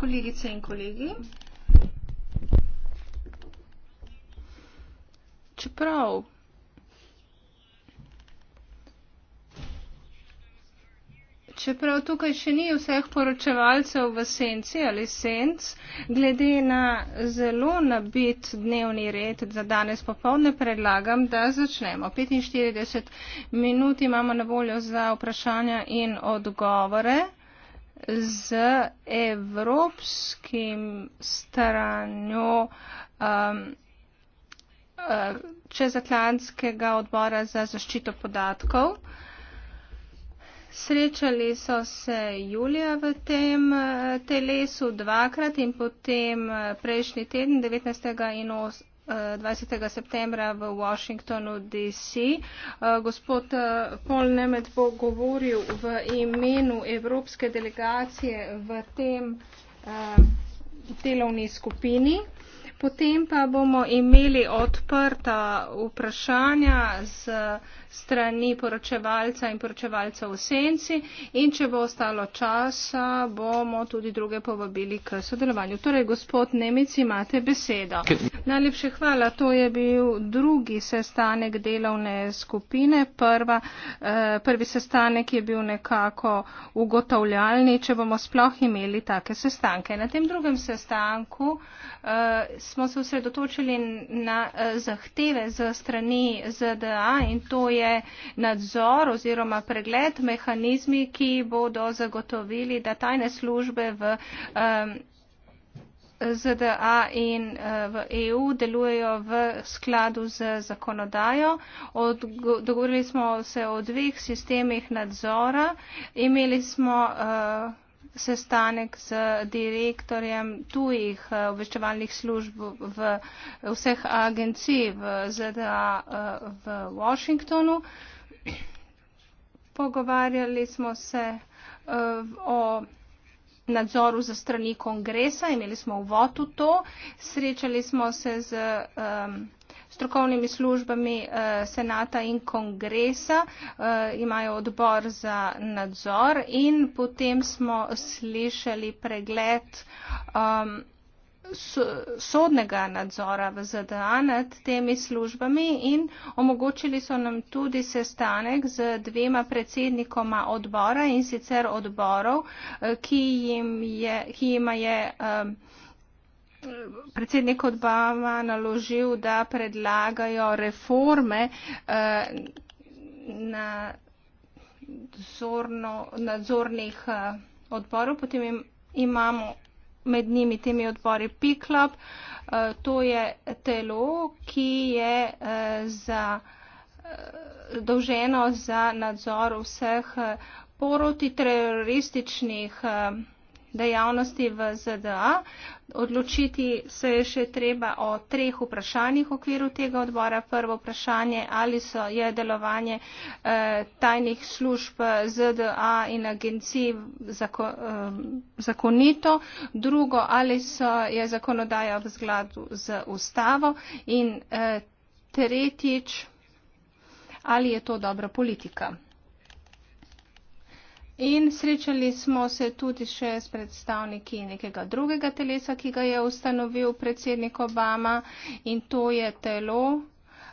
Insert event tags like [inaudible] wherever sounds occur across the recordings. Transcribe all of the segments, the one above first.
kolegice in kolegi čeprav čeprav tukaj še ni vseh poročevalcev v senci ali senc glede na zelo nabit dnevni red za danes popovdne predlagam da začnemo 45 minut imamo na voljo za vprašanja in odgovore z evropskim stranjo um, uh, čez Atlantskega odbora za zaščito podatkov. Srečali so se julija v tem uh, telesu dvakrat in potem uh, prejšnji teden 19. in 18. 20. septembra v Washingtonu DC. Eh, gospod eh, Paul Nemet bo govoril v imenu evropske delegacije v tem eh, delovni skupini. Potem pa bomo imeli odprta vprašanja z strani poročevalca in poročevalca v senci in če bo ostalo časa, bomo tudi druge povabili k sodelovanju. Torej, gospod Nemec, imate besedo. Najlepše hvala. To je bil drugi sestanek delovne skupine. Prva, eh, prvi sestanek je bil nekako ugotavljalni, če bomo sploh imeli take sestanke. Na tem drugem sestanku eh, smo se osredotočili na eh, zahteve z strani ZDA in to je je nadzor oziroma pregled mehanizmi, ki bodo zagotovili, da tajne službe v um, ZDA in uh, v EU delujejo v skladu z zakonodajo. Od, go, dogovorili smo se o dveh sistemih nadzora. Imeli smo. Uh, sestanek z direktorjem tujih eh, obveščevalnih služb v vseh agencij v ZDA eh, v Washingtonu. Pogovarjali smo se eh, o nadzoru za strani kongresa, imeli smo uvod v to, srečali smo se z um, strokovnimi službami eh, senata in kongresa, eh, imajo odbor za nadzor in potem smo slišali pregled um, sodnega nadzora v ZDA nad temi službami in omogočili so nam tudi sestanek z dvema predsednikoma odbora in sicer odborov, eh, ki jim je, ki jima je um, predsednik Obama naložil, da predlagajo reforme eh, na zorno, nadzornih eh, odborov, potem imamo med njimi temi odbori PIKLOP, eh, to je telo, ki je za, dolženo za nadzor vseh porotiterorističnih terorističnih dejavnosti v ZDA. Odločiti se je še treba o treh vprašanjih v okviru tega odbora. Prvo vprašanje, ali so je delovanje eh, tajnih služb ZDA in agencij zako, eh, zakonito. Drugo, ali so je zakonodaja v zgladu z ustavo. In eh, tretjič, ali je to dobra politika. In srečali smo se tudi še s predstavniki nekega drugega telesa, ki ga je ustanovil predsednik Obama in to je telo,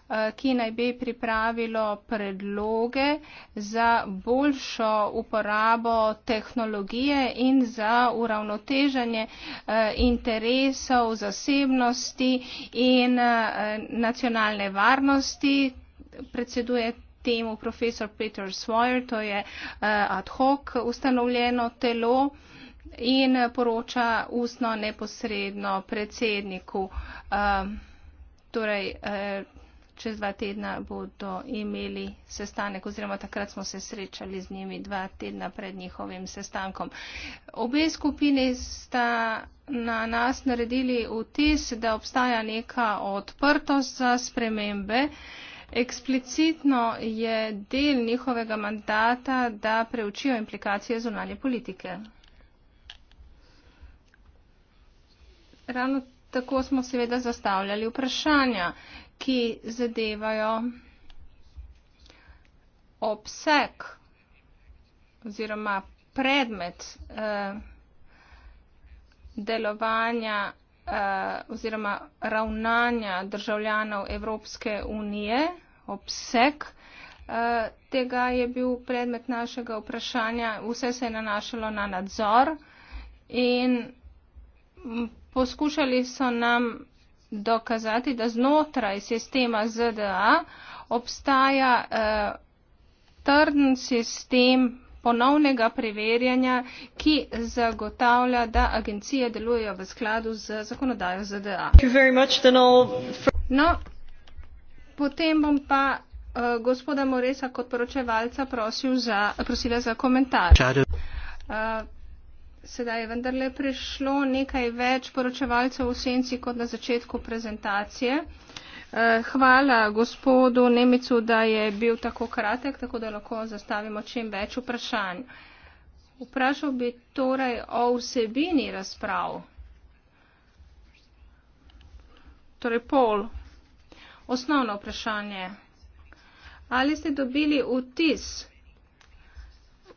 eh, ki naj bi pripravilo predloge za boljšo uporabo tehnologije in za uravnoteženje eh, interesov zasebnosti in eh, nacionalne varnosti. Predseduje temu profesor Peter Swire, to je eh, ad hoc ustanovljeno telo in poroča ustno neposredno predsedniku. Eh, torej, eh, čez dva tedna bodo imeli sestanek oziroma takrat smo se srečali z njimi dva tedna pred njihovim sestankom. Obe skupini sta na nas naredili vtis, da obstaja neka odprtost za spremembe. Uh, Eksplicitno je del njihovega mandata, da preučijo implikacije zunanje politike. Ravno tako smo seveda zastavljali vprašanja, ki zadevajo obseg oziroma predmet eh, delovanja eh, oziroma ravnanja državljanov Evropske unije obseg eh, tega je bil predmet našega vprašanja. Vse se je nanašalo na nadzor in poskušali so nam dokazati, da znotraj sistema ZDA obstaja eh, trden sistem ponovnega preverjanja, ki zagotavlja, da agencije delujejo v skladu z zakonodajo ZDA. No, Potem bom pa uh, gospoda Moresa kot poročevalca za, prosila za komentar. Uh, sedaj je vendarle prišlo nekaj več poročevalcev v senci kot na začetku prezentacije. Eh, hvala gospodu Nemicu, da je bil tako kratek, tako da lahko zastavimo čim več vprašanj. Vprašal bi torej o vsebini razprav. Torej, pol osnovno vprašanje. Ali ste dobili vtis,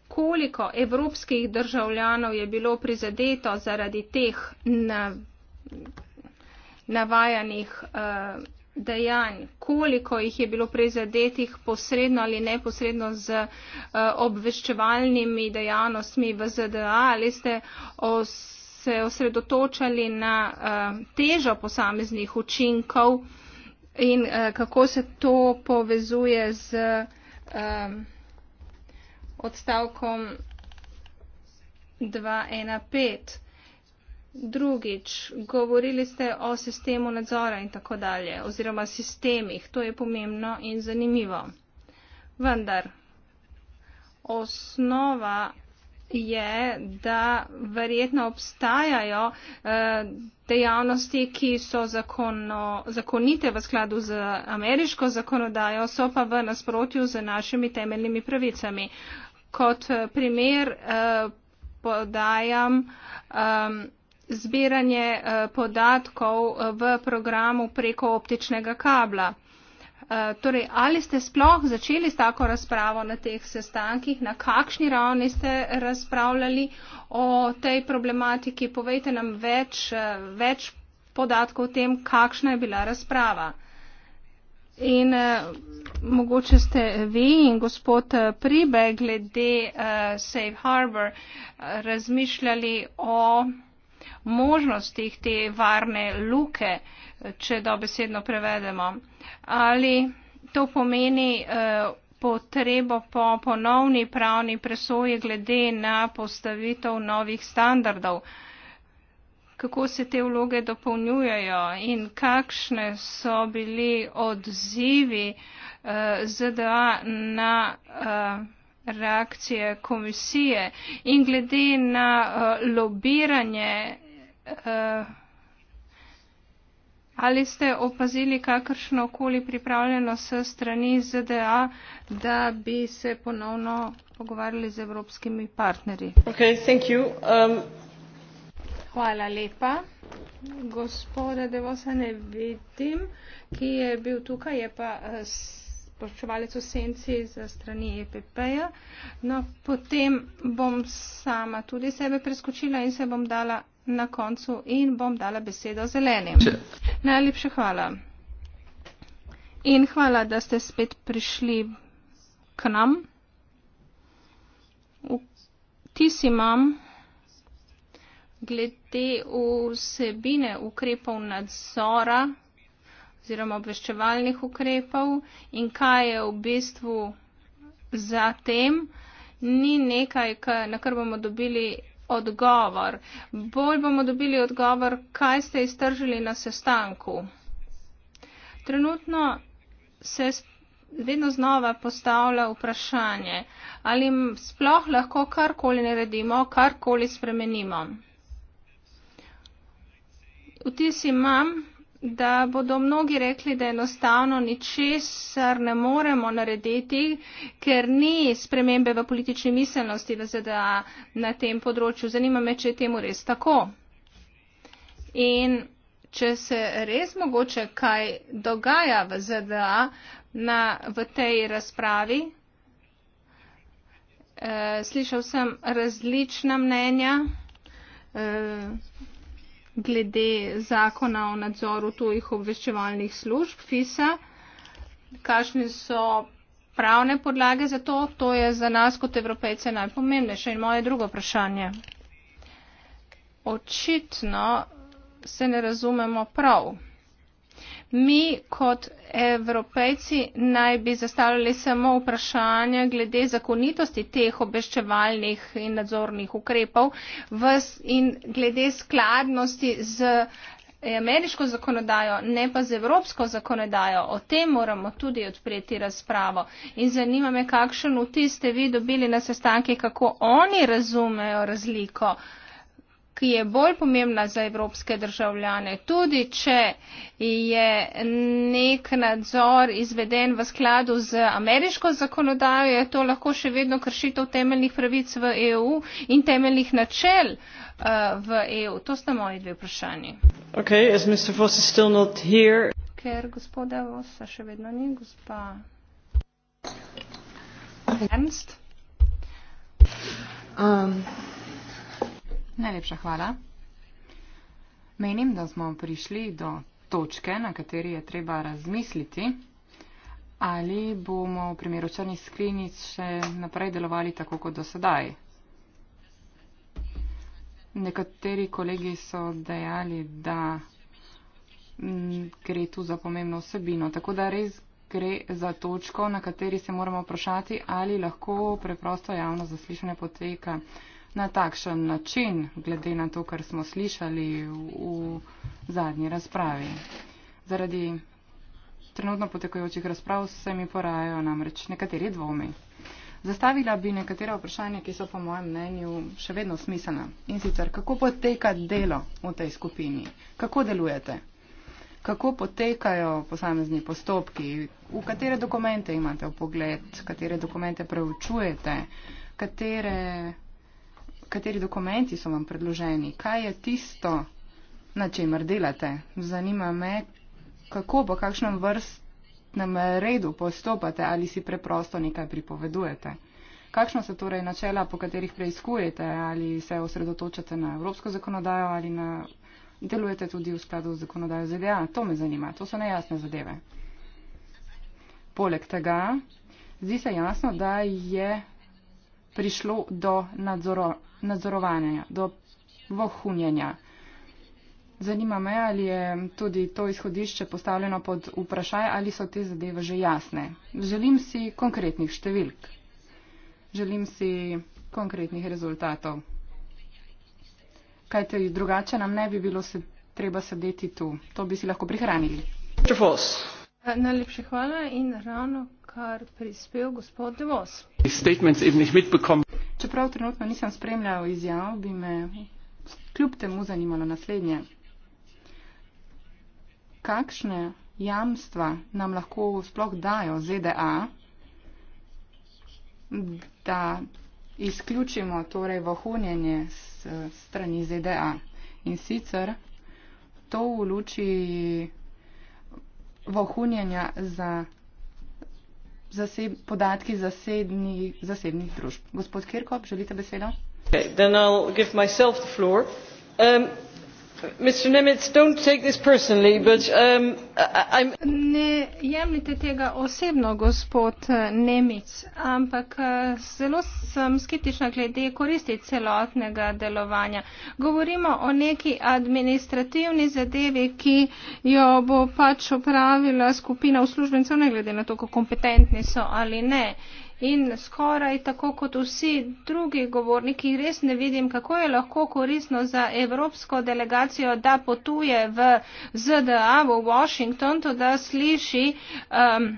koliko evropskih državljanov je bilo prizadeto zaradi teh navajanih eh, dejanj, koliko jih je bilo prizadetih posredno ali neposredno z eh, obveščevalnimi dejavnostmi v ZDA, ali ste se osredotočali na eh, težo posameznih učinkov? In uh, kako se to povezuje z um, odstavkom 2.1.5. Drugič, govorili ste o sistemu nadzora in tako dalje, oziroma sistemih. To je pomembno in zanimivo. Vendar, osnova je, da verjetno obstajajo eh, dejavnosti, ki so zakonno, zakonite v skladu z ameriško zakonodajo, so pa v nasprotju z našimi temeljnimi pravicami. Kot eh, primer eh, podajam ehm, zbiranje podatkov v programu preko optičnega kabla. Eh, torej, ali ste sploh začeli s tako razpravo na teh sestankih, na kakšni ravni ste razpravljali o tej problematiki? Povejte nam več, eh, več podatkov o tem, kakšna je bila razprava. In eh, mogoče ste vi in gospod eh, Pribe glede eh, Safe Harbor eh, razmišljali o možnostih te varne luke, če dobesedno prevedemo. Eh, ali to pomeni eh, potrebo po ponovni pravni presoji glede na postavitev novih standardov. Kako se te vloge dopolnjujejo in kakšne so bili odzivi eh, ZDA na eh, reakcije komisije in glede na eh, lobiranje. Eh, Ali ste opazili kakršno koli pripravljeno s strani ZDA, da bi se ponovno pogovarjali z evropskimi partnerji? Okay, thank you. Um... Hvala lepa. Gospoda Devosa ne vidim, ki je bil tukaj, je pa eh, spoštovalec v senci za strani EPP-ja. No, potem bom sama tudi sebe preskočila in se bom dala na koncu in bom dala besedo zelenim. Če. Najlepša hvala. In hvala, da ste spet prišli k nam. Ti si imam glede vsebine ukrepov nadzora oziroma obveščevalnih ukrepov in kaj je v bistvu za tem, ni nekaj, na kar bomo dobili odgovor. Bolj bomo dobili odgovor, kaj ste iztržili na sestanku. Trenutno se vedno znova postavlja vprašanje, ali sploh lahko karkoli naredimo, karkoli spremenimo. Vtis imam, da bodo mnogi rekli, da enostavno ničesar ne moremo narediti, ker ni spremembe v politični miselnosti v ZDA na tem področju. Zanima me, če je temu res tako. In če se res mogoče kaj dogaja v ZDA na, v tej razpravi, e, slišal sem različna mnenja. E, glede zakona o nadzoru tujih obveščevalnih služb FISA. Kakšne so pravne podlage za to? To je za nas kot evropejce najpomembnejše. In moje drugo vprašanje. Očitno se ne razumemo prav. Mi kot evropejci naj bi zastavljali samo vprašanje glede zakonitosti teh obveščevalnih in nadzornih ukrepov in glede skladnosti z eh, ameriško zakonodajo, ne pa z evropsko zakonodajo. O tem moramo tudi odpreti razpravo. In zanima me, kakšen vtis ste vi dobili na sestanke, kako oni razumejo razliko. Uh, ki je bolj pomembna za evropske državljane, tudi če je nek nadzor izveden v skladu z ameriško zakonodajo, je to lahko še vedno kršitev temeljnih pravic v EU in temeljnih načel uh, v EU. To sta moji dve vprašanji. Okay, Ker gospoda Vosa še vedno ni, gospa. Ernst? Um. Najlepša hvala. Menim, da smo prišli do točke, na kateri je treba razmisliti, ali bomo v primeru črnih skrinic še naprej delovali tako kot do sedaj. Nekateri kolegi so dejali, da mm, gre tu za pomembno vsebino, tako da res gre za točko, na kateri se moramo vprašati, ali lahko preprosto javno zaslišanje poteka na takšen način, glede na to, kar smo slišali v zadnji razpravi. Zaradi trenutno potekajočih razprav se mi porajajo namreč nekateri dvomi. Zastavila bi nekatera vprašanja, ki so po mojem mnenju še vedno smiselna. In sicer, kako poteka delo v tej skupini? Kako delujete? Kako potekajo posamezni postopki? V katere dokumente imate v pogled? Katere dokumente preučujete? Katere kateri dokumenti so vam predloženi, kaj je tisto, na čemer delate. Zanima me, kako po kakšnem vrstnem redu postopate ali si preprosto nekaj pripovedujete. Kakšno so torej načela, po katerih preizkujete ali se osredotočate na evropsko zakonodajo ali na, delujete tudi v skladu z zakonodajo ZDA? To me zanima, to so nejasne zadeve. Poleg tega, zdi se jasno, da je prišlo do nadzoro, nadzorovanja, do vohunjenja. Zanima me, ali je tudi to izhodišče postavljeno pod vprašaj, ali so te zadeve že jasne. Želim si konkretnih številk. Želim si konkretnih rezultatov. Kaj te drugače nam ne bi bilo se, treba sedeti tu. To bi si lahko prihranili. Najlepša hvala in ravno kar prispel gospod De Vos. Čeprav trenutno nisem spremljal izjav, bi me kljub temu zanimalo naslednje. Kakšne jamstva nam lahko sploh dajo ZDA, da izključimo torej vohunjenje s strani ZDA? In sicer to v luči vohunjenja za zaseb, podatki zasedni, zasebnih družb. Gospod Kirkov, želite besedo? Okay, mr nemec don't take this personally but um, ne jemljite tega osebno gospod eh, nemec ampak eh, zelo sem skeptična glede koristi celotnega delovanja govorimo o neki administrativni zadevi ki jo bo pač opravila skupina uslužbencev ne glede na to kako kompetentni so ali ne in skoraj tako kot vsi drugi govorniki, res ne vidim, kako je lahko korisno za evropsko delegacijo, da potuje v ZDA, v Washington, to da sliši. Um,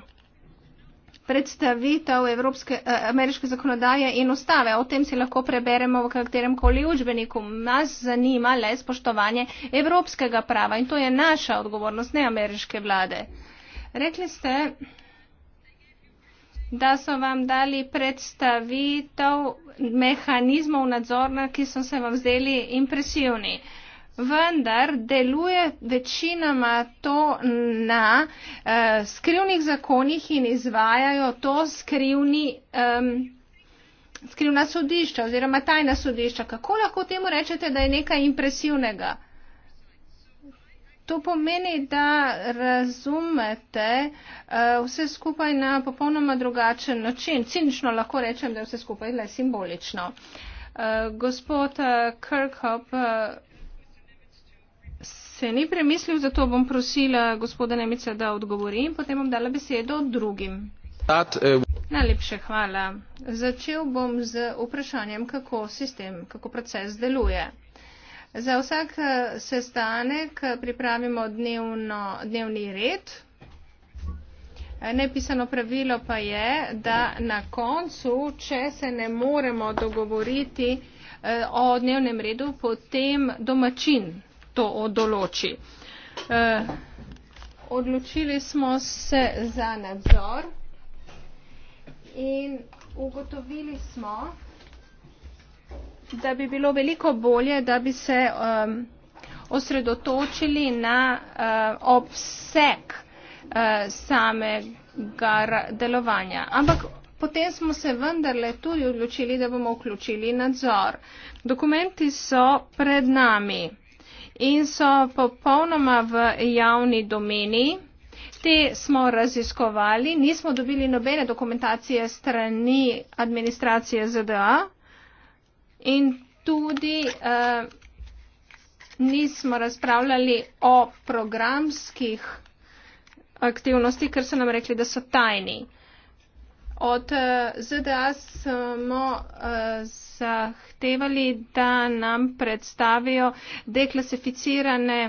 predstavitev evropske, eh, ameriške zakonodaje in ustave. O tem si lahko preberemo v katerem koli učbeniku. Nas zanima le spoštovanje evropskega prava in to je naša odgovornost, ne ameriške vlade. Rekli ste, da so vam dali predstavitev mehanizmov nadzorna, ki so se vam zdeli impresivni. Vendar deluje večinoma to na eh, skrivnih zakonih in izvajajo to skrivni, eh, skrivna sodišča oziroma tajna sodišča. Kako lahko temu rečete, da je nekaj impresivnega? To pomeni, da razumete eh, vse skupaj na popolnoma drugačen način. Cinično lahko rečem, da je vse skupaj le simbolično. Eh, gospod eh, Kirkhop se ni premislil, zato bom prosila gospoda Nemica, da odgovori in potem bom dala besedo drugim. Najlepše hvala. Začel bom z vprašanjem, kako sistem, kako proces deluje. Za vsak eh, sestanek eh, pripravimo dnevno, dnevni red. Eh, nepisano pravilo pa je, da na koncu, če se ne moremo dogovoriti o dnevnem redu, potem domačin to odloči. Odločili smo se za nadzor in ugotovili smo, da bi bilo veliko bolje, da bi se um, osredotočili na uh, obseg uh, samega delovanja. Ampak potem smo se vendarle tudi odločili, da bomo vključili nadzor. Dokumenti so pred nami in so popolnoma v javni domeni. Te smo raziskovali, nismo dobili nobene dokumentacije strani administracije ZDA, in tudi eh, nismo razpravljali o programskih aktivnosti, ker so nam rekli, da so tajni. Od eh, ZDA smo eh, zahtevali, da nam predstavijo deklasificirane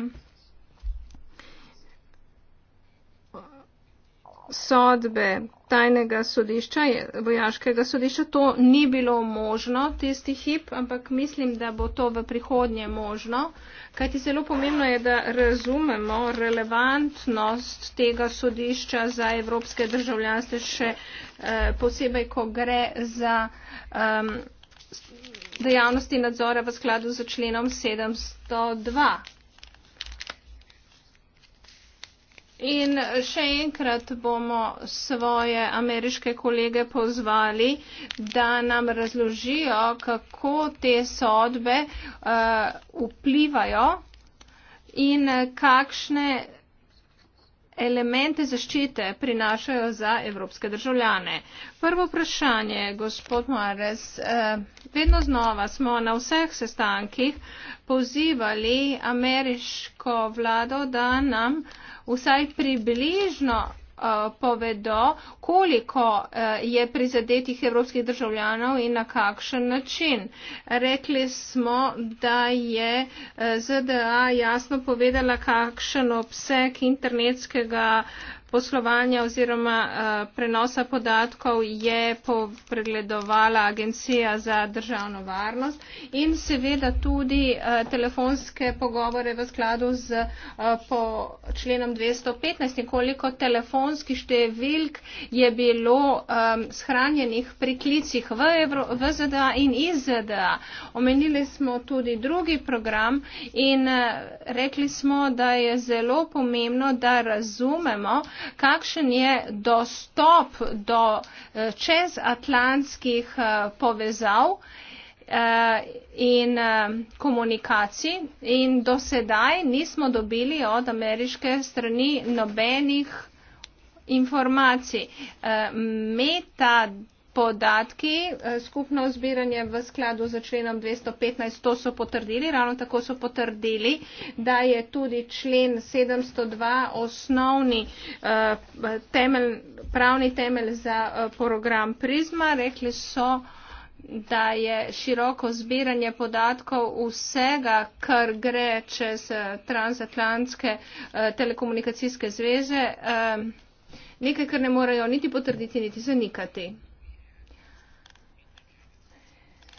sodbe tajnega sodišča, vojaškega sodišča, to ni bilo možno tisti hip, ampak mislim, da bo to v prihodnje možno. Kajti zelo pomembno je, da razumemo relevantnost tega sodišča za evropske državljanstve, še eh, posebej, ko gre za eh, dejavnosti nadzora v skladu z členom 702. In še enkrat bomo svoje ameriške kolege pozvali, da nam razložijo, kako te sodbe uh, vplivajo in kakšne elemente zaščite prinašajo za evropske državljane. Prvo vprašanje, gospod Mares, eh, vedno znova smo na vseh sestankih pozivali ameriško vlado, da nam uh, vsaj približno uh, povedo, koliko uh, je prizadetih evropskih državljanov in na kakšen način. Rekli smo, da je uh, eh, ZDA jasno povedala, kakšen obseg internetskega uh, poslovanja oziroma eh, prenosa podatkov je pregledovala Agencija za državno varnost in seveda tudi eh, telefonske pogovore v skladu z eh, po členom 215 in koliko telefonskih številk je bilo shranjenih pri klicih v, Evro, v ZDA in iz ZDA. Omenili smo tudi drugi program in rekli smo, da je zelo pomembno, da razumemo, kakšen je dostop do eh, čezatlantskih eh, povezav eh, in komunikacij in do sedaj nismo dobili od ameriške strani nobenih informacij. Metadata podatki, eh, skupno zbiranje v skladu z členom 215, to so potrdili, ravno tako so potrdili, da je tudi člen 702 osnovni eh, temelj, pravni temelj za eh, program Prizma. Rekli so, da je široko zbiranje podatkov vsega, kar gre čez transatlantske telekomunikacijske zveze, nekaj, kar ne morejo niti potrditi, niti zanikati.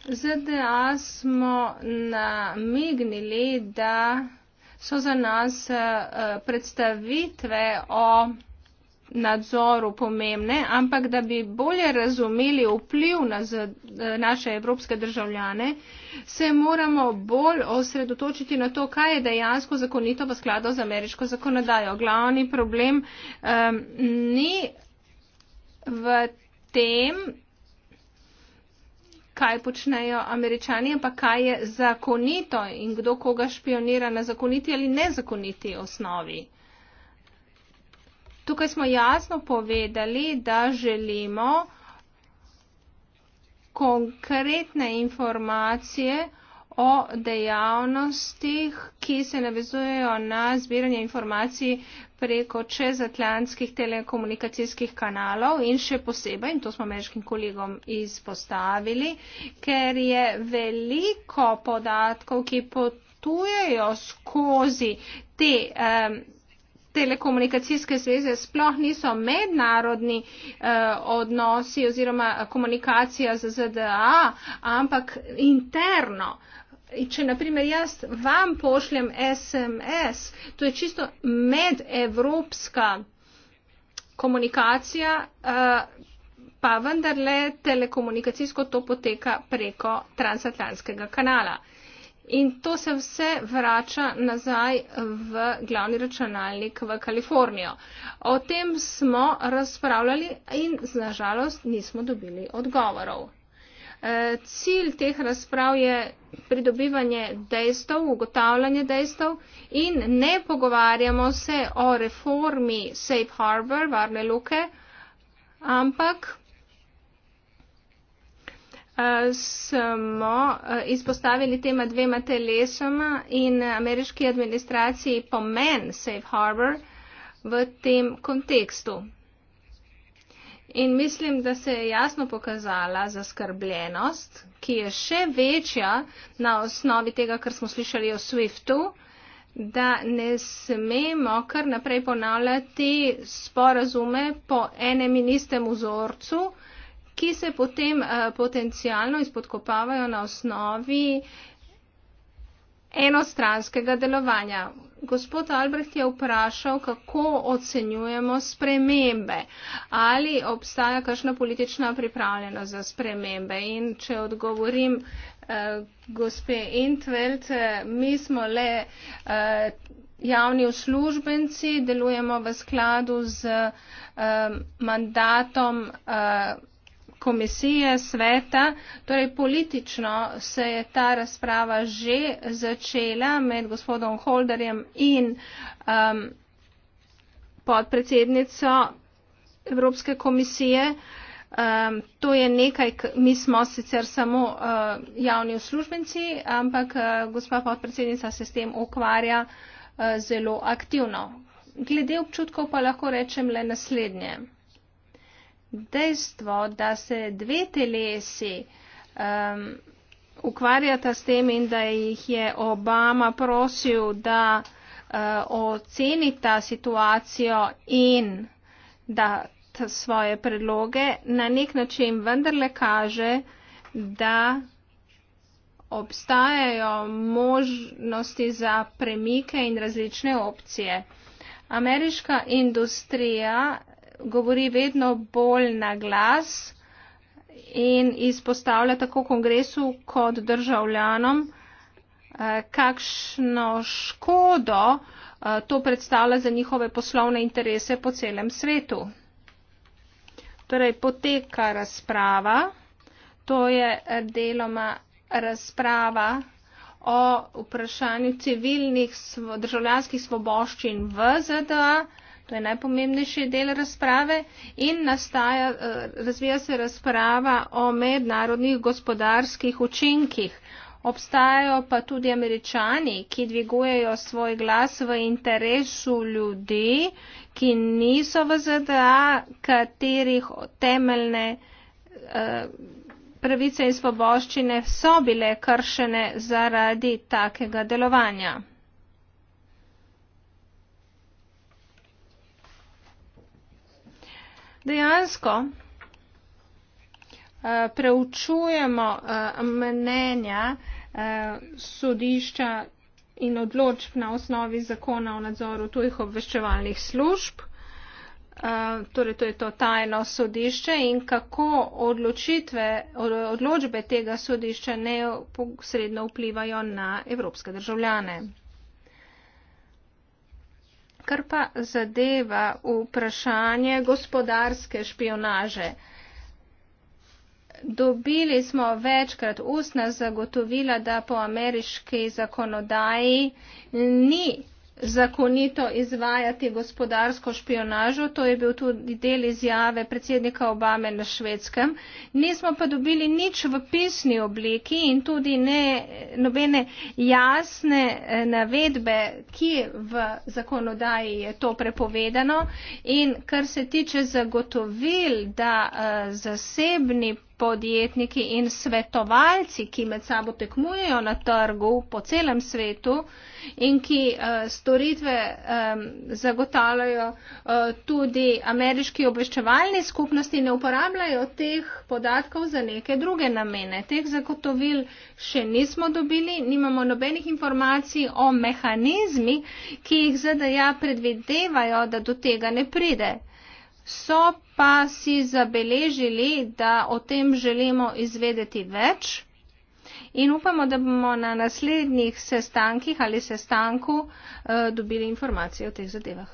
ZDA smo namignili, da so za nas eh, predstavitve o nadzoru pomembne, ampak da bi bolje razumeli vpliv na eh, naše evropske državljane, se moramo bolj osredotočiti na to, kaj je dejansko zakonito v skladu z ameriško zakonodajo. Glavni problem um, ni v tem, kaj počnejo američani, ampak kaj je zakonito in kdo koga špionira na zakoniti ali nezakoniti osnovi. Tukaj smo jasno povedali, da želimo konkretne informacije o dejavnostih, ki se navezujejo na zbiranje informacij preko čezatlantskih telekomunikacijskih kanalov in še posebej, in to smo ameriškim kolegom izpostavili, ker je veliko podatkov, ki potujejo skozi te um, telekomunikacijske zveze, sploh niso mednarodni uh, odnosi oziroma komunikacija z ZDA, ampak interno. Uh, če naprimer jaz vam pošljem SMS, to je čisto medevropska komunikacija, eh, pa vendarle telekomunikacijsko to poteka preko transatlantskega kanala. In to se vse vrača nazaj v glavni računalnik v Kalifornijo. O tem smo razpravljali in nažalost nismo dobili odgovorov. Eh, cilj teh razprav je pridobivanje dejstev, ugotavljanje dejstev in ne pogovarjamo se o reformi Safe Harbor, varne luke, ampak eh, smo eh, izpostavili tema dvema telesoma in ameriški administraciji pomen Safe Harbor v tem kontekstu. In mislim, da se je jasno pokazala zaskrbljenost, ki je še večja na osnovi tega, kar smo slišali o SWIFT-u, da ne smemo kar naprej ponavljati sporazume po enem in istem vzorcu, ki se potem uh, potencialno izpodkopavajo na osnovi uh, enostranskega delovanja. Gospod Albrecht je vprašal, kako ocenjujemo spremembe, ali obstaja kakšna politična pripravljenost za spremembe. In če odgovorim eh, gospe Intveld, eh, mi smo le eh, javni uslužbenci, delujemo v skladu z eh, mandatom. Eh, komisije sveta. Torej politično se je ta razprava že začela med gospodom Holderjem in um, podpredsednico Evropske komisije. Um, to je nekaj, mi smo sicer samo uh, javni uslužbenci, ampak uh, gospa podpredsednica se s tem ukvarja uh, zelo aktivno. Glede občutkov pa lahko rečem le naslednje dejstvo, da se dve telesi um, ukvarjata s tem in da jih je Obama prosil, da uh, ocenita situacijo in da svoje predloge, na nek način vendarle kaže, da obstajajo možnosti za premike in različne opcije. Ameriška industrija govori vedno bolj na glas in izpostavlja tako kongresu kot državljanom, eh, kakšno škodo eh, to predstavlja za njihove poslovne interese po celem svetu. Torej, poteka razprava, to je eh, deloma razprava o vprašanju civilnih svo državljanskih svoboščin v ZDA, To je najpomembnejši del razprave in nastaja, eh, razvija se razprava o mednarodnih gospodarskih učinkih. Obstajajo pa tudi američani, ki dvigujejo svoj glas v interesu ljudi, ki niso v ZDA, katerih temeljne eh, pravice in svoboščine so bile kršene zaradi takega delovanja. dejansko eh, preučujemo eh, mnenja eh, sodišča in odločb na osnovi zakona o nadzoru tujih obveščevalnih služb. Uh, torej, to je to tajno sodišče in kako odločitve, odločbe tega sodišča neposredno vplivajo na evropske državljane kar pa zadeva vprašanje gospodarske špionaže. Dobili smo večkrat ustna zagotovila, da po ameriški zakonodaji ni zakonito izvajati gospodarsko špionažo. To je bil tudi del izjave predsednika Obame na švedskem. Nismo pa dobili nič v pisni obliki in tudi ne, nobene jasne eh, navedbe, ki v zakonodaji je to prepovedano. In kar se tiče zagotovil, da eh, zasebni podjetniki in svetovalci, ki med sabo tekmujejo na trgu po celem svetu in ki uh, storitve um, zagotavljajo uh, tudi ameriški obveščevalni skupnosti, ne uporabljajo teh podatkov za neke druge namene. Teh zagotovil še nismo dobili, nimamo nobenih informacij o mehanizmi, ki jih ZDA predvidevajo, da do tega ne pride. So pa si zabeležili, da o tem želimo izvedeti več in upamo, da bomo na naslednjih sestankih ali sestanku uh, dobili informacije o teh zadevah.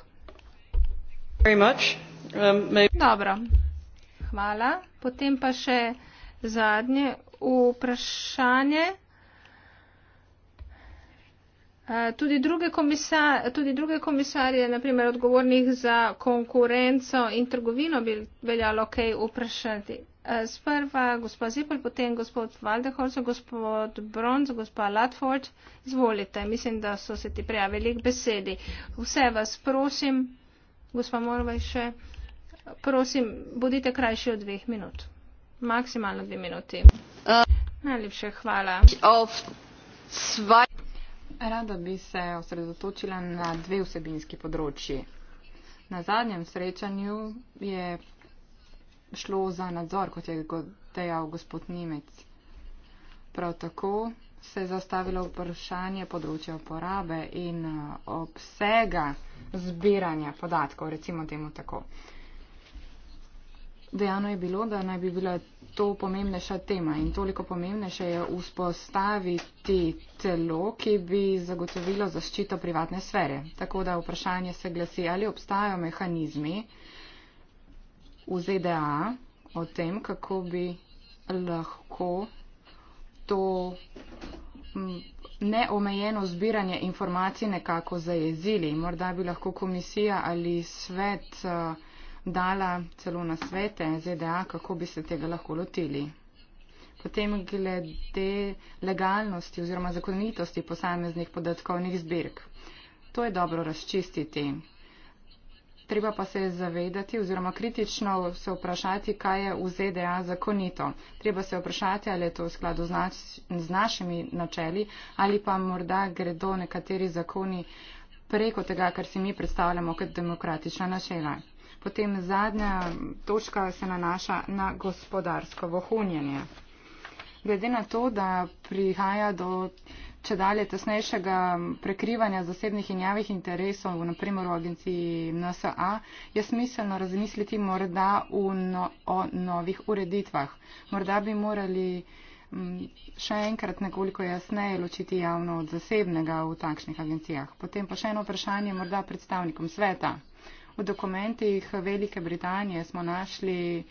Um, Dobro. Hvala. Potem pa še zadnje vprašanje. Eh, tudi druge, komisar, tudi druge komisarje, naprimer odgovornih za konkurenco in trgovino, bi veljalo kaj vprašati. Eh, sprva gospod Zipel, potem gospod Valdeholzer, gospod Bronz, gospod Latford. Izvolite, mislim, da so se ti prijavili k besedi. Vse vas prosim, gospod Morvaj še, prosim, bodite krajši od dveh minut. Maksimalno dve minuti. Uh, Najlepše hvala. Rada bi se osredotočila na dve vsebinski področji. Na zadnjem srečanju je šlo za nadzor, kot je dejal gospod Nimec. Prav tako se je zastavilo vprašanje področja uporabe in obsega zbiranja podatkov, recimo temu tako. Dejano je bilo, da naj bi bila to pomembnejša tema in toliko pomembnejše je vzpostaviti telo, ki bi zagotovilo zaščito privatne sfere. Tako da vprašanje se glasi, ali obstajajo mehanizmi v ZDA o tem, kako bi lahko to neomejeno zbiranje informacij nekako zajezili. Morda bi lahko komisija ali svet. Uh, dala celo na svete ZDA, kako bi se tega lahko lotili. Potem glede legalnosti oziroma zakonitosti posameznih podatkovnih zbirk. To je dobro razčistiti. Treba pa se zavedati oziroma kritično se vprašati, kaj je v ZDA zakonito. Treba se vprašati, ali je to v skladu z, naš, z našimi načeli ali pa morda gredo nekateri zakoni preko tega, kar si mi predstavljamo kot demokratična načela. Potem zadnja točka se nanaša na gospodarsko vohunjenje. Glede na to, da prihaja do če dalje tesnejšega prekrivanja zasebnih in javih interesov, naprimer v agenciji NSA, je smiselno razmisliti morda v no, o novih ureditvah. Morda bi morali mm, še enkrat nekoliko jasneje ločiti javno od zasebnega v takšnih agencijah. Potem pa še eno vprašanje morda predstavnikom sveta. V dokumentih Velike Britanije smo našli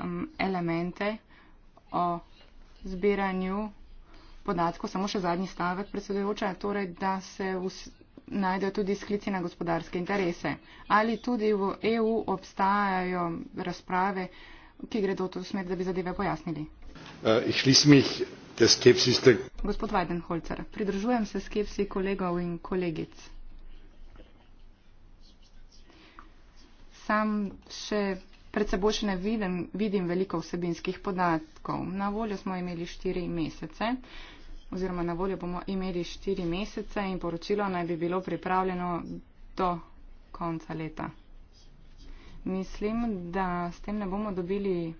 um, elemente o zbiranju podatkov, samo še zadnji stavek predsedujoča, torej, da se najdejo tudi sklici na gospodarske interese. Ali tudi v EU obstajajo razprave, ki gredo v to smer, da bi zadeve pojasnili? Uh, Gospod Weidenholzer, pridržujem se skepsi kolegov in kolegic. sam še pred seboj še ne vidim, vidim veliko vsebinskih podatkov. Na voljo smo imeli štiri mesece oziroma na voljo bomo imeli štiri mesece in poročilo naj bi bilo pripravljeno do konca leta. Mislim, da s tem ne bomo dobili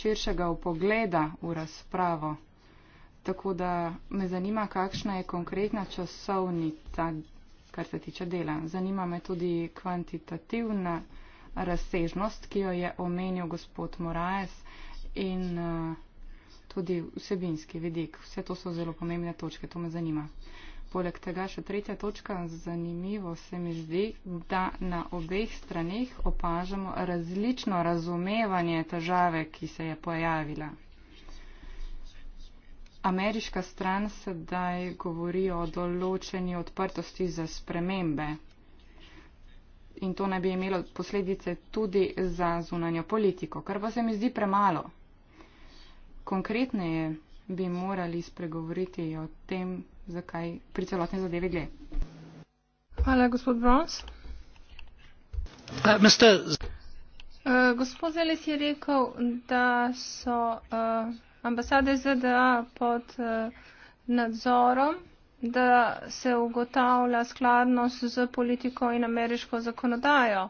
širšega upogleda v razpravo. Tako da me zanima, kakšna je konkretna časovnica, kar se tiče dela. Zanima me tudi kvantitativna razsežnost, ki jo je omenil gospod Moraes in eh, tudi vsebinski vidik. Vse to so zelo pomembne točke, to me zanima. Poleg tega še tretja točka, zanimivo se mi zdi, da na obeh stranih opažamo različno razumevanje težave, ki se je pojavila. Ameriška stran sedaj govori o določeni odprtosti za spremembe, in to naj bi imelo posledice tudi za zunanjo politiko, kar pa se mi zdi premalo. Konkretneje bi morali spregovoriti o tem, zakaj pri celotni zadevi gre. Hvala, gospod Brons. Uh, uh, gospod Zeles je rekel, da so uh, ambasade ZDA pod uh, nadzorom da se ugotavlja skladnost z politiko in ameriško zakonodajo.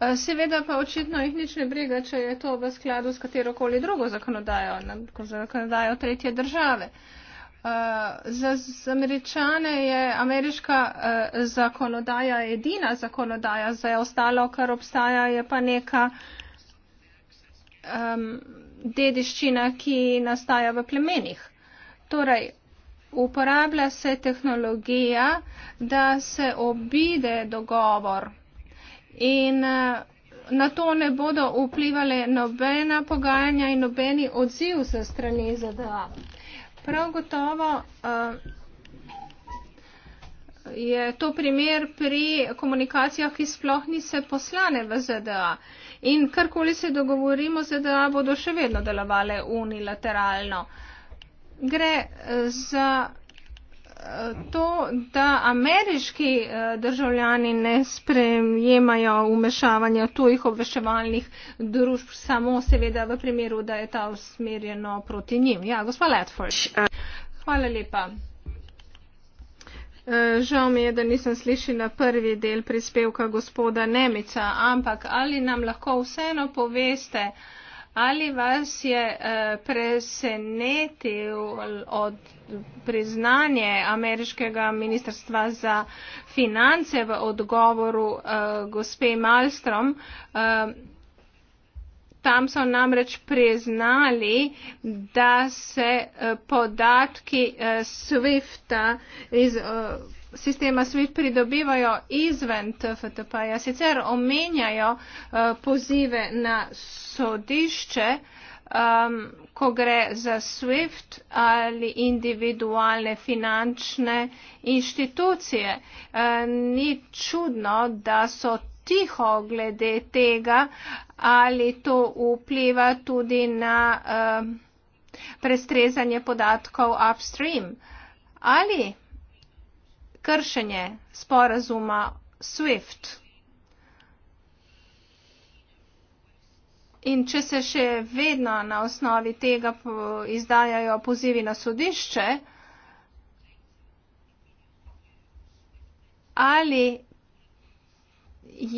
Eh, seveda pa očitno jih nič ne briga, če je to v skladu s katerokoli drugo zakonodajo, zakonodajo tretje države. Eh, za američane je ameriška eh, zakonodaja edina zakonodaja, za ostalo, kar obstaja, je pa neka dediščina, ki nastaja v plemenih. Torej, uporablja se tehnologija, da se obide dogovor in eh, na to ne bodo vplivali nobena pogajanja in nobeni odziv za strani ZDA. Prav gotovo eh, je to primer pri komunikacijah, ki sploh niso poslane v ZDA. In karkoli se dogovorimo, ZDA bodo še vedno delovali unilateralno. Uh, gre eh, za eh, to, da ameriški eh, državljani ne sprejemajo umešavanja tujih obveševalnih družb, samo seveda v primeru, da je ta usmerjeno proti njim. Ja, gospod Ledford. Hvala lepa. Žal mi je, da nisem slišala prvi del prispevka gospoda Nemica, ampak ali nam lahko vseeno poveste, Ali vas je eh, presenetil od priznanje ameriškega ministrstva za finance v odgovoru eh, gospe Malstrom? Eh, tam so namreč priznali, da se podatki SWIFT-a iz sistema SWIFT pridobivajo izven TFTP-ja, sicer omenjajo eh, pozive na sodišče, um, ko gre za SWIFT ali individualne finančne inštitucije. E, ni čudno, da so tiho glede tega, ali to vpliva tudi na um, prestrezanje podatkov upstream. Ali kršenje sporazuma SWIFT. In če se še vedno na osnovi tega izdajajo pozivi na sodišče, ali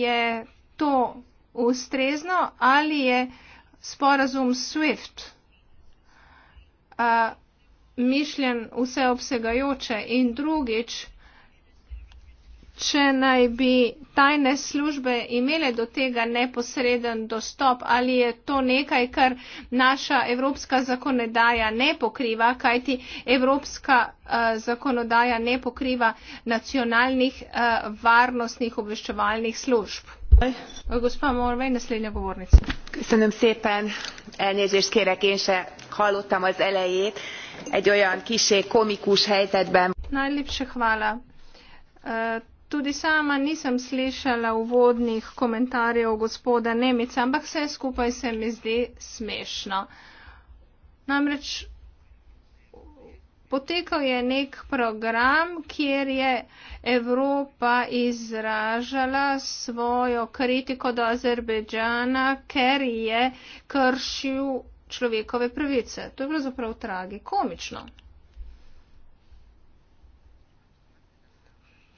je to ustrezno, ali je sporazum SWIFT a, mišljen vseobsegajoče in drugič, če naj bi tajne službe imele do tega neposreden dostop, ali je to nekaj, kar naša evropska zakonodaja ne pokriva, kajti evropska uh, zakonodaja ne pokriva nacionalnih uh, varnostnih obveščevalnih služb. Gospa Morvej, naslednja govornica. Köszönöm szépen, elnézést kérek, én se hallottam az elejét, egy olyan kisé eh, komikus helyzetben. Najlepše hvala. Uh, Tudi sama nisem slišala uvodnih komentarjev gospoda Nemica, ampak vse skupaj se mi zdi smešno. Namreč potekal je nek program, kjer je Evropa izražala svojo kritiko do Azerbejdžana, ker je kršil človekove pravice. To je bilo zaprav tragi, komično.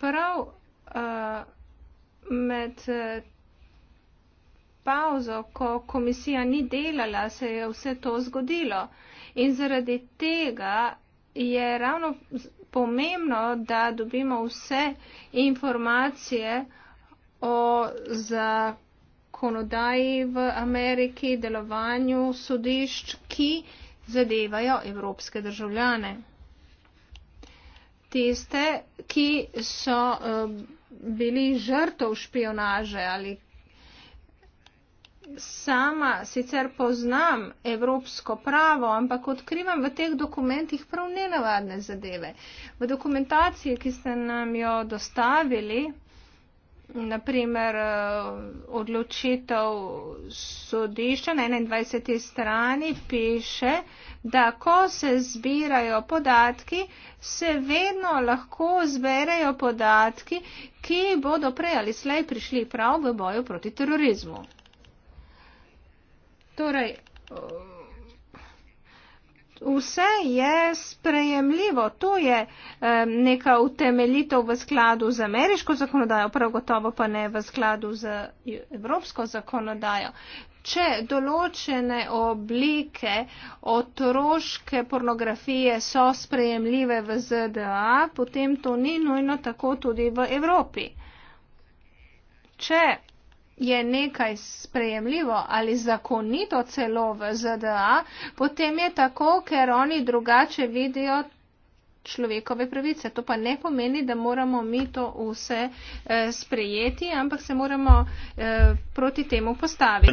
Prav Eh, med eh, pauzo, ko komisija ni delala, se je vse to zgodilo. In zaradi tega je ravno pomembno, da dobimo vse informacije o zakonodaji v Ameriki, delovanju sodišč, ki zadevajo evropske državljane. Tiste, ki so. Uh, bili žrtov špionaže ali sama sicer poznam evropsko pravo, ampak odkrivam v teh dokumentih prav nenavadne zadeve. V dokumentaciji, ki ste nam jo dostavili, naprimer eh, odločitev sodišča na 21. strani piše, da ko se zbirajo podatki, se vedno lahko zberejo podatki, ki bodo prej ali slej prišli prav v boju proti terorizmu. Torej, uh, vse je sprejemljivo, to je um, neka utemeljitev v skladu z ameriško zakonodajo, prav gotovo pa ne v skladu z evropsko zakonodajo če določene oblike otroške pornografije so sprejemljive v ZDA, potem to ni nujno tako tudi v Evropi. Če je nekaj sprejemljivo ali zakonito celo v ZDA, potem je tako, ker oni drugače vidijo človekove pravice. To pa ne pomeni, da moramo mi to vse eh, sprejeti, ampak se moramo eh, proti temu postaviti.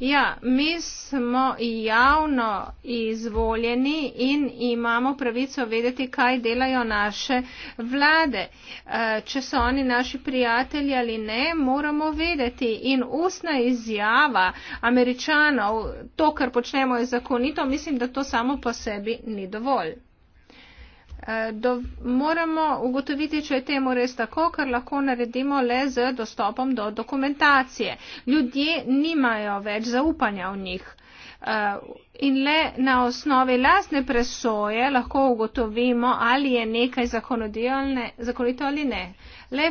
Ja, mi smo javno izvoljeni in imamo pravico vedeti, kaj delajo naše vlade. Eh, če so oni naši prijatelji ali ne, moramo vedeti. In ustna izjava američanov, to, kar počnemo, je zakonito, mislim, da to samo po sebi ni dovolj. Eh, do, moramo ugotoviti, če je temu res tako, kar lahko naredimo le z dostopom do dokumentacije. Ljudje nimajo več zaupanja v njih. Eh, in le na osnovi lasne presoje lahko ugotovimo, ali je nekaj zakonito ali ne le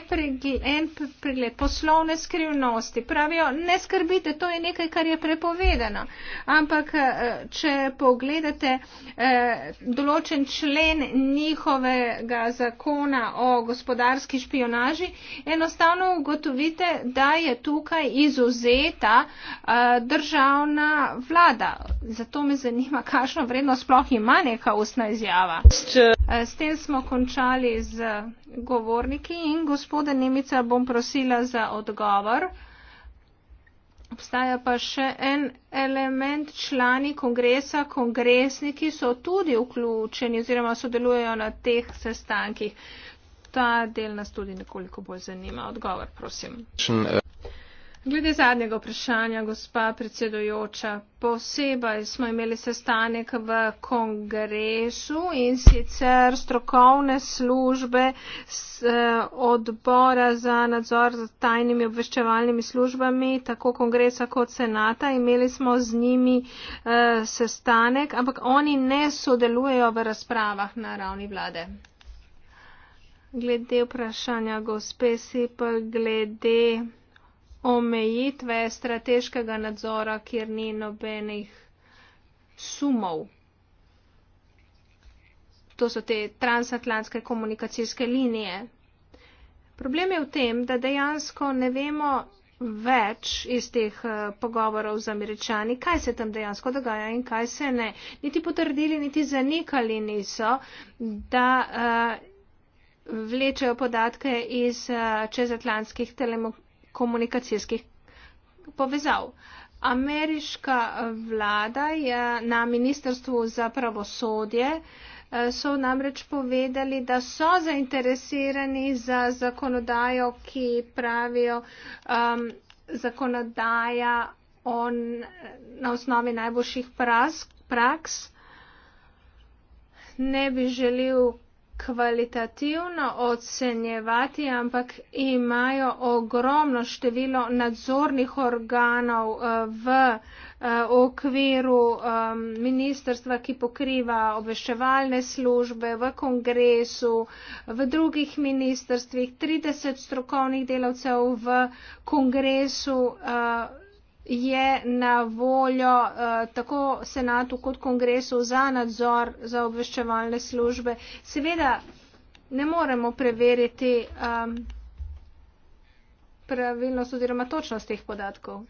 en pregled poslovne skrivnosti. Pravijo, ne skrbite, to je nekaj, kar je prepovedano. Ampak, eh, če pogledate eh, določen člen njihovega zakona o gospodarski špionaži, enostavno ugotovite, da je tukaj izuzeta eh, državna vlada. Zato me zanima, kakšno vredno sploh ima neka ustna izjava. Eh, s tem smo končali z govorniki in gospoda Nemica bom prosila za odgovor. Obstaja pa še en element, člani kongresa, kongresniki so tudi vključeni oziroma sodelujejo na teh sestankih. Ta del nas tudi nekoliko bolj zanima. Odgovor, prosim. Uh, Glede zadnjega vprašanja, gospa predsedojoča, posebej smo imeli sestanek v kongresu in sicer strokovne službe z eh, odbora za nadzor z tajnimi obveščevalnimi službami, tako kongresa kot senata, imeli smo z njimi eh, sestanek, ampak oni ne sodelujejo v razpravah na ravni vlade. Glede vprašanja gospe Sipel, glede omejitve strateškega nadzora, kjer ni nobenih sumov. To so te transatlantske komunikacijske linije. Problem je v tem, da dejansko ne vemo več iz teh uh, pogovorov z američani, kaj se tam dejansko dogaja in kaj se ne. Niti potrdili, niti zanikali niso, da uh, vlečejo podatke iz uh, čezatlantskih telemok komunikacijskih povezav. Ameriška eh, vlada je na Ministrstvu za pravosodje eh, so namreč povedali, da so zainteresirani za zakonodajo, ki pravijo um, zakonodaja on, eh, na osnovi najboljših praks. Ne bi želel kvalitativno ocenjevati, ampak imajo ogromno število nadzornih organov eh, v eh, okviru ministrstva, ki pokriva obveščevalne službe v kongresu, v drugih ministrstvih, 30 strokovnih delavcev v kongresu eh, je na voljo eh, tako senatu kot kongresu za nadzor za obveščevalne službe. Seveda ne moremo preveriti um, pravilnost oziroma točnost teh podatkov.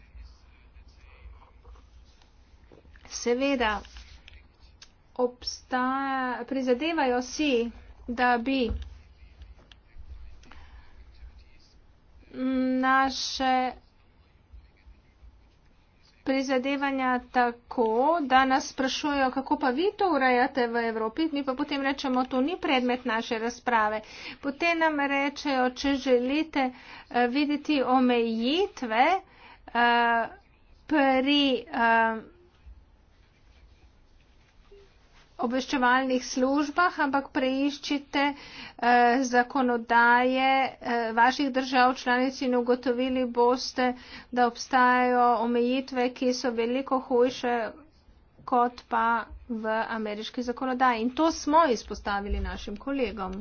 Seveda obstaja, prizadevajo si, da bi naše prizadevanja tako, da nas sprašujejo, kako pa vi to urejate v Evropi, mi pa potem rečemo, to ni predmet naše razprave. Potem nam rečejo, če želite eh, videti omejitve eh, pri. Eh, obveščevalnih službah, ampak preiščite eh, zakonodaje eh, vaših držav članic in ugotovili boste, da obstajajo omejitve, ki so veliko hujše kot pa v ameriški zakonodaji. In to smo izpostavili našim kolegom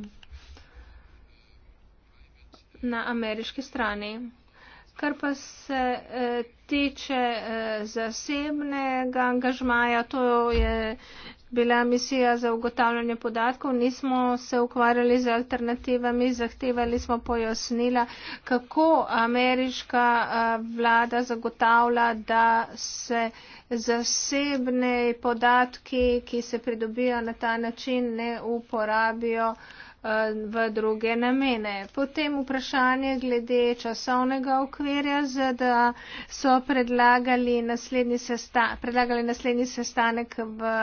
na ameriški strani. Kar pa se eh, tiče eh, zasebnega angažmaja, to je bila misija za ugotavljanje podatkov, nismo se ukvarjali z alternativami, zahtevali smo pojasnila, kako ameriška vlada zagotavlja, da se zasebne podatki, ki se pridobijo na ta način, ne uporabijo. Eh, v druge namene. Potem vprašanje glede časovnega okvirja, da so predlagali naslednji, sesta, predlagali naslednji sestanek v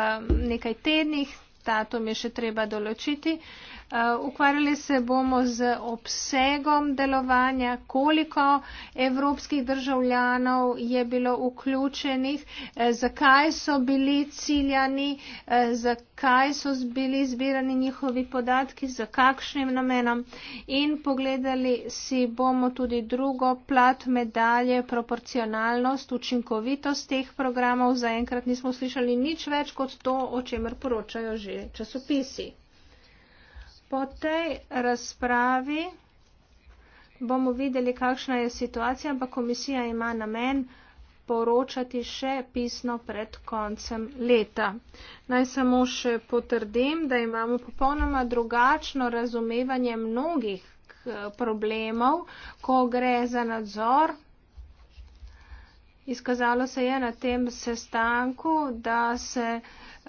nekaj tednih, datum je še treba določiti. Uh, Uh, ukvarjali se bomo z obsegom delovanja, koliko evropskih državljanov je bilo vključenih, uh, zakaj so bili ciljani, uh, zakaj so bili zbirani njihovi podatki, za kakšnim namenom in pogledali si bomo tudi drugo plat medalje, proporcionalnost, učinkovitost teh programov. Zaenkrat nismo slišali nič več kot to, o čemer poročajo že časopisi po tej razpravi bomo videli, kakšna je situacija, ampak komisija ima namen poročati še pisno pred koncem leta. Naj samo še potrdim, da imamo popolnoma drugačno razumevanje mnogih eh, problemov, ko gre za nadzor Izkazalo se je na tem sestanku, da se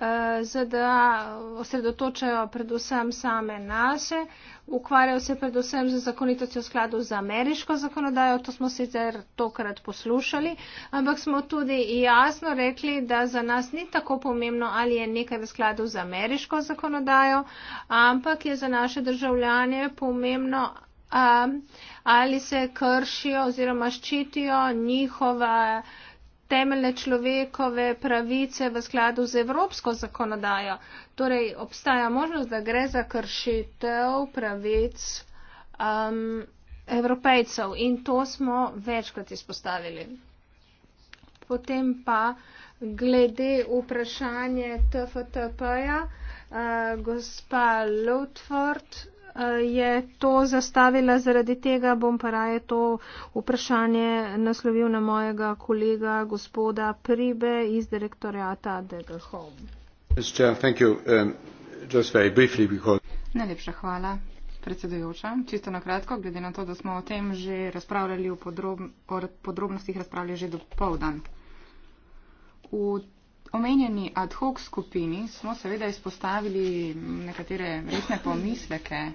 eh, ZDA osredotočajo predvsem same nase, ukvarjajo se predvsem z zakonitostjo skladu z ameriško zakonodajo, to smo sicer tokrat poslušali, ampak smo tudi jasno rekli, da za nas ni tako pomembno, ali je nekaj v skladu z ameriško zakonodajo, ampak je za naše državljanje pomembno, ali se kršijo oziroma ščitijo njihove temeljne človekove pravice v skladu z evropsko zakonodajo. Torej, obstaja možnost, da gre za kršitev pravic um, evropejcev in to smo večkrat izpostavili. Potem pa glede vprašanje TFTP-ja, uh, gospa Lutford je to zastavila zaradi tega, bom pa raje to vprašanje naslovil na mojega kolega gospoda Pribe iz direktorjata Degel Home. Um, Najlepša hvala, predsedujoča. Čisto na kratko, glede na to, da smo o tem že razpravljali, v podrob, o podrobnostih razpravljali že do pol dan. V omenjeni ad hoc skupini smo seveda izpostavili nekatere resne pomisleke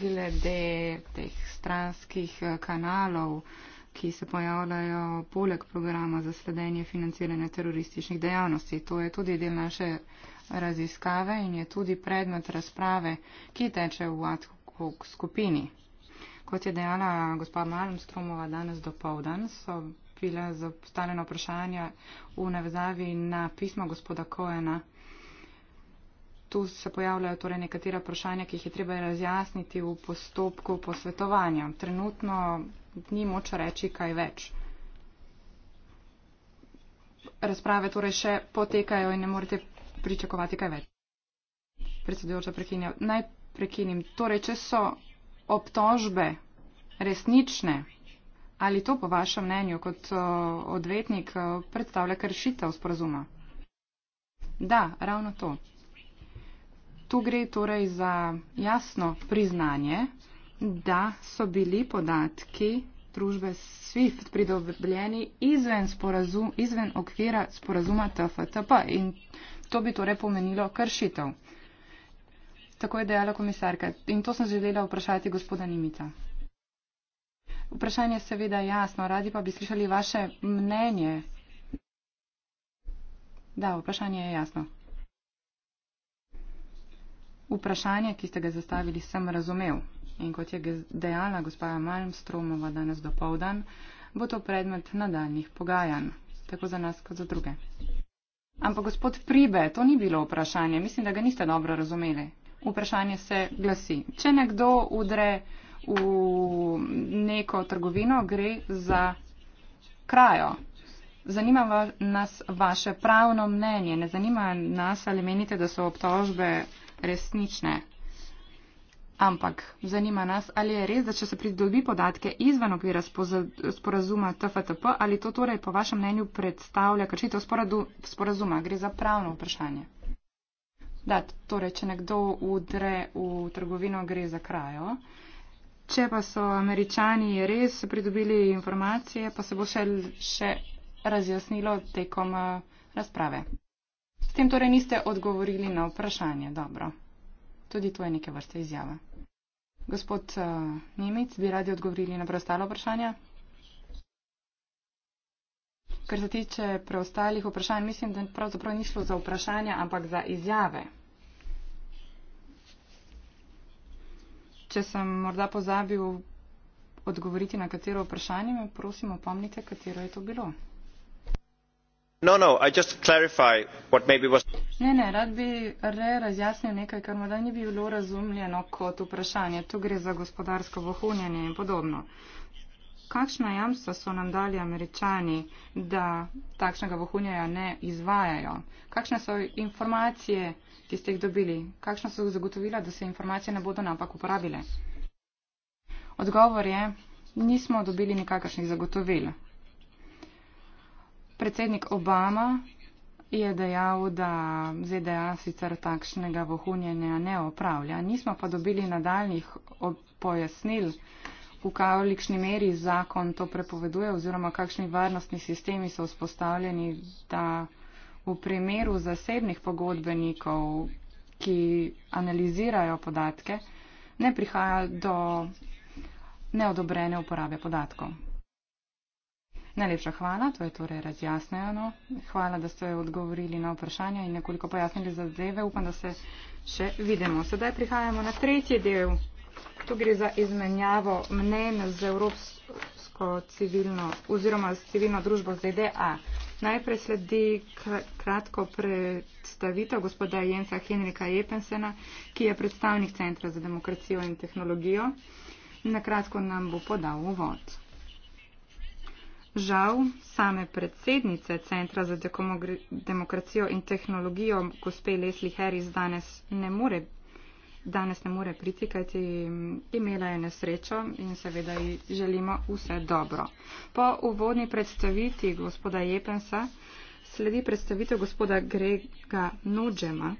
glede teh stranskih eh, kanalov, ki se pojavljajo poleg programa za sledenje financiranja terorističnih dejavnosti. To je tudi del naše raziskave in je tudi predmet razprave, ki teče v ad hoc skupini. Kot je dejala gospa Malmstromova danes do povdan, so profile za postavljeno vprašanje v navezavi na pismo gospoda Koena. Tu se pojavljajo torej nekatera vprašanja, ki jih je treba razjasniti v postopku posvetovanja. Trenutno ni moč reči kaj več. Razprave torej še potekajo in ne morete pričakovati kaj več. Predsedujoča prekinja. Naj prekinim. Torej, če so obtožbe resnične, Ali to po vašem mnenju kot odvetnik predstavlja kršitev sporazuma? Da, ravno to. Tu gre torej za jasno priznanje, da so bili podatki družbe SWIFT pridobljeni izven, sporazum, izven okvira sporazuma TFTP in to bi torej pomenilo kršitev. Tako je dejala komisarka in to sem želela vprašati gospoda Nimica. Vprašanje je seveda jasno, radi pa bi slišali vaše mnenje. Da, vprašanje je jasno. Vprašanje, ki ste ga zastavili, sem razumel. In kot je dejala gospa Malmstromova danes do povdan, bo to predmet nadaljnih pogajanj, tako za nas kot za druge. Ampak gospod Pribe, to ni bilo vprašanje, mislim, da ga niste dobro razumeli. Vprašanje se glasi, če nekdo udre v neko trgovino, gre za krajo. Zanima nas vaše pravno mnenje, ne zanima nas, ali menite, da so obtožbe resnične. Ampak zanima nas, ali je res, da če se pridobi podatke izven okvira sporazuma TFTP, ali to torej po vašem mnenju predstavlja kršitev sporazuma, gre za pravno vprašanje. Da, torej, če nekdo udre v trgovino, gre za krajo. Uh, Če pa so američani res pridobili informacije, pa se bo še, še razjasnilo tekom eh, razprave. S tem torej niste odgovorili na vprašanje. Dobro. Tudi to je neke vrste izjava. Gospod uh, Nemec, bi radi odgovorili na preostala vprašanja? Kar se tiče preostalih vprašanj, mislim, da pravzaprav ni šlo za vprašanja, ampak za izjave. Če sem morda pozabil odgovoriti na katero vprašanje, me prosim opomnite, katero je to bilo. No, no, ne, ne, rad bi re razjasnil nekaj, kar morda ni bilo razumljeno kot vprašanje. Tu gre za gospodarsko vohunjanje in podobno. Kakšna jamstva so nam dali američani, da takšnega vohunjanja ne izvajajo? Kakšne so informacije ki ste jih dobili? Kakšna so zagotovila, da se informacije ne bodo napak uporabile? Odgovor je, nismo dobili nikakršnih zagotovil. Predsednik Obama je dejal, da ZDA sicer takšnega vohunjenja ne opravlja. Nismo pa dobili nadaljnih pojasnil, v kakšni meri zakon to prepoveduje oziroma kakšni varnostni sistemi so vzpostavljeni, da v primeru zasebnih pogodbenikov, ki analizirajo podatke, ne prihaja do neodobrene uporabe podatkov. Najlepša hvala, to je torej razjasnjeno. Hvala, da ste odgovorili na vprašanja in nekoliko pojasnili zadeve. Upam, da se še vidimo. Sedaj prihajamo na tretji del. Tu gre za izmenjavo mnen z evropsko civilno oziroma z civilno družbo ZDA. Najprej sledi kratko predstavitev gospoda Jensa Henrika Jepensena, ki je predstavnik Centra za demokracijo in tehnologijo. Na kratko nam bo podal uvod. Žal, same predsednice Centra za demokracijo in tehnologijo, gospe Leslie Harris, danes ne more danes ne more priti, kajti mm, imela je nesrečo in seveda ji želimo vse dobro. Po uvodni predstavitvi gospoda Jepensa sledi predstavitev gospoda Grega Nudžema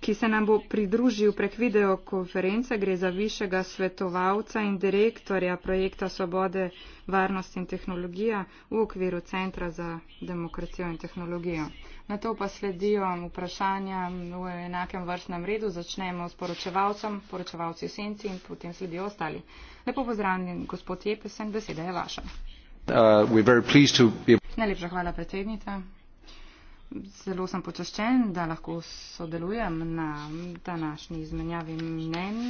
ki se nam bo pridružil prek videokonference. Gre za višjega svetovalca in direktorja projekta Svobode, varnost in tehnologija v okviru Centra za demokracijo in tehnologijo. Na to pa sledijo vprašanja v enakem vrstnem redu. Začnemo s poročevalcem, poročevalci senci in potem sledijo ostali. Lepo pozdravljen, gospod Jepesen, beseda je vaša. Uh, Najlepša hvala predsednica. Zelo sem počaščen, da lahko sodelujem na današnji izmenjavi mnen.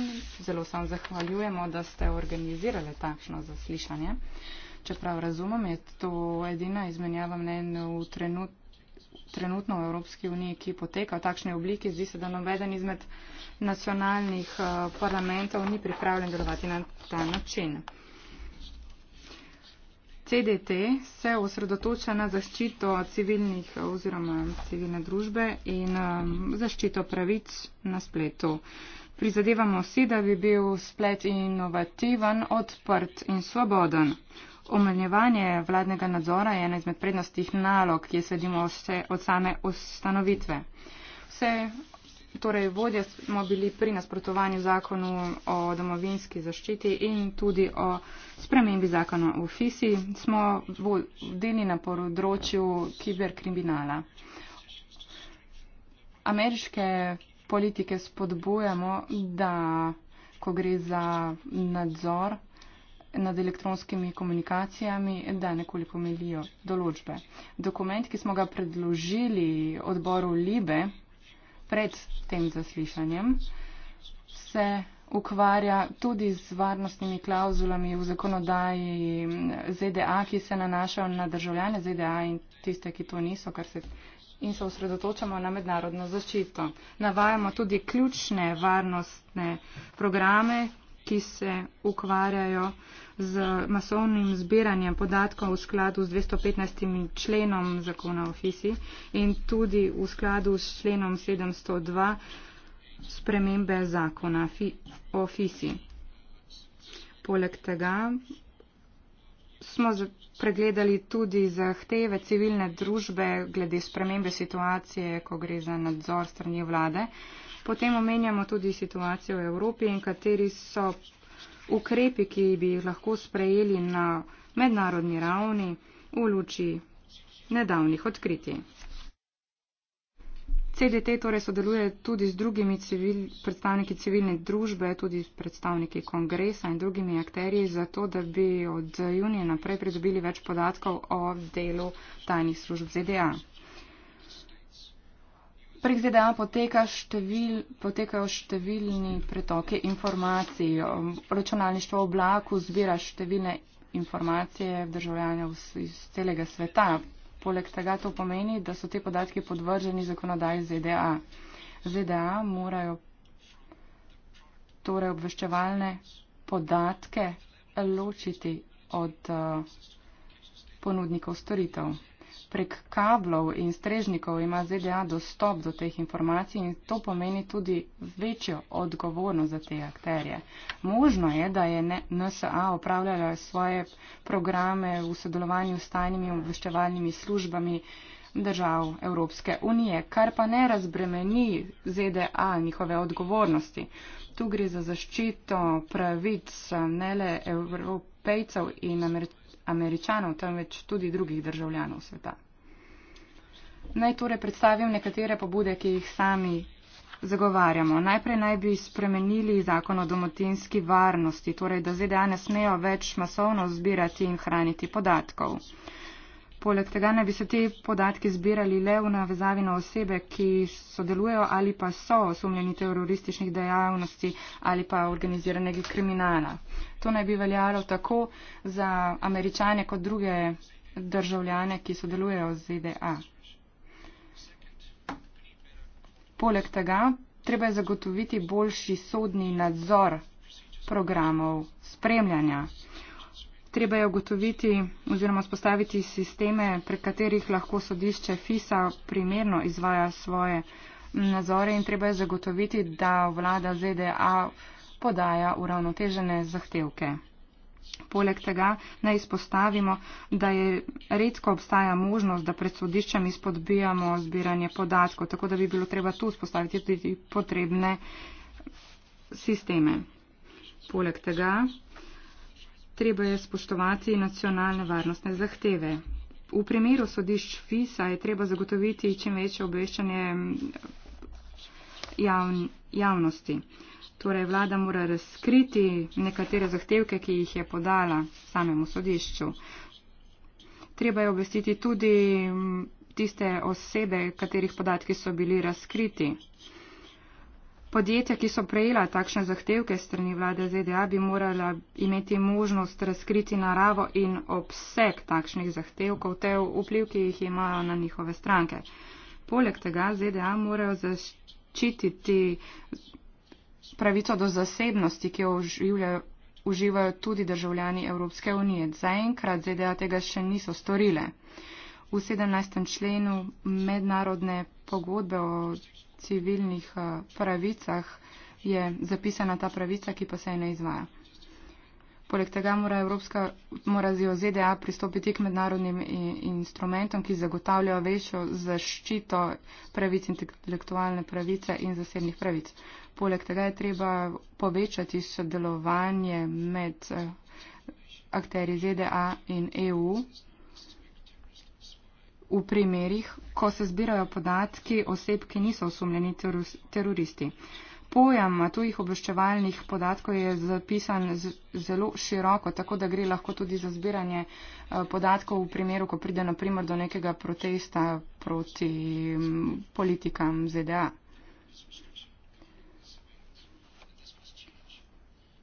Zelo sem zahvaljujemo, da ste organizirali takšno zaslišanje. Čeprav razumem, je to edina izmenjava mnen v trenut, trenutno v Evropski uniji, ki poteka v takšni obliki. Zdi se, da noveden izmed nacionalnih eh, parlamentov ni pripravljen delovati na ta način. CDT se osredotoča na zaščito civilnih eh, oziroma civilne družbe in um, zaščito pravic na spletu. Prizadevamo si, da bi bil splet inovativen, odprt in svoboden. Omenjevanje vladnega nadzora je ena izmed prednostih nalog, ki je sledimo vse od same ustanovitve. Vse Torej, vodje smo bili pri nasprotovanju zakonu o domovinski zaščiti in tudi o spremembi zakona v FISI. Smo vodili na področju kiberkriminala. Ameriške politike spodbujamo, da ko gre za nadzor nad elektronskimi komunikacijami, da nekoliko melijo določbe. Dokument, ki smo ga predložili odboru Libe, pred tem zaslišanjem, se ukvarja tudi z varnostnimi klauzulami v zakonodaji ZDA, ki se nanašajo na državljane ZDA in tiste, ki to niso, kar se in se osredotočamo na mednarodno zaščito. Navajamo tudi ključne varnostne programe, ki se ukvarjajo z masovnim zbiranjem podatkov v skladu z 215. členom zakona o FISI in tudi v skladu s členom 702 spremembe zakona o FISI. Poleg tega smo pregledali tudi zahteve civilne družbe glede spremembe situacije, ko gre za nadzor strani vlade. Potem omenjamo tudi situacijo v Evropi, in kateri so ukrepi, ki bi jih lahko sprejeli na mednarodni ravni v luči nedavnih odkritij. CDT torej sodeluje tudi z drugimi civil, predstavniki civilne družbe, tudi s predstavniki kongresa in drugimi akterji, zato da bi od junija naprej pridobili več podatkov o delu tajnih služb ZDA. Prek ZDA poteka števil, potekajo številni pretoki informacij. Računalništvo v oblaku zbira številne informacije državljanov iz celega sveta. Poleg tega to pomeni, da so te podatki podvrženi zakonodaji ZDA. ZDA morajo torej obveščevalne podatke ločiti od uh, ponudnikov storitev prek kablov in strežnikov ima ZDA dostop do teh informacij in to pomeni tudi večjo odgovornost za te akterje. Možno je, da je NSA upravljala svoje programe v sodelovanju s tajnimi obveščevalnimi službami držav Evropske unije, kar pa ne razbremeni ZDA njihove odgovornosti. Tu gre za zaščito pravic ne le evropejcev in američanov. Američanov, temveč tudi drugih državljanov sveta. Naj torej predstavim nekatere pobude, ki jih sami zagovarjamo. Najprej naj bi spremenili zakon o domotinski varnosti, torej da ZDA ne smejo več masovno zbirati in hraniti podatkov. Poleg tega naj bi se te podatki zbirali le v navezavi na osebe, ki sodelujejo ali pa so osumljeni terorističnih dejavnosti ali pa organiziranega kriminala. To naj bi veljalo tako za američane kot druge državljane, ki sodelujejo z ZDA. Poleg tega treba je zagotoviti boljši sodni nadzor programov spremljanja. Treba je ugotoviti oziroma spostaviti sisteme, prek katerih lahko sodišče FISA primerno izvaja svoje nazore in treba je zagotoviti, da vlada ZDA podaja uravnotežene zahtevke. Poleg tega naj izpostavimo, da je redko obstaja možnost, da pred sodiščem izpodbijamo zbiranje podatkov, tako da bi bilo treba tu spostaviti tudi potrebne sisteme. Poleg tega treba je spoštovati nacionalne varnostne zahteve. V primeru sodišč FISA je treba zagotoviti čim večje obveščanje javn, javnosti. Torej, vlada mora razkriti nekatere zahtevke, ki jih je podala samemu sodišču. Treba je obvestiti tudi tiste osebe, katerih podatki so bili razkriti. Podjetja, ki so prejela takšne zahtevke strani vlade ZDA, bi morala imeti možnost razkriti naravo in obseg takšnih zahtevkov, te vpliv, ki jih imajo na njihove stranke. Poleg tega ZDA morajo zaščititi pravico do zasebnosti, ki jo uživajo, uživajo tudi državljani Evropske unije. Zaenkrat ZDA tega še niso storile. V 17. členu mednarodne pogodbe o civilnih eh, pravicah je zapisana ta pravica, ki pa se ne izvaja. Poleg tega mora, Evropska, mora ZDA pristopiti k mednarodnim instrumentom, ki zagotavljajo večjo zaščito pravic intelektualne pravice in zasebnih pravic. Poleg tega je treba povečati sodelovanje med eh, akteri ZDA in EU v primerjih, ko se zbirajo podatki oseb, ki niso osumljeni teroristi. Pojem tujih obveščevalnih podatkov je zapisan zelo široko, tako da gre lahko tudi za zbiranje eh, podatkov v primeru, ko pride naprimer do nekega protesta proti politikam ZDA.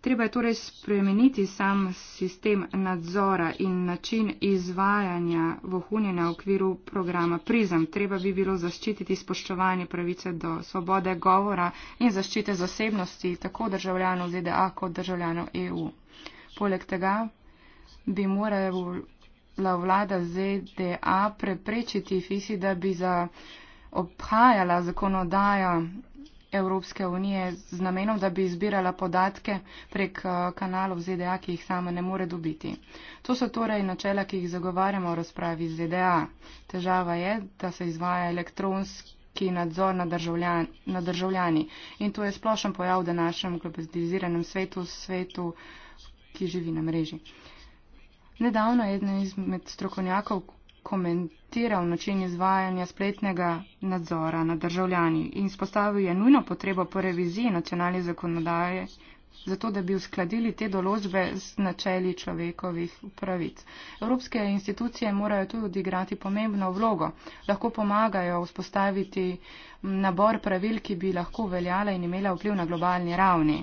Treba je torej spremeniti sam sistem nadzora in način izvajanja vohunjenja v okviru programa Prizem. Treba bi bilo zaščititi spoštovanje pravice do svobode govora in zaščite zasebnosti tako državljanov ZDA kot državljanov EU. Poleg tega bi morala vlada ZDA preprečiti FISI, da bi za obhajala zakonodaja Evropske unije z namenom, da bi zbirala podatke prek eh, kanalov ZDA, ki jih sama ne more dobiti. To so torej načela, ki jih zagovarjamo v razpravi ZDA. Težava je, da se izvaja elektronski nadzor nad državljani, nad državljani. in to je splošen pojav v današnjem globaliziranem svetu, svetu, ki živi na mreži. Nedavno je eden izmed strokovnjakov komentiral način izvajanja spletnega nadzora nad državljani in spostavil je nujno potrebo po reviziji nacionalne zakonodaje, zato da bi uskladili te določbe z načeli človekovih pravic. Evropske institucije morajo tudi odigrati pomembno vlogo. Lahko pomagajo vzpostaviti nabor pravil, ki bi lahko veljala in imela vpliv na globalni ravni.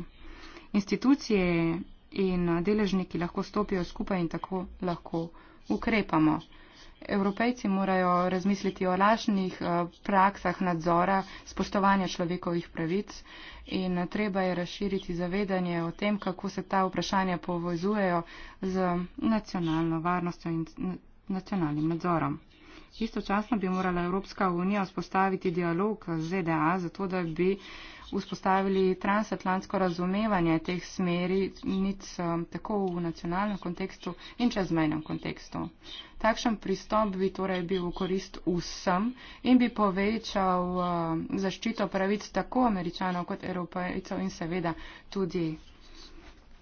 Institucije in deležniki lahko stopijo skupaj in tako lahko ukrepamo. Evropejci morajo razmisliti o lažnih eh, praksah nadzora spoštovanja človekovih pravic in eh, treba je razširiti zavedanje o tem, kako se ta vprašanja povezujejo z nacionalno varnostjo in nacionalnim nadzorom. Istočasno bi morala Evropska unija vzpostaviti dialog z ZDA, zato da bi vzpostavili transatlantsko razumevanje teh smernic um, tako v nacionalnem kontekstu in čezmejnem kontekstu. Takšen pristop bi torej bil v korist vsem in bi povečal um, zaščito pravic tako američanov kot evropejcev in seveda tudi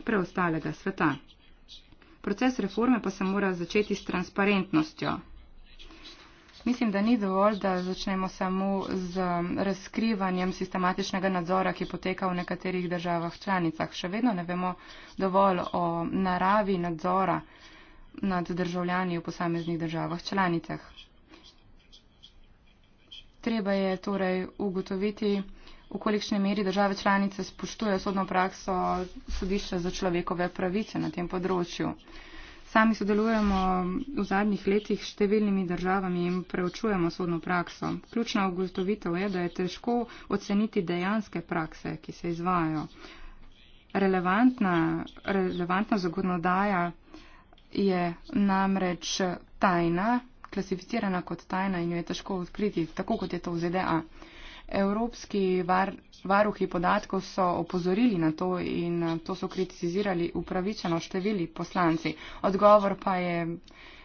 preostalega sveta. Proces reforme pa se mora začeti s transparentnostjo. Mislim, da ni dovolj, da začnemo samo z razkrivanjem sistematičnega nadzora, ki poteka v nekaterih državah članicah. Še vedno ne vemo dovolj o naravi nadzora nad državljani v posameznih državah članicah. Treba je torej ugotoviti, v kolikšni meri države članice spoštujejo sodno prakso sodišča za človekove pravice na tem področju. Sami sodelujemo v zadnjih letih s številnimi državami in preučujemo sodno prakso. Ključna ugotovitev je, da je težko oceniti dejanske prakse, ki se izvajo. Relevantna, relevantna zakonodaja je namreč tajna, klasificirana kot tajna in jo je težko odkriti, tako kot je to v ZDA. Evropski var, varuhi podatkov so opozorili na to in eh, to so kritizirali upravičeno števili poslanci. Odgovor pa je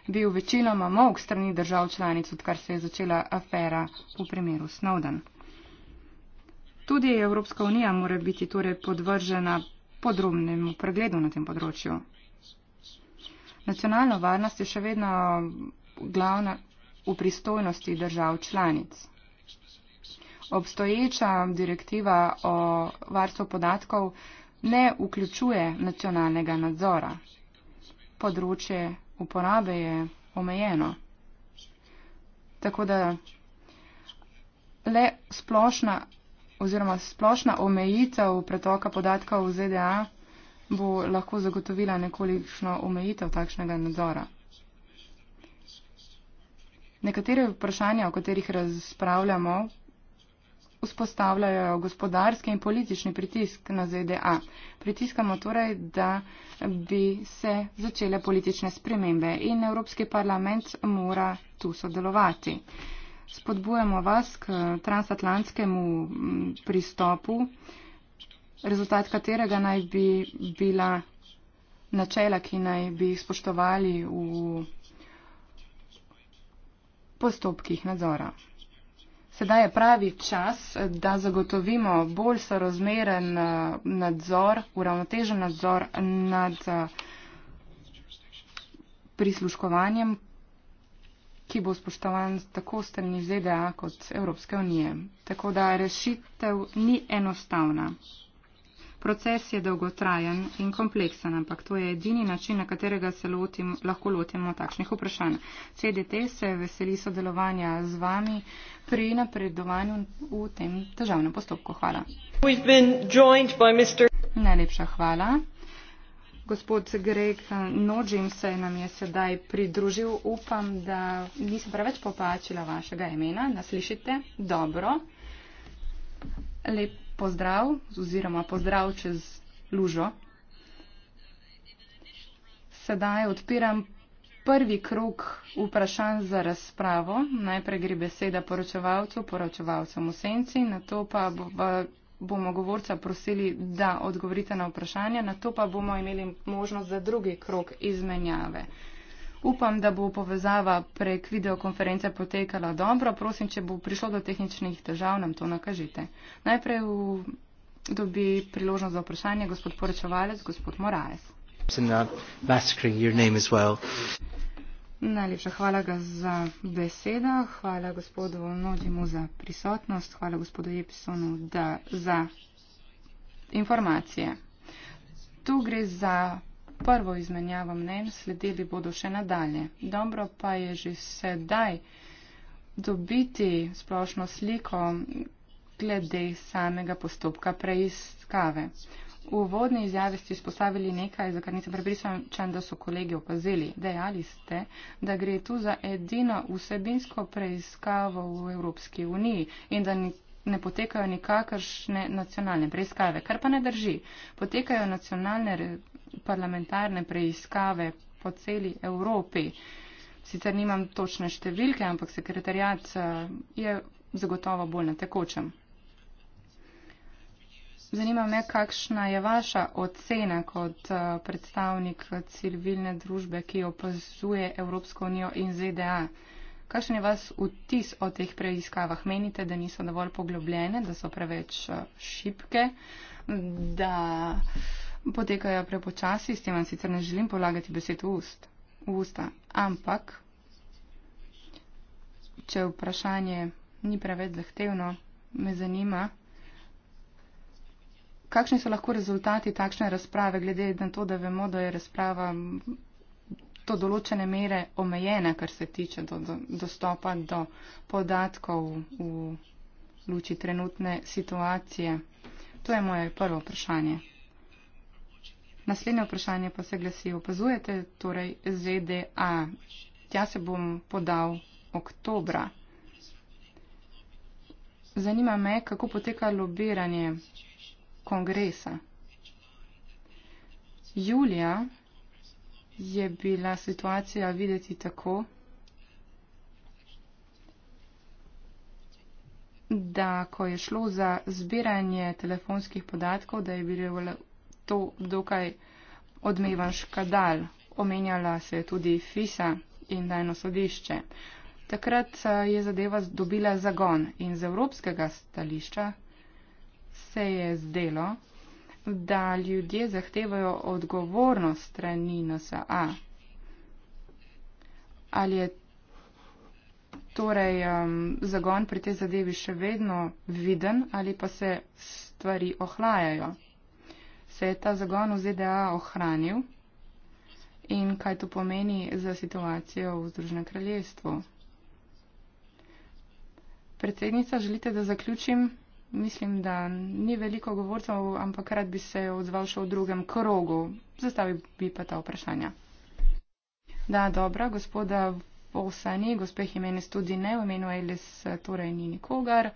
bil večinoma mok strani držav članic, odkar se je začela afera v primeru Snowden. Tudi Evropska unija mora biti torej podvržena podrobnemu pregledu na tem področju. Nacionalna varnost je še vedno glavna v pristojnosti držav članic obstoječa direktiva o varstvu podatkov ne vključuje nacionalnega nadzora. Področje uporabe je omejeno. Tako da le splošna oziroma splošna omejitev pretoka podatkov v ZDA bo lahko zagotovila nekolikšno omejitev takšnega nadzora. Nekatere vprašanja, o katerih razpravljamo, vzpostavljajo gospodarski in politični pritisk na ZDA. Pritiskamo torej, da bi se začele politične spremembe in Evropski parlament mora tu sodelovati. Spodbujamo vas k transatlantskemu pristopu, rezultat katerega naj bi bila načela, ki naj bi jih spoštovali v postopkih nadzora. Sedaj je pravi čas, da zagotovimo bolj sorozmeren eh, nadzor, uravnotežen nadzor nad eh, prisluškovanjem, ki bo spoštovan tako strani ZDA kot Evropske unije. Tako da rešitev ni enostavna. Proces je dolgotrajen in kompleksen, ampak to je edini način, na katerega se lotim, lahko lotimo takšnih vprašanj. CDT se veseli sodelovanja z vami pri napredovanju v tem težavnem postopku. Hvala. Mr... Najlepša hvala. Gospod Greg Nodžim se nam je sedaj pridružil. Upam, da nisem preveč popačila vašega imena. Naslišite? Dobro. Lep pozdrav oziroma pozdrav čez lužo. Sedaj odpiram prvi krok vprašanj za razpravo. Najprej gre beseda poročevalcu, poročevalcem v senci, na to pa bomo govorca prosili, da odgovorite na vprašanje, na to pa bomo imeli možnost za drugi krok izmenjave. Upam, da bo povezava prek videokonference potekala dobro. Prosim, če bo prišlo do tehničnih težav, nam to nakažite. Najprej v... dobi priložnost za vprašanje gospod poročevalec, gospod Moraes. Uh, well. Najlepša hvala ga za besedo, hvala gospodu Nodimu za prisotnost, hvala gospodu Jepisonu za informacije. Tu gre za prvo izmenjavo mnenj, sledili bodo še nadalje. Dobro pa je že sedaj dobiti splošno sliko glede samega postopka preiskave. V uvodni izjavi ste izpostavili nekaj, za kar nisem prepričan, da so kolegi opazili. Dejali ste, da gre tu za edino vsebinsko preiskavo v Evropski uniji in da nikoli ne potekajo nikakršne nacionalne preiskave, kar pa ne drži. Potekajo nacionalne parlamentarne preiskave po celi Evropi. Sicer nimam točne številke, ampak sekretarjat eh, je zagotovo bolj na tekočem. Zanima me, kakšna je vaša ocena kot eh, predstavnik civilne družbe, ki opazuje Evropsko unijo in ZDA. Kakšen je vas vtis o teh preiskavah? Menite, da niso dovolj poglobljene, da so preveč eh, šipke, da potekajo prepočasi, s tem vam sicer ne želim polagati besed v, ust, v usta. Ampak, če vprašanje ni preveč zahtevno, me zanima, kakšni so lahko rezultati takšne razprave, glede na to, da vemo, da je razprava do določene mere omejene, kar se tiče do, do, dostopa do podatkov v luči trenutne situacije. To je moje prvo vprašanje. Naslednje vprašanje pa se glasi, opazujete torej ZDA. Tja se bom podal oktobra. Zanima me, kako poteka lobiranje kongresa. Julija je bila situacija videti tako, da ko je šlo za zbiranje telefonskih podatkov, da je bilo to dokaj odmevan škadal. Omenjala se je tudi FISA in dajno sodišče. Takrat je zadeva dobila zagon in z evropskega stališča se je zdelo, da ljudje zahtevajo odgovornost strani NSA. Ali je torej um, zagon pri tej zadevi še vedno viden ali pa se stvari ohlajajo? Se je ta zagon v ZDA ohranil in kaj to pomeni za situacijo v Združenem kraljestvu? Predsednica, želite, da zaključim? mislim, da ni veliko govorcev, ampak rad bi se odzval še v drugem krogu. Zastavi bi pa ta vprašanja. Da, dobra, gospoda Vosa ni, gospe Jimenez tudi ne, v imenu Elis torej ni nikogar.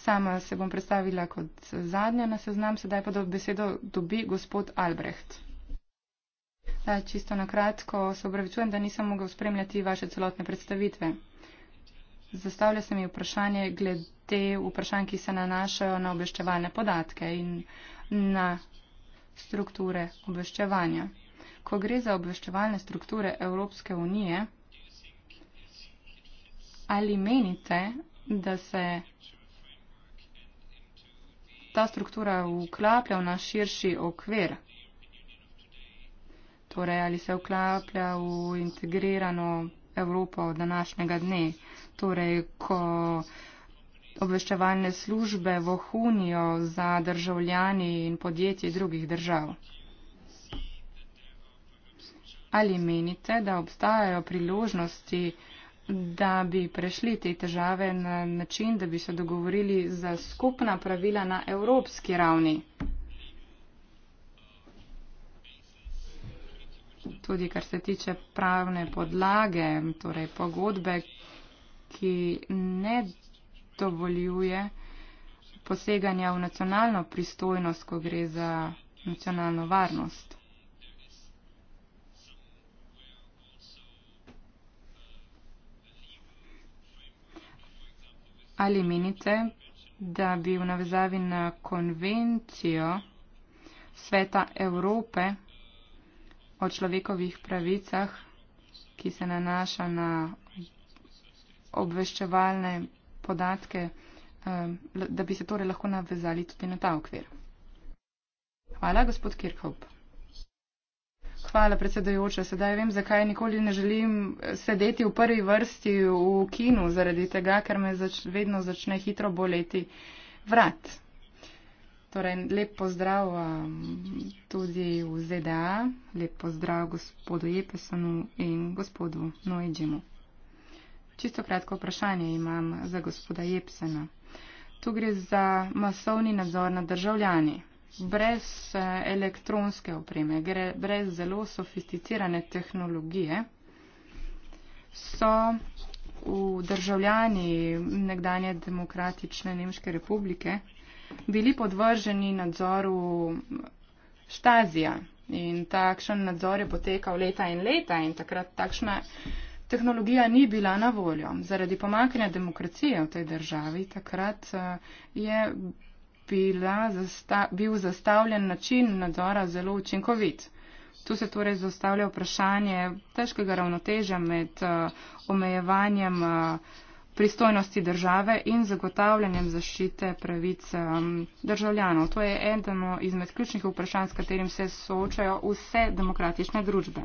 Sama se bom predstavila kot zadnja na seznam, sedaj pa do besedo dobi gospod Albrecht. Da, čisto na kratko, se upravičujem, da nisem mogel spremljati vaše celotne predstavitve zastavlja se mi vprašanje glede vprašanj, ki se nanašajo na obveščevalne podatke in na strukture obveščevanja. Ko gre za obveščevalne strukture Evropske unije, ali menite, da se ta struktura vklaplja v naš širši okvir? Torej, ali se vklaplja v integrirano Evropo današnjega dne? torej ko obveščevalne službe vohunijo za državljani in podjetje drugih držav. Ali menite, da obstajajo priložnosti, da bi prešli te težave na način, da bi se dogovorili za skupna pravila na evropski ravni? Tudi kar se tiče pravne podlage, torej pogodbe, ki ne dovoljuje poseganja v nacionalno pristojnost, ko gre za nacionalno varnost. Ali menite, da bi v navezavi na konvencijo Sveta Evrope o človekovih pravicah, ki se nanaša na obveščevalne podatke, eh, da bi se torej lahko navezali tudi na ta okvir. Hvala, gospod Kirkhop. Hvala, predsedojoča. Sedaj vem, zakaj nikoli ne želim eh, sedeti v prvi vrsti v kinu, zaradi tega, ker me zač vedno začne hitro boleti vrat. Torej, lep pozdrav um, tudi v ZDA, lep pozdrav gospodu Jepesonu in gospodu Noidžemu. Čisto kratko vprašanje imam za gospoda Jepsena. Tu gre za masovni nadzor nad državljani. Brez eh, elektronske opreme, gre brez zelo sofisticirane tehnologije, so v državljani nekdanje demokratične Nemške republike bili podvrženi nadzoru štazija. In takšen nadzor je potekal leta in leta in takrat takšna tehnologija ni bila na voljo. Zaradi pomankanja demokracije v tej državi takrat eh, je bila, bil zastavljen način nadzora zelo učinkovit. Tu se torej zastavlja vprašanje težkega ravnotežja med eh, omejevanjem eh, pristojnosti države in zagotavljanjem zaščite pravic državljanov. To je eno izmed ključnih vprašanj, s katerim se soočajo vse demokratične družbe.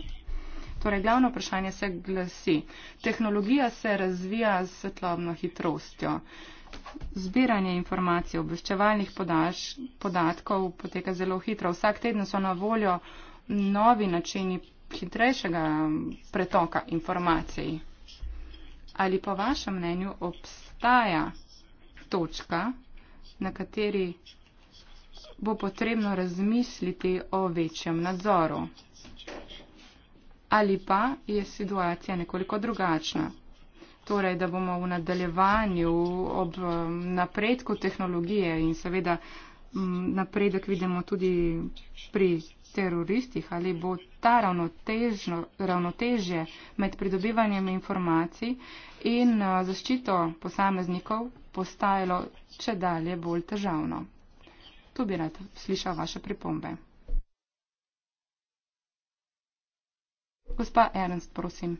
Torej, glavno vprašanje se glasi. Tehnologija se razvija s svetlobno hitrostjo. Zbiranje informacij, obveščevalnih podaž, podatkov poteka zelo hitro. Vsak teden so na voljo novi načini hitrejšega pretoka informacij. Ali po vašem mnenju obstaja točka, na kateri bo potrebno razmisliti o večjem nadzoru? ali pa je situacija nekoliko drugačna. Torej, da bomo v nadaljevanju ob um, napredku tehnologije in seveda um, napredek vidimo tudi pri teroristih, ali bo ta ravnotežje med pridobivanjem informacij in uh, zaščito posameznikov postajalo če dalje bolj težavno. Tu bi rad slišal vaše pripombe. gospa Ernst, prosim.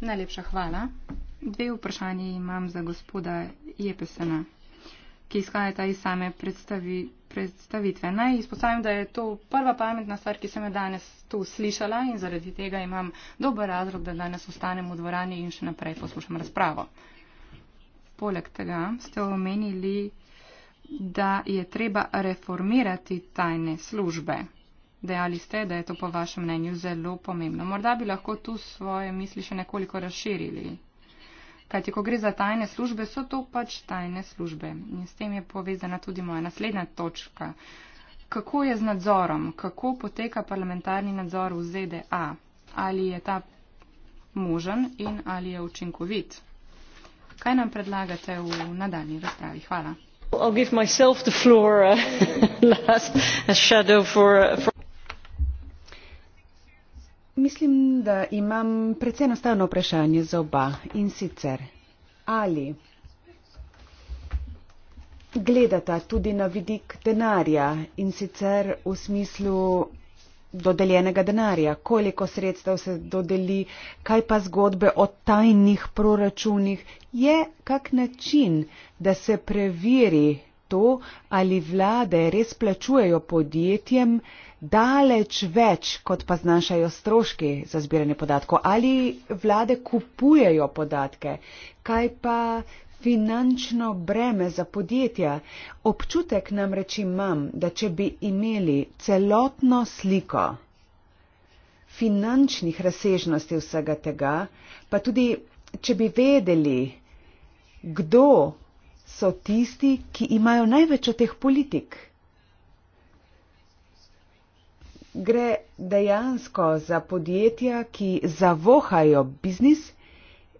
Najlepša hvala. Dve vprašanje imam za gospoda Jepesena, ki izhajata iz same predstavi, predstavitve. Naj izpostavim, da je to prva pametna stvar, ki sem jo danes tu slišala in zaradi tega imam dober razlog, da danes ostanem v dvorani in še naprej poslušam razpravo. Poleg tega ste omenili, da je treba reformirati tajne službe. Dejali ste, da je to po vašem mnenju zelo pomembno. Morda bi lahko tu svoje misli še nekoliko razširili. Kajti, ko gre za tajne službe, so to pač tajne službe. In s tem je povezana tudi moja naslednja točka. Kako je z nadzorom? Kako poteka parlamentarni nadzor v ZDA? Ali je ta možen in ali je učinkovit? Kaj nam predlagate v nadaljni razpravi? Hvala. I'll give myself the floor uh, [laughs] last, as shadow for, uh, for... Mislim, da imam predvsej enostavno vprašanje za oba in sicer ali gledata tudi na vidik denarja in sicer v smislu dodeljenega denarja, koliko sredstev se dodeli, kaj pa zgodbe o tajnih proračunih, je kak način, da se preveri to, ali vlade res plačujejo podjetjem, daleč več, kot pa znašajo stroški za zbiranje podatkov. Ali vlade kupujejo podatke? Kaj pa finančno breme za podjetja? Občutek namreč imam, da če bi imeli celotno sliko finančnih razsežnosti vsega tega, pa tudi če bi vedeli, kdo so tisti, ki imajo največ od teh politik gre dejansko za podjetja, ki zavohajo biznis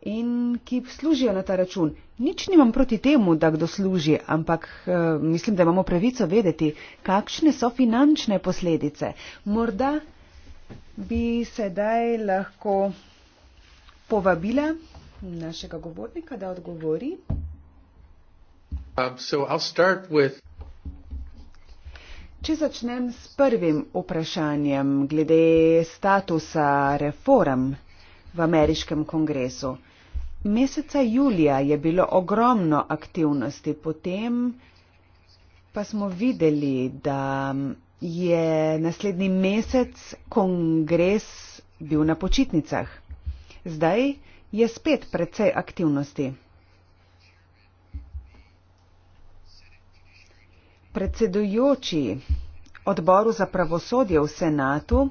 in ki služijo na ta račun. Nič nimam proti temu, da kdo služi, ampak eh, mislim, da imamo pravico vedeti, kakšne so finančne posledice. Morda bi sedaj lahko povabila našega govornika, da odgovori. Um, so I'll start with Če začnem s prvim vprašanjem glede statusa reform v ameriškem kongresu. Meseca julija je bilo ogromno aktivnosti, potem pa smo videli, da je naslednji mesec kongres bil na počitnicah. Zdaj je spet precej aktivnosti. predsedujoči odboru za pravosodje v senatu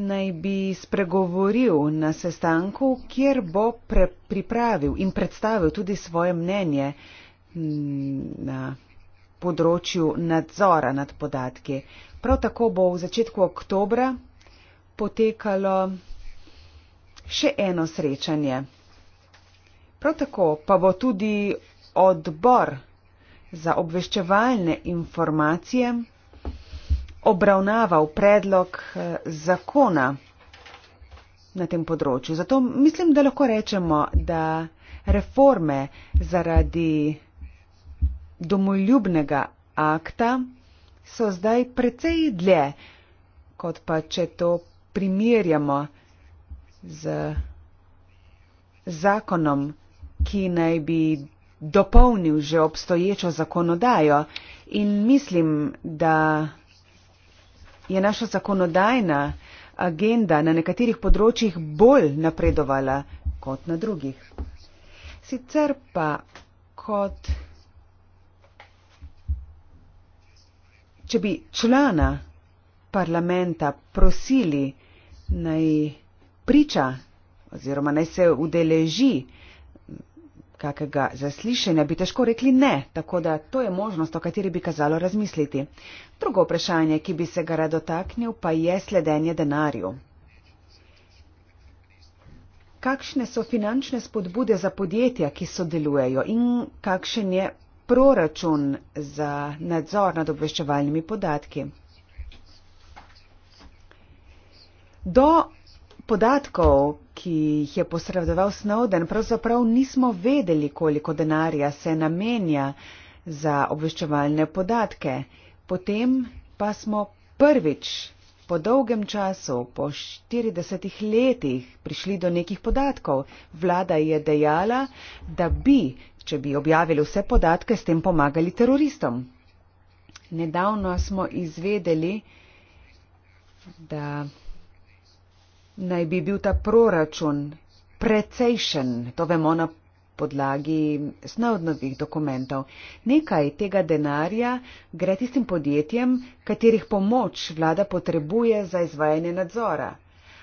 naj bi spregovoril na sestanku, kjer bo pripravil in predstavil tudi svoje mnenje mm, na področju nadzora nad podatki. Prav tako bo v začetku oktobra potekalo še eno srečanje. Prav tako pa bo tudi odbor za obveščevalne informacije obravnaval predlog eh, zakona na tem področju. Zato mislim, da lahko rečemo, da reforme zaradi domoljubnega akta so zdaj precej dlje, kot pa če to primerjamo z zakonom, ki naj bi dopolnil že obstoječo zakonodajo in mislim, da je naša zakonodajna agenda na nekaterih področjih bolj napredovala kot na drugih. Sicer pa kot, če bi člana parlamenta prosili naj priča oziroma naj se udeleži, kakega zaslišanja bi težko rekli ne, tako da to je možnost, o kateri bi kazalo razmisliti. Drugo vprašanje, ki bi se ga rad dotaknil, pa je sledenje denarju. Kakšne so finančne spodbude za podjetja, ki sodelujejo in kakšen je proračun za nadzor nad obveščevalnimi podatki? Do podatkov, ki jih je posredoval Snowden, pravzaprav nismo vedeli, koliko denarja se namenja za obveščevalne podatke. Potem pa smo prvič po dolgem času, po 40 letih, prišli do nekih podatkov. Vlada je dejala, da bi, če bi objavili vse podatke, s tem pomagali teroristom. Nedavno smo izvedeli, da naj bi bil ta proračun precejšen, to vemo na podlagi snovnovih dokumentov. Nekaj tega denarja gre tistim podjetjem, katerih pomoč vlada potrebuje za izvajanje nadzora.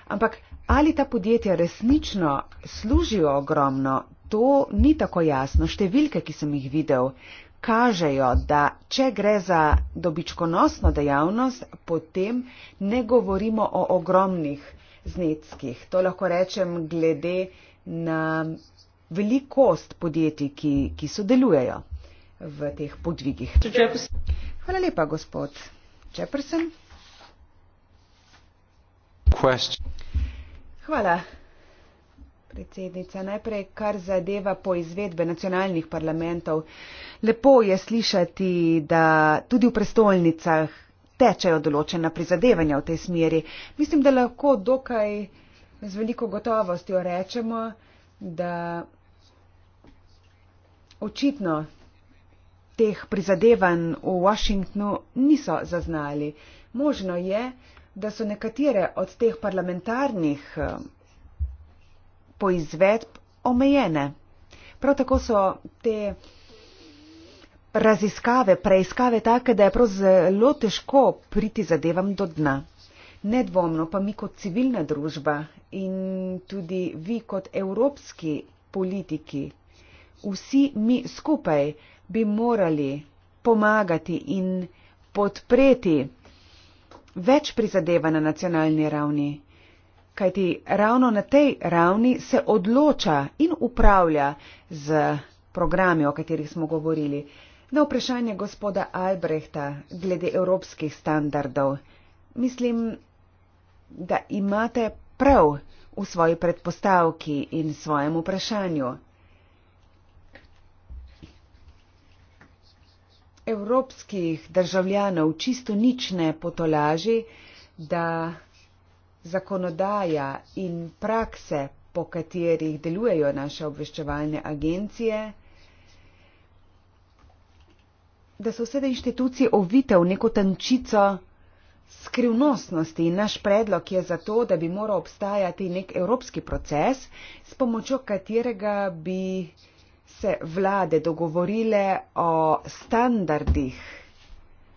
Ampak ali ta podjetja resnično služijo ogromno, to ni tako jasno. Številke, ki sem jih videl, kažejo, da če gre za dobičkonosno dejavnost, potem ne govorimo o ogromnih zneckih. To lahko rečem glede na velikost podjetij, ki, ki sodelujejo v teh podvigih. Hvala lepa, gospod Čeprsen. Hvala, predsednica. Najprej, kar zadeva po izvedbe nacionalnih parlamentov. Lepo je slišati, da tudi v prestolnicah tečejo določena prizadevanja v tej smeri. Mislim, da lahko dokaj z veliko gotovostjo rečemo, da očitno teh prizadevanj v Washingtonu niso zaznali. Možno je, da so nekatere od teh parlamentarnih eh, poizvedb omejene. Prav tako so te raziskave, preiskave take, da je prav zelo težko priti zadevam do dna. Nedvomno pa mi kot civilna družba in tudi vi kot evropski politiki, vsi mi skupaj bi morali pomagati in podpreti več prizadeva na nacionalni ravni, kajti ravno na tej ravni se odloča in upravlja z programi, o katerih smo govorili. Na vprašanje gospoda Albrehta glede evropskih standardov, mislim, da imate prav v svoji predpostavki in svojem vprašanju. Evropskih državljanov čisto nič ne potolaži, da zakonodaja in prakse, po katerih delujejo naše obveščevalne agencije, da so vse te inštitucije ovite v neko tančico skrivnostnosti. Naš predlog je zato, da bi moral obstajati nek evropski proces, s pomočjo katerega bi se vlade dogovorile o standardih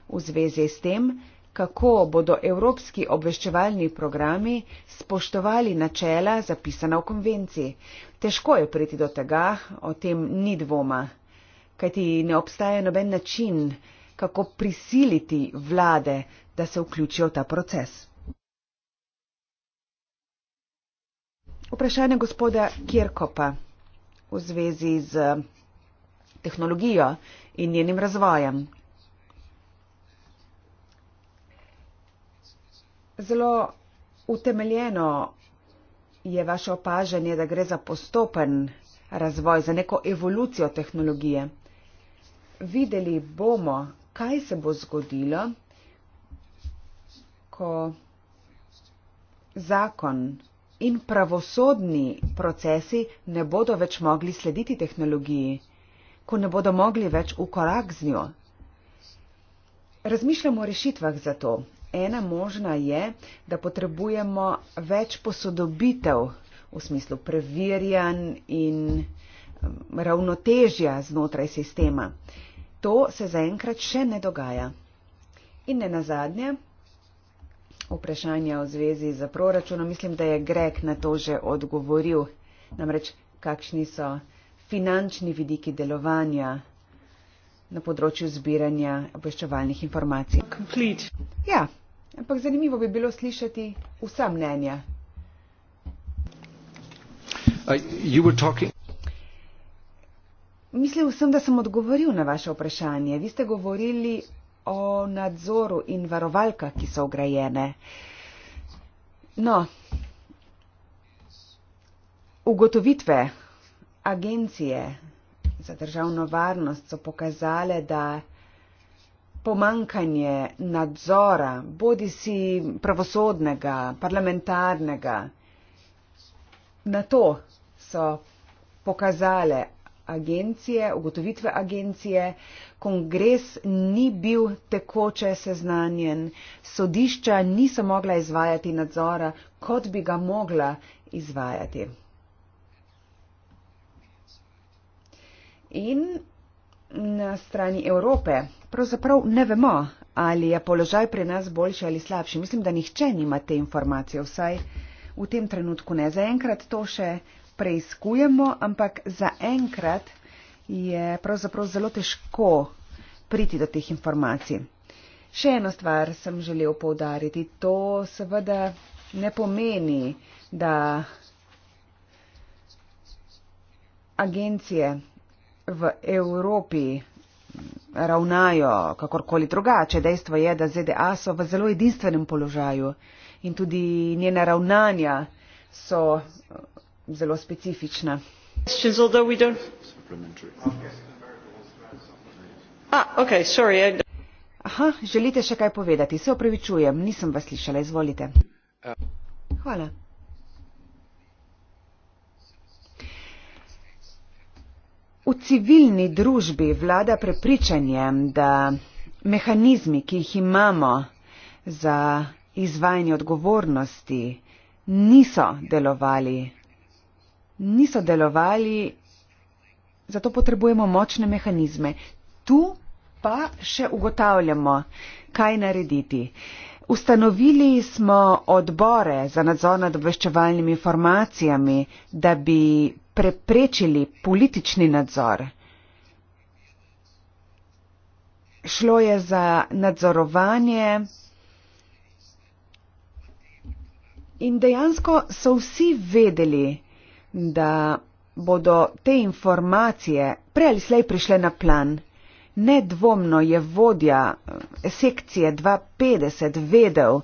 v zvezi s tem, kako bodo evropski obveščevalni programi spoštovali načela zapisana v konvenciji. Težko je priti do tega, o tem ni dvoma kajti ne obstaja noben način, kako prisiliti vlade, da se vključijo v ta proces. Vprašanje gospoda Kirkopa v zvezi z tehnologijo in njenim razvojem. Zelo utemeljeno je vaše opažanje, da gre za postopen razvoj, za neko evolucijo tehnologije videli bomo, kaj se bo zgodilo, ko zakon in pravosodni procesi ne bodo več mogli slediti tehnologiji, ko ne bodo mogli več v korak z njo. Razmišljamo o rešitvah za to. Ena možna je, da potrebujemo več posodobitev v smislu preverjanj in um, ravnotežja znotraj sistema. To se zaenkrat še ne dogaja. In ne nazadnje, vprašanje v zvezi z proračunom, mislim, da je Grek na to že odgovoril, namreč kakšni so finančni vidiki delovanja na področju zbiranja obveščevalnih informacij. Complete. Ja, ampak zanimivo bi bilo slišati vsa mnenja. Uh, you were talking... Mislil sem, da sem odgovoril na vaše vprašanje. Vi ste govorili o nadzoru in varovalkah, ki so ugrajene. No, ugotovitve agencije za državno varnost so pokazale, da pomankanje nadzora, bodi si pravosodnega, parlamentarnega, na to so pokazale agencije, ugotovitve agencije, kongres ni bil tekoče seznanjen, sodišča niso mogla izvajati nadzora, kot bi ga mogla izvajati. In na strani Evrope pravzaprav ne vemo, ali je položaj pri nas boljši ali slabši. Mislim, da nihče nima te informacije, vsaj v tem trenutku ne. Zaenkrat to še preizkujemo, ampak zaenkrat je pravzaprav zelo težko priti do teh informacij. Še eno stvar sem želel povdariti. To seveda ne pomeni, da agencije v Evropi ravnajo kakorkoli drugače. Dejstvo je, da ZDA so v zelo edinstvenem položaju in tudi njene ravnanja so zelo specifična. Ah, Aha, želite še kaj povedati? Se opravičujem, nisem vas slišala. Izvolite. Hvala. V civilni družbi vlada prepričanje, da mehanizmi, ki jih imamo za izvajanje odgovornosti, niso delovali niso delovali, zato potrebujemo močne mehanizme. Tu pa še ugotavljamo, kaj narediti. Ustanovili smo odbore za nadzor nad obveščevalnimi informacijami, da bi preprečili politični nadzor. Šlo je za nadzorovanje in dejansko so vsi vedeli, da bodo te informacije prej ali slej prišle na plan. Nedvomno je vodja eh, sekcije 250 vedel,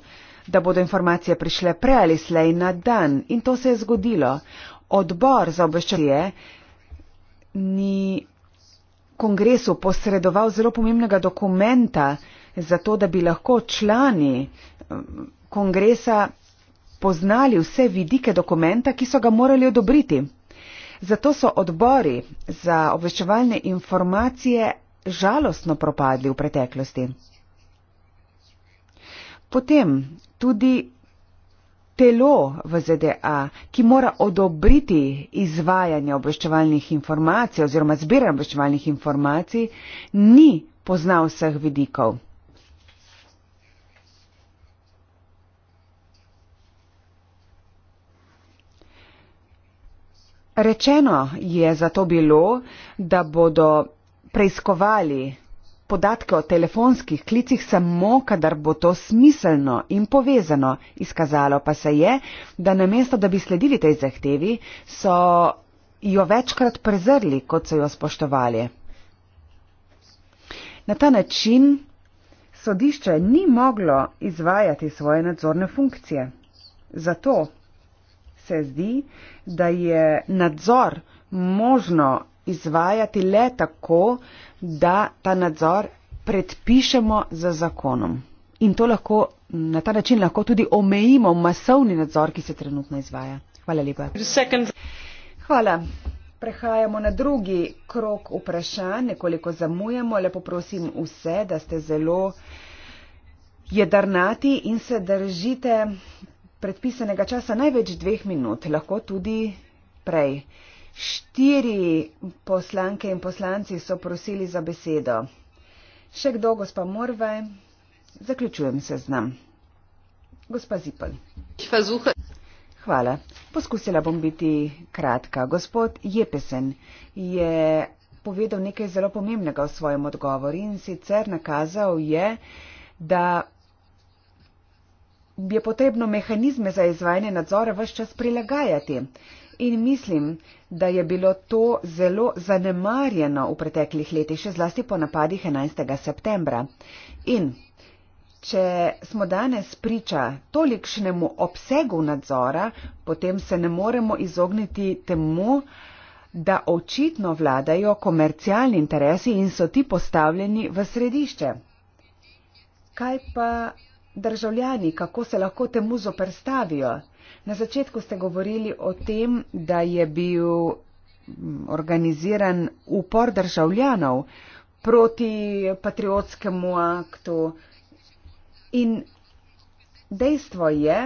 da bodo informacije prišle prej ali slej na dan in to se je zgodilo. Odbor za obveščanje ni kongresu posredoval zelo pomembnega dokumenta, zato da bi lahko člani eh, kongresa poznali vse vidike dokumenta, ki so ga morali odobriti. Zato so odbori za obveščevalne informacije žalostno propadli v preteklosti. Potem tudi telo v ZDA, ki mora odobriti izvajanje obveščevalnih informacij oziroma zbiranje obveščevalnih informacij, ni poznal vseh vidikov. Rečeno je zato bilo, da bodo preiskovali podatke o telefonskih klicih samo, kadar bo to smiselno in povezano. Izkazalo pa se je, da namesto, da bi sledili tej zahtevi, so jo večkrat prezrli, kot so jo spoštovali. Na ta način sodišče ni moglo izvajati svoje nadzorne funkcije. Zato se zdi, da je nadzor možno izvajati le tako, da ta nadzor predpišemo z zakonom. In to lahko na ta način lahko tudi omejimo masovni nadzor, ki se trenutno izvaja. Hvala lepa. Hvala. Prehajamo na drugi krok vprašanj, nekoliko zamujamo. Lepo prosim vse, da ste zelo jedrnati in se držite predpisanega časa največ dveh minut, lahko tudi prej. Štiri poslanke in poslanci so prosili za besedo. Še kdo, gospa Morve? Zaključujem se z nam. Gospa Zipel. Hvala. Poskusila bom biti kratka. Gospod Jepesen je povedal nekaj zelo pomembnega v svojem odgovoru in sicer nakazal je, da je potrebno mehanizme za izvajanje nadzora vse čas prilagajati. In mislim, da je bilo to zelo zanemarjeno v preteklih letih, še zlasti po napadih 11. septembra. In če smo danes priča tolikšnemu obsegu nadzora, potem se ne moremo izogniti temu, da očitno vladajo komercialni interesi in so ti postavljeni v središče. Kaj pa državljani, kako se lahko temu zoprstavijo? Na začetku ste govorili o tem, da je bil mm, organiziran upor državljanov proti patriotskemu aktu. In dejstvo je,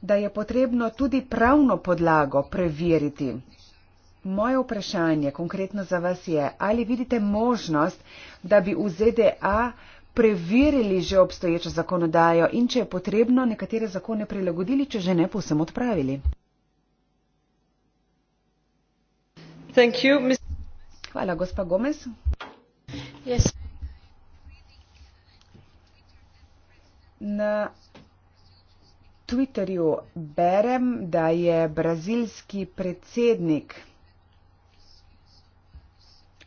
da je potrebno tudi pravno podlago preveriti. Moje vprašanje konkretno za vas je, ali vidite možnost, da bi v ZDA preverili že obstoječo zakonodajo in če je potrebno, nekatere zakone prilagodili, če že ne povsem odpravili. You, mis... Hvala, gospa Gomez. Yes. Na Twitterju berem, da je brazilski predsednik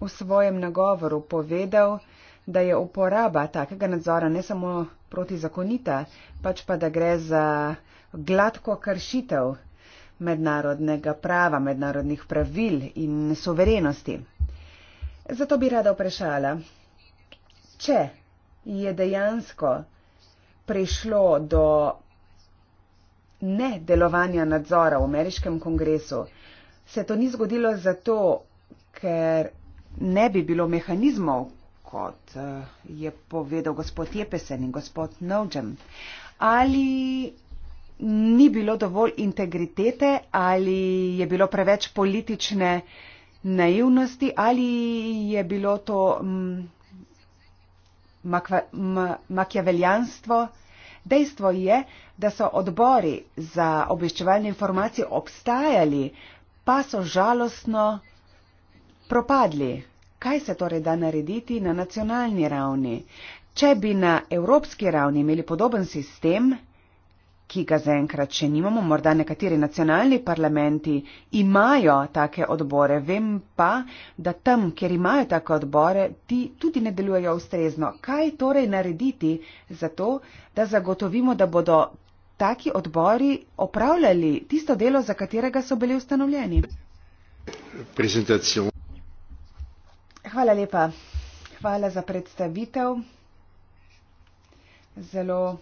v svojem nagovoru povedal, da je uporaba takega nadzora ne samo protizakonita, pač pa da gre za gladko kršitev mednarodnega prava, mednarodnih pravil in soverenosti. Zato bi rada vprašala, če je dejansko prišlo do nedelovanja nadzora v ameriškem kongresu, se to ni zgodilo zato, ker ne bi bilo mehanizmov, kot eh, je povedal gospod Jepesen in gospod Nožem. Ali ni bilo dovolj integritete, ali je bilo preveč politične naivnosti, ali je bilo to mm, makjaveljanstvo. Dejstvo je, da so odbori za obveščevalne informacije obstajali, pa so žalostno propadli kaj se torej da narediti na nacionalni ravni. Če bi na evropski ravni imeli podoben sistem, ki ga zaenkrat še nimamo, morda nekateri nacionalni parlamenti imajo take odbore, vem pa, da tam, kjer imajo take odbore, ti tudi ne delujejo ustrezno. Kaj torej narediti za to, da zagotovimo, da bodo taki odbori opravljali tisto delo, za katerega so bili ustanovljeni? Prezentacijo. Hvala lepa. Hvala za predstavitev. Zelo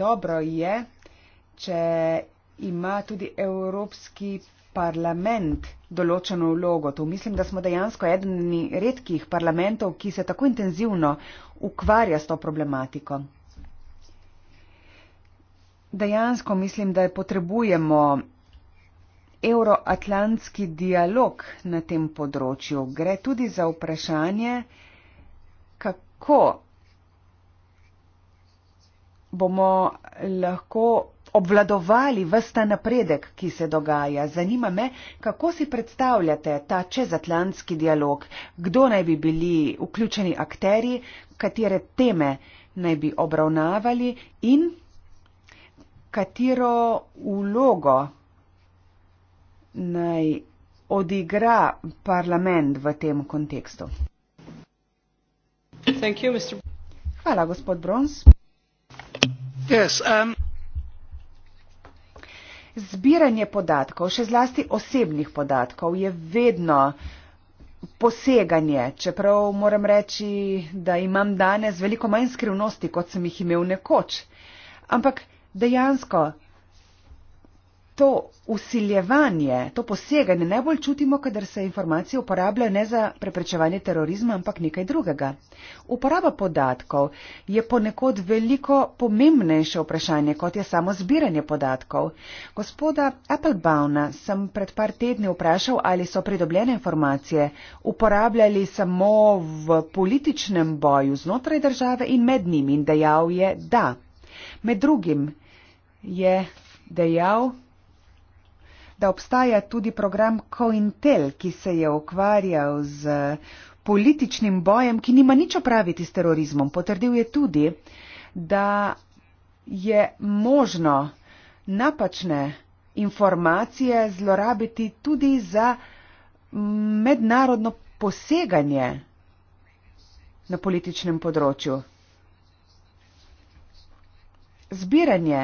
dobro je, če ima tudi Evropski parlament določeno vlogo. To mislim, da smo dejansko eden redkih parlamentov, ki se tako intenzivno ukvarja s to problematiko. Dejansko mislim, da potrebujemo euroatlantski dialog na tem področju. Gre tudi za vprašanje, kako bomo lahko obvladovali vsta napredek, ki se dogaja. Zanima me, kako si predstavljate ta čezatlantski dialog, kdo naj bi bili vključeni akteri, katere teme naj bi obravnavali in katero vlogo naj odigra parlament v tem kontekstu? You, Hvala, gospod Brons. Yes, um... Zbiranje podatkov, še zlasti osebnih podatkov, je vedno poseganje, čeprav moram reči, da imam danes veliko manj skrivnosti, kot sem jih imel nekoč. Ampak dejansko to usiljevanje, to poseganje najbolj čutimo, kadar se informacije uporabljajo ne za preprečevanje terorizma, ampak nekaj drugega. Uporaba podatkov je ponekod veliko pomembnejše vprašanje, kot je samo zbiranje podatkov. Gospoda Applebauna sem pred par tedni vprašal, ali so pridobljene informacije uporabljali samo v političnem boju znotraj države in med njimi in dejal je da. Med drugim je dejal, da obstaja tudi program COINTEL, ki se je ukvarjal z političnim bojem, ki nima nič opraviti s terorizmom. Potrdil je tudi, da je možno napačne informacije zlorabiti tudi za mednarodno poseganje na političnem področju. Zbiranje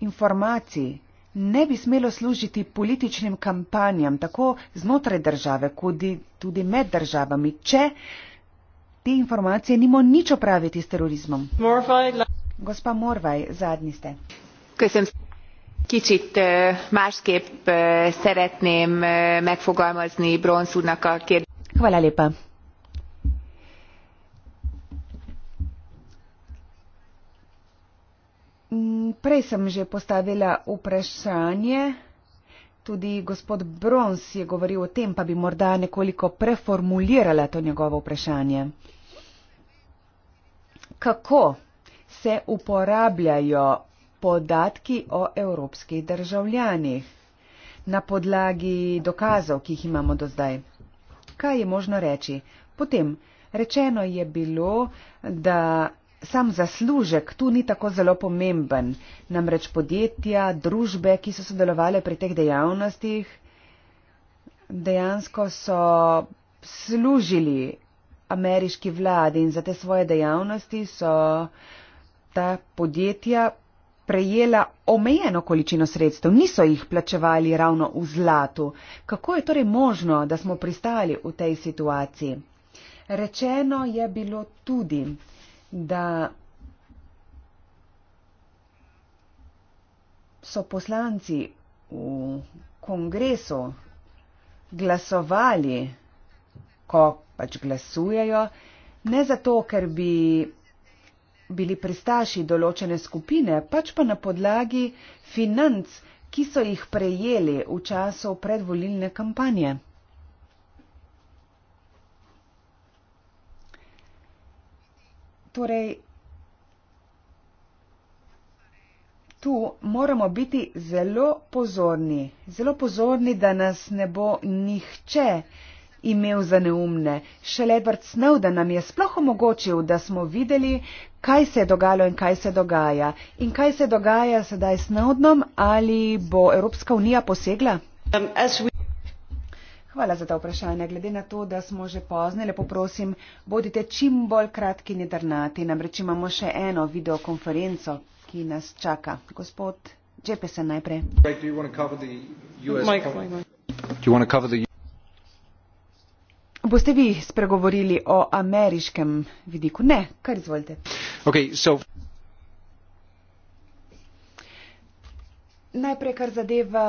informacij ne bi smelo služiti političnim kampanjam, tako znotraj države, kudi tudi med državami, če te informacije nimo nič opraviti s terorizmom. Morvaj, la... Gospa Morvaj, zadnji ste. Kisem. Kicsit másképp szeretném megfogalmazni Bronsúnak a kérdést. Hvala lépa. Mm, prej sem že postavila vprašanje, tudi gospod Brons je govoril o tem, pa bi morda nekoliko preformulirala to njegovo vprašanje. Kako se uporabljajo podatki o evropskih državljanih na podlagi dokazov, ki jih imamo do zdaj? Kaj je možno reči? Potem, rečeno je bilo, da sam zaslužek tu ni tako zelo pomemben. Namreč podjetja, družbe, ki so sodelovali pri teh dejavnostih, dejansko so služili ameriški vladi in za te svoje dejavnosti so ta podjetja prejela omejeno količino sredstev, niso jih plačevali ravno v zlatu. Kako je torej možno, da smo pristali v tej situaciji? Rečeno je bilo tudi, da so poslanci v kongresu glasovali, ko pač glasujejo, ne zato, ker bi bili pristaši določene skupine, pač pa na podlagi financ, ki so jih prejeli v času predvolilne kampanje. Torej, tu moramo biti zelo pozorni, zelo pozorni, da nas ne bo nihče imel za neumne. Šele Edward Snowden nam je sploh omogočil, da smo videli, kaj se je dogajalo in kaj se dogaja. In kaj se dogaja sedaj s Snowdenom, ali bo Evropska unija posegla? Um, Hvala za ta vprašanja. Glede na to, da smo že pozne, lepo prosim, bodite čim bolj kratki in jedrnati. Namreč imamo še eno videokonferenco, ki nas čaka. Gospod Džepesen najprej. Boste vi spregovorili o ameriškem vidiku? Ne, kar izvolite. Okay, so... Najprej, kar zadeva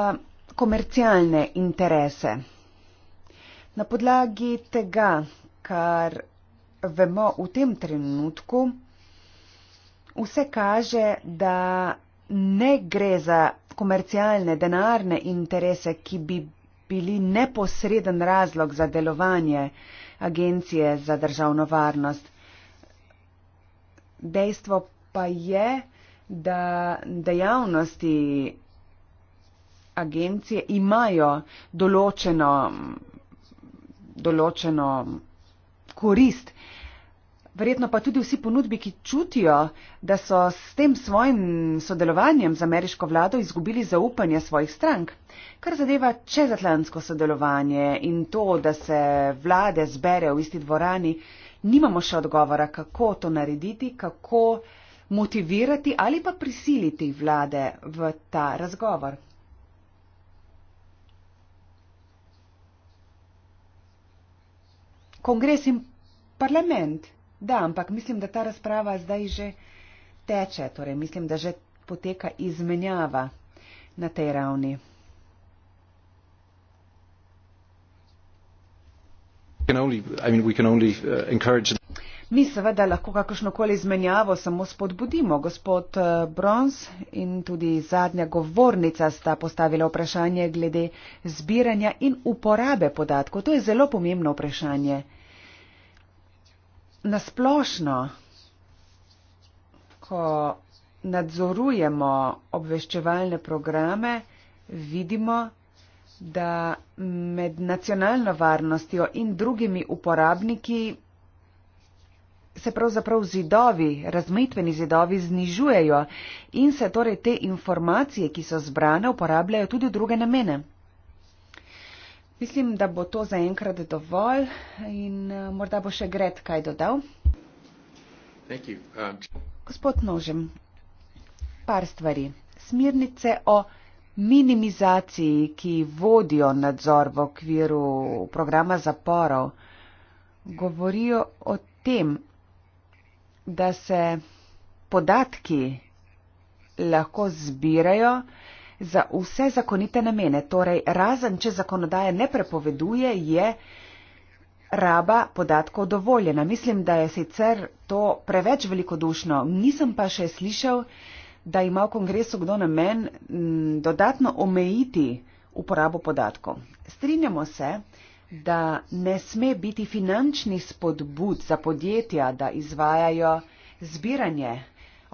komercialne interese. Na podlagi tega, kar vemo v tem trenutku, vse kaže, da ne gre za komercialne denarne interese, ki bi bili neposreden razlog za delovanje Agencije za državno varnost. Dejstvo pa je, da dejavnosti agencije imajo določeno določeno korist. Verjetno pa tudi vsi ponudniki čutijo, da so s tem svojim sodelovanjem z ameriško vlado izgubili zaupanje svojih strank. Kar zadeva čezatlantsko sodelovanje in to, da se vlade zbere v isti dvorani, nimamo še odgovora, kako to narediti, kako motivirati ali pa prisiliti vlade v ta razgovor. kongres in parlament. Da, ampak mislim, da ta razprava zdaj že teče, torej mislim, da že poteka izmenjava na tej ravni. Uh, Mi seveda lahko kakršnokoli izmenjavo samo spodbudimo. Gospod uh, Bronz in tudi zadnja govornica sta postavila vprašanje glede zbiranja in uporabe podatkov. To je zelo pomembno vprašanje nasplošno, ko nadzorujemo obveščevalne programe, vidimo, da med nacionalno varnostjo in drugimi uporabniki se pravzaprav zidovi, razmetveni zidovi znižujejo in se torej te informacije, ki so zbrane, uporabljajo tudi v druge namene. Mislim, da bo to zaenkrat dovolj in eh, morda bo še Gret kaj dodal. Um, Gospod Nožem, par stvari. Smirnice o minimizaciji, ki vodijo nadzor v okviru programa zaporov, govorijo o tem, da se podatki lahko zbirajo za vse zakonite namene. Torej, razen če zakonodaja ne prepoveduje, je raba podatkov dovoljena. Mislim, da je sicer to preveč velikodušno. Nisem pa še slišal, da ima v kongresu kdo namen dodatno omejiti uporabo podatkov. Strinjamo se, da ne sme biti finančni spodbud za podjetja, da izvajajo zbiranje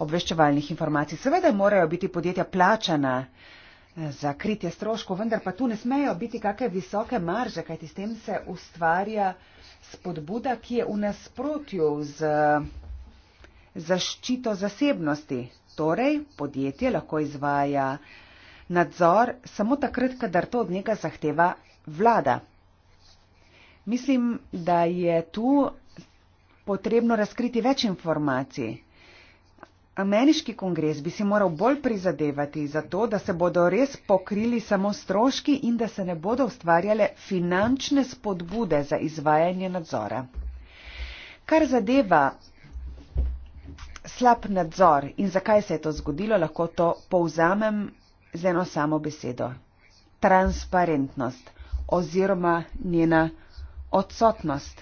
obveščevalnih informacij. Seveda morajo biti podjetja plačana eh, za kritje stroškov, vendar pa tu ne smejo biti kakšne visoke marže, kajti s tem se ustvarja spodbuda, ki je v nasprotju z zaščito zasebnosti. Torej, podjetje lahko izvaja nadzor samo takrat, kadar to od njega zahteva vlada. Mislim, da je tu potrebno razkriti več informacij. Ameriški kongres bi si moral bolj prizadevati za to, da se bodo res pokrili samo stroški in da se ne bodo ustvarjale finančne spodbude za izvajanje nadzora. Kar zadeva slab nadzor in zakaj se je to zgodilo, lahko to povzamem z eno samo besedo. Transparentnost oziroma njena odsotnost.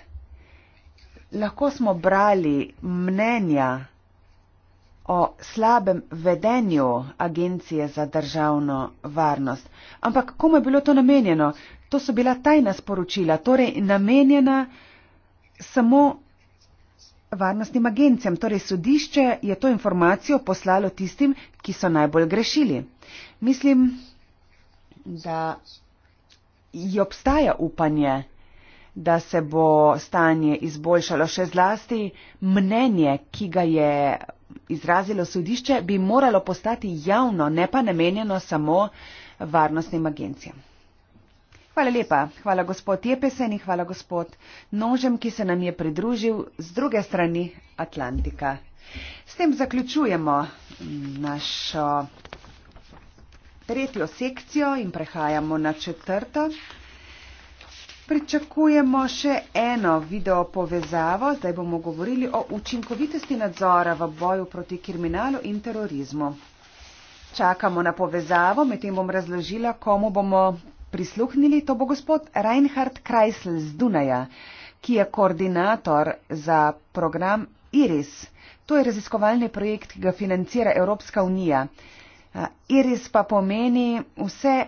Lahko smo brali mnenja o slabem vedenju agencije za državno varnost. Ampak komu je bilo to namenjeno? To so bila tajna sporočila, torej namenjena samo varnostnim agencijam. Torej sodišče je to informacijo poslalo tistim, ki so najbolj grešili. Mislim, da je obstaja upanje, da se bo stanje izboljšalo. Še zlasti mnenje, ki ga je izrazilo sodišče, bi moralo postati javno, ne pa namenjeno samo varnostnim agencijam. Hvala lepa. Hvala gospod Jepesen in hvala gospod Nožem, ki se nam je pridružil z druge strani Atlantika. S tem zaključujemo našo tretjo sekcijo in prehajamo na četrto pričakujemo še eno video povezavo. Zdaj bomo govorili o učinkovitosti nadzora v boju proti kriminalu in terorizmu. Čakamo na povezavo, medtem bom razložila, komu bomo prisluhnili. To bo gospod Reinhard Kreisl z Dunaja, ki je koordinator za program IRIS. To je raziskovalni projekt, ki ga financira Evropska unija. IRIS pa pomeni vse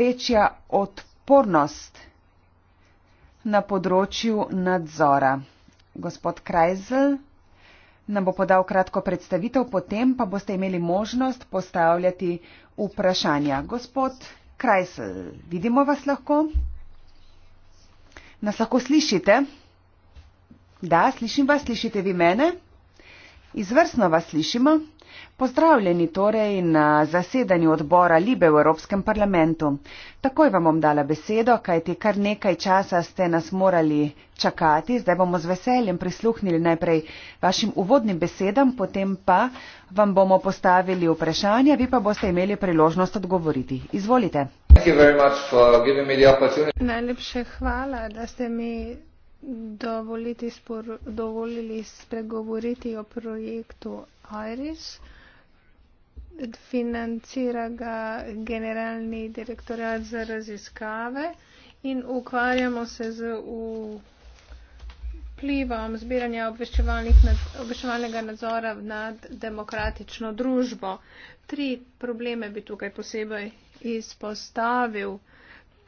večja odpornost na področju nadzora. Gospod Krajzel nam bo podal kratko predstavitev, potem pa boste imeli možnost postavljati vprašanja. Gospod Krajzel, vidimo vas lahko? Nas lahko slišite? Da, slišim vas, slišite vi mene? Izvrsno vas slišimo. Pozdravljeni torej na zasedanju odbora Libe v Evropskem parlamentu. Takoj vam bom dala besedo, kajti kar nekaj časa ste nas morali čakati. Zdaj bomo z veseljem prisluhnili najprej vašim uvodnim besedam, potem pa vam bomo postavili vprašanja, vi pa boste imeli priložnost odgovoriti. Izvolite. Najlepše hvala, da ste mi dovolili spregovoriti o projektu IRIS. Financira ga generalni direktorat za raziskave in ukvarjamo se z vplivom zbiranja obveščevalnega nadzora nad demokratično družbo. Tri probleme bi tukaj posebej izpostavil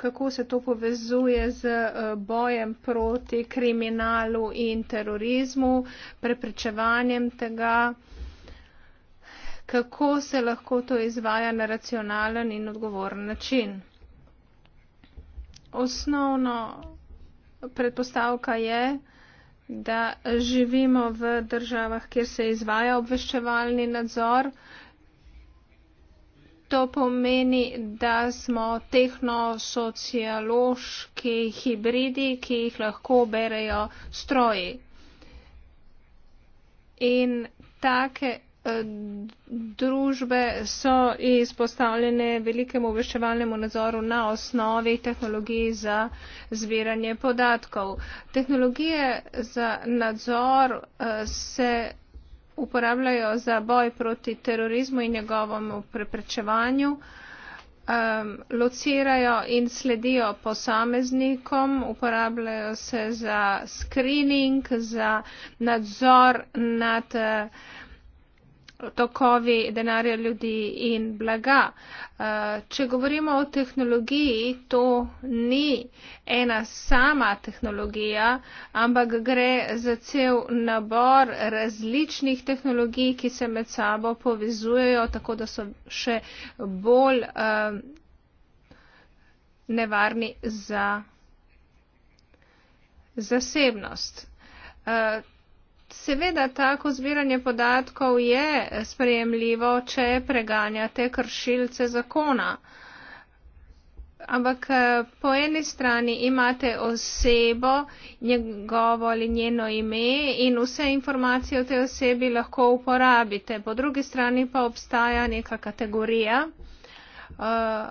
kako se to povezuje z eh, bojem proti kriminalu in terorizmu, preprečevanjem tega, kako se lahko to izvaja na racionalen in odgovoren način. Osnovno predpostavka je, da živimo v državah, kjer se izvaja obveščevalni nadzor, to pomeni, da smo tehnosociološki hibridi, ki jih lahko berejo stroji. In take eh, družbe so izpostavljene velikemu obveščevalnemu nadzoru na osnovi tehnologij za zbiranje podatkov. Tehnologije za nadzor eh, se uporabljajo za boj proti terorizmu in njegovemu preprečevanju, um, locirajo in sledijo posameznikom, uporabljajo se za screening, za nadzor nad uh, tokovi denarja ljudi in blaga. Eh, če govorimo o tehnologiji, to ni ena sama tehnologija, ampak gre za cel nabor različnih tehnologij, ki se med sabo povezujejo, tako da so še bolj eh, nevarni za zasebnost. Eh, Seveda, tako zbiranje podatkov je sprejemljivo, če preganjate kršilce zakona. Ampak eh, po eni strani imate osebo, njegovo ali njeno ime in vse informacije o tej osebi lahko uporabite. Po drugi strani pa obstaja neka kategorija, eh,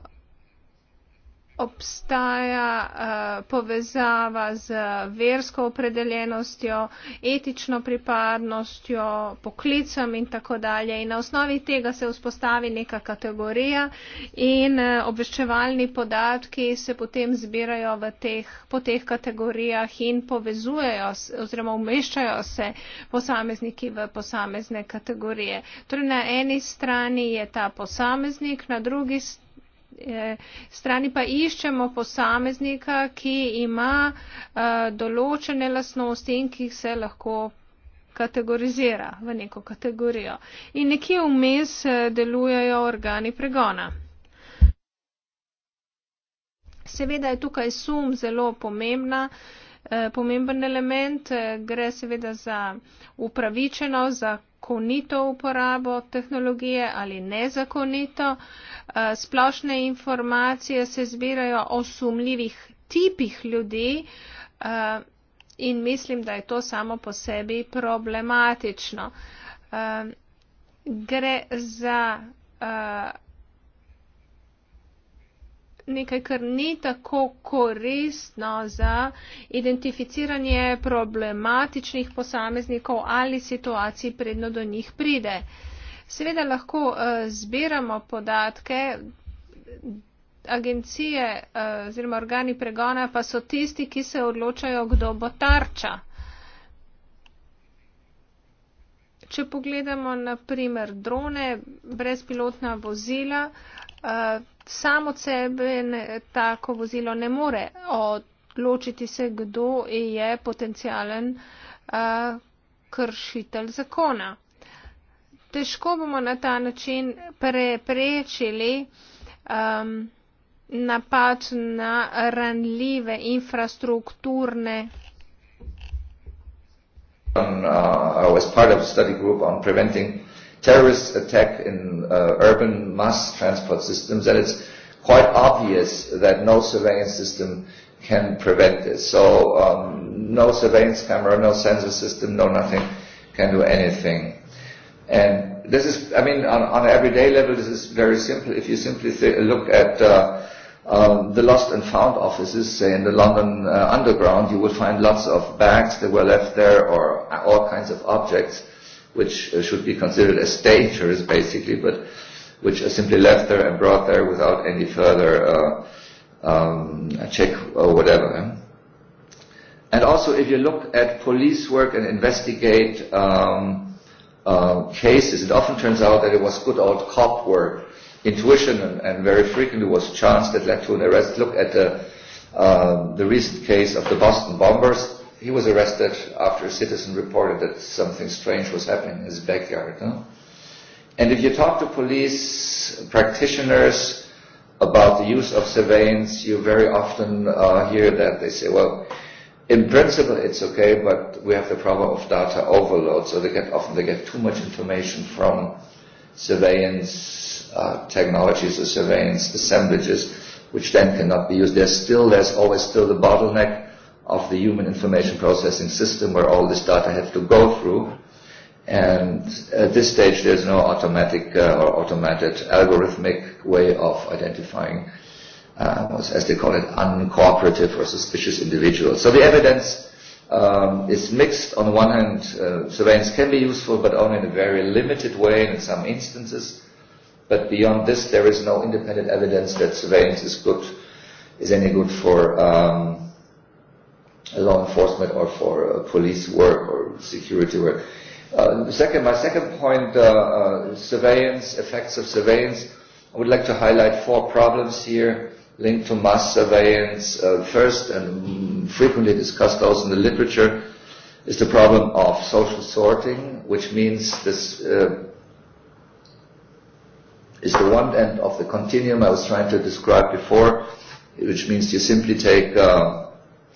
obstaja uh, povezava z versko opredeljenostjo, etično pripadnostjo, poklicem in tako dalje. In na osnovi tega se vzpostavi neka kategorija in uh, obveščevalni podatki se potem zbirajo teh, po teh kategorijah in povezujejo oziroma umeščajo se posamezniki v posamezne kategorije. Torej na eni strani je ta posameznik, na drugi strani Eh, strani pa iščemo posameznika, ki ima eh, določene lasnosti in ki se lahko kategorizira v neko kategorijo. In nekje vmes eh, delujejo organi pregona. Seveda je tukaj sum zelo pomembna, pomemben element. Gre seveda za upravičenost, za zakonito uporabo tehnologije ali nezakonito. Eh, splošne informacije se zbirajo o sumljivih tipih ljudi eh, in mislim, da je to samo po sebi problematično. Eh, gre za nekaj, kar ni tako koristno za identificiranje problematičnih posameznikov ali situacij, predno do njih pride. Seveda lahko uh, zbiramo podatke, agencije eh, oziroma uh, organi pregona pa so tisti, ki se odločajo, kdo bo tarča. Če pogledamo na primer drone, brezpilotna vozila, uh, samo od sebe tako vozilo ne more odločiti se, kdo je potencijalen eh, kršitelj zakona. Težko bomo na ta način preprečili um, napad na ranljive infrastrukturne. On, um, uh, I was part of a study group on preventing uh, terrorist attack in uh, urban mass transport systems, and it's quite obvious that no surveillance system can prevent this. So um, no surveillance camera, no sensor system, no nothing can do anything. And this is, I mean, on, on an everyday level, this is very simple. If you simply th- look at uh, um, the lost and found offices, say in the London uh, Underground, you will find lots of bags that were left there or all kinds of objects which uh, should be considered as state tourists basically, but which are simply left there and brought there without any further uh, um, a check or whatever. And also, if you look at police work and investigate um, uh, cases, it often turns out that it was good old cop work, intuition, and, and very frequently was chance that led to an arrest. Look at the, uh, the recent case of the Boston bombers he was arrested after a citizen reported that something strange was happening in his backyard. No? And if you talk to police practitioners about the use of surveillance, you very often uh, hear that they say, well, in principle it's okay, but we have the problem of data overload, so they get, often they get too much information from surveillance uh, technologies or surveillance assemblages, which then cannot be used. There's still, there's always still the bottleneck of the human information processing system where all this data has to go through. And at this stage, there's no automatic uh, or automated algorithmic way of identifying, uh, as they call it, uncooperative or suspicious individuals. So the evidence um, is mixed. On the one hand, uh, surveillance can be useful, but only in a very limited way and in some instances. But beyond this, there is no independent evidence that surveillance is good, is any good for um, law enforcement or for uh, police work or security work. Uh, second, my second point, uh, uh, surveillance, effects of surveillance. I would like to highlight four problems here linked to mass surveillance. Uh, first, and frequently discussed also in the literature, is the problem of social sorting, which means this uh, is the one end of the continuum I was trying to describe before, which means you simply take uh,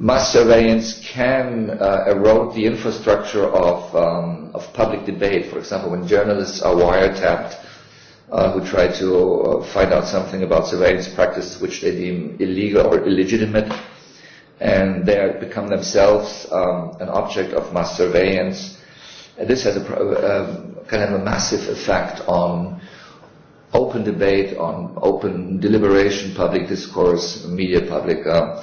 mass surveillance can uh, erode the infrastructure of, um, of public debate. For example, when journalists are wiretapped uh, who try to uh, find out something about surveillance practices which they deem illegal or illegitimate, and they are, become themselves um, an object of mass surveillance, and this has a, um, can have a massive effect on open debate, on open deliberation, public discourse, media public. Uh,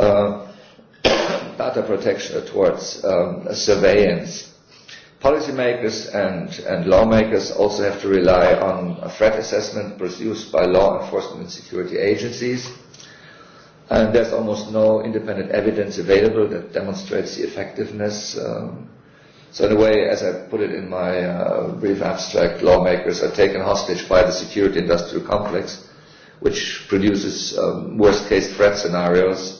uh, better [coughs] protection towards um, surveillance. Policymakers and, and lawmakers also have to rely on a threat assessment produced by law enforcement and security agencies. And there's almost no independent evidence available that demonstrates the effectiveness. Um, so in a way, as I put it in my uh, brief abstract, lawmakers are taken hostage by the security industrial complex, which produces um, worst case threat scenarios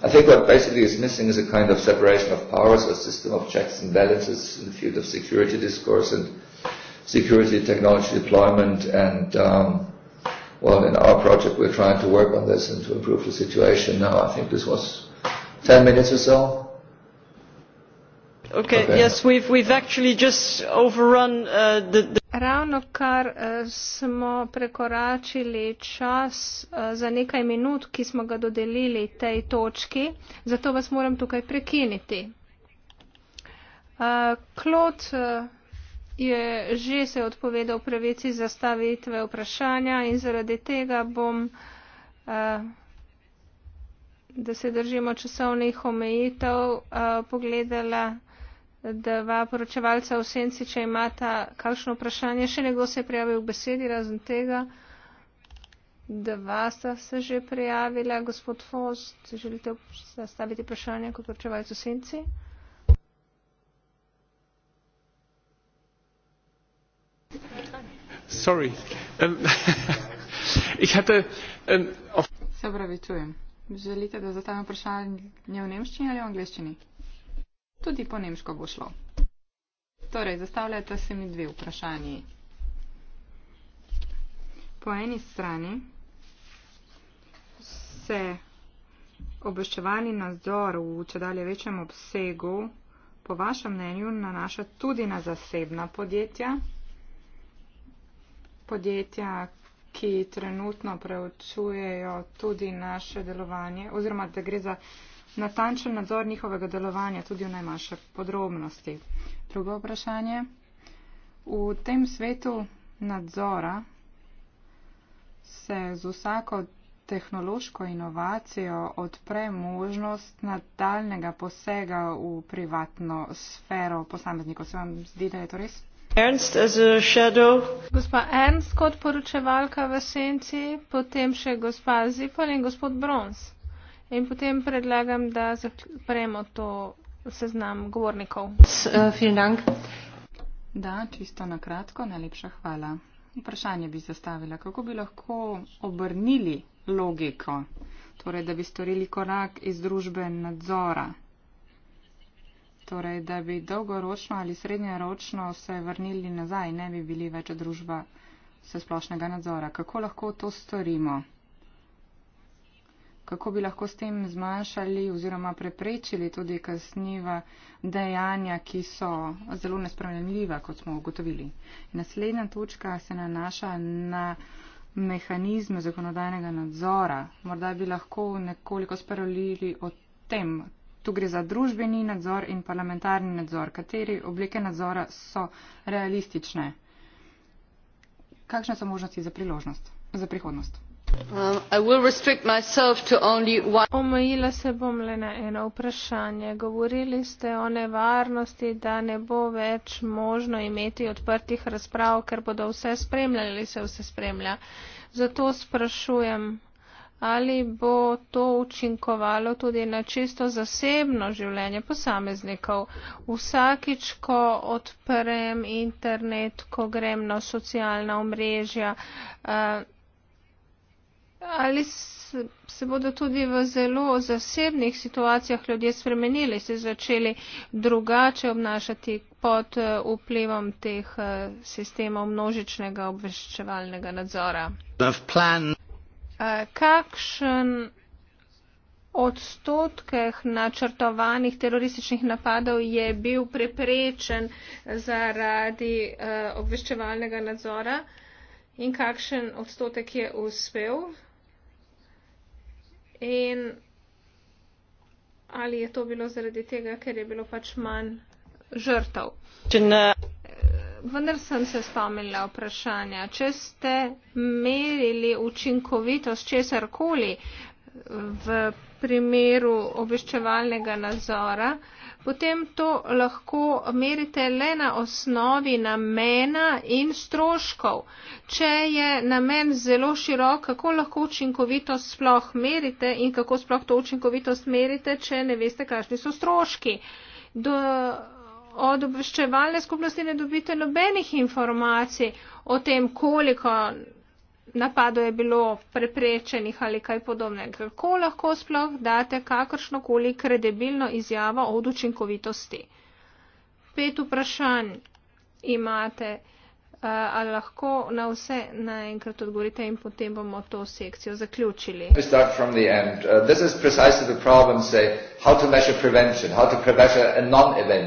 I think what basically is missing is a kind of separation of powers, a system of checks and balances in the field of security discourse and security technology deployment. And um, well, in our project, we're trying to work on this and to improve the situation. Now, I think this was 10 minutes or so. Uh, Ravno kar uh, smo prekoračili čas uh, za nekaj minut, ki smo ga dodelili tej točki, zato vas moram tukaj prekiniti. Klot je že se odpovedal pravici zastavitve vprašanja in zaradi tega bom da se držimo časovnih omejitev, pogledala dva poročevalca v senci, če imata kakšno vprašanje. Še nekdo se je prijavil v besedi, razen tega. Dva sta se že prijavila. Gospod Fos, se želite zastaviti vprašanje kot poročevalcu senci? Sorry. Um, [laughs] ich hatte, um, se opravičujem. Želite, da zastavim vprašanje v nemščini ali v angliščini? tudi po nemško bo šlo. Torej, zastavljata se mi dve vprašanji. Po eni strani se obveščevalni nadzor v če dalje večjem obsegu, po vašem mnenju, nanaša tudi na zasebna podjetja, podjetja, ki trenutno preučujejo tudi naše delovanje, oziroma da gre za natančen nadzor njihovega delovanja, tudi v najmanjše podrobnosti. Drugo vprašanje. V tem svetu nadzora se z vsako tehnološko inovacijo odpre možnost nadaljnega posega v privatno sfero posameznikov. Se vam zdi, da je to res? Ernst as a shadow. Gospa Ernst kot poročevalka v senci, potem še gospa Zipol in gospod Brons. In potem predlagam, da zapremo to seznam govornikov. Uh, da, čisto na kratko, najlepša hvala. Vprašanje bi zastavila, kako bi lahko obrnili logiko, torej da bi storili korak iz družbe nadzora, torej da bi dolgoročno ali srednjeročno se vrnili nazaj, ne bi bili več družba vse splošnega nadzora. Kako lahko to storimo? kako bi lahko s tem zmanjšali oziroma preprečili tudi kasniva dejanja, ki so zelo nespremljiva, kot smo ugotovili. Naslednja točka se nanaša na mehanizme zakonodajnega nadzora. Morda bi lahko nekoliko sparolili o tem. Tu gre za družbeni nadzor in parlamentarni nadzor. Kateri oblike nadzora so realistične? Kakšne so možnosti za priložnost, za prihodnost? Um, omejila se bom le na eno vprašanje govorili ste o nevarnosti da ne bo več možno imeti odprtih razprav ker bodo vse spremljali ali se vse spremlja zato sprašujem ali bo to učinkovalo tudi na čisto zasebno življenje posameznikov vsakič ko odprem internet ko grem na socialna omrežja uh, ali se bodo tudi v zelo zasebnih situacijah ljudje spremenili, se začeli drugače obnašati pod eh, vplivom teh eh, sistemov množičnega obveščevalnega nadzora. Eh, kakšen odstotkeh načrtovanih terorističnih napadov je bil preprečen zaradi uh, obveščevalnega nadzora in kakšen odstotek je uspel In ali je to bilo zaradi tega, ker je bilo pač manj žrtav? Vendar sem se spomnila vprašanja, če ste merili učinkovitost česarkoli v primeru obveščevalnega nadzora, potem to lahko merite le na osnovi namena in stroškov. Če je namen zelo širok, kako lahko učinkovitost sploh merite in kako sploh to učinkovitost merite, če ne veste, kakšni so stroški. Do, od obveščevalne skupnosti ne dobite nobenih informacij o tem, koliko napadu je bilo preprečenih ali kaj podobnega. Kako lahko sploh date kakršnokoli kredibilno izjavo od učinkovitosti? Pet vprašanj imate, eh, a lahko na vse naenkrat odgovorite in potem bomo to sekcijo zaključili.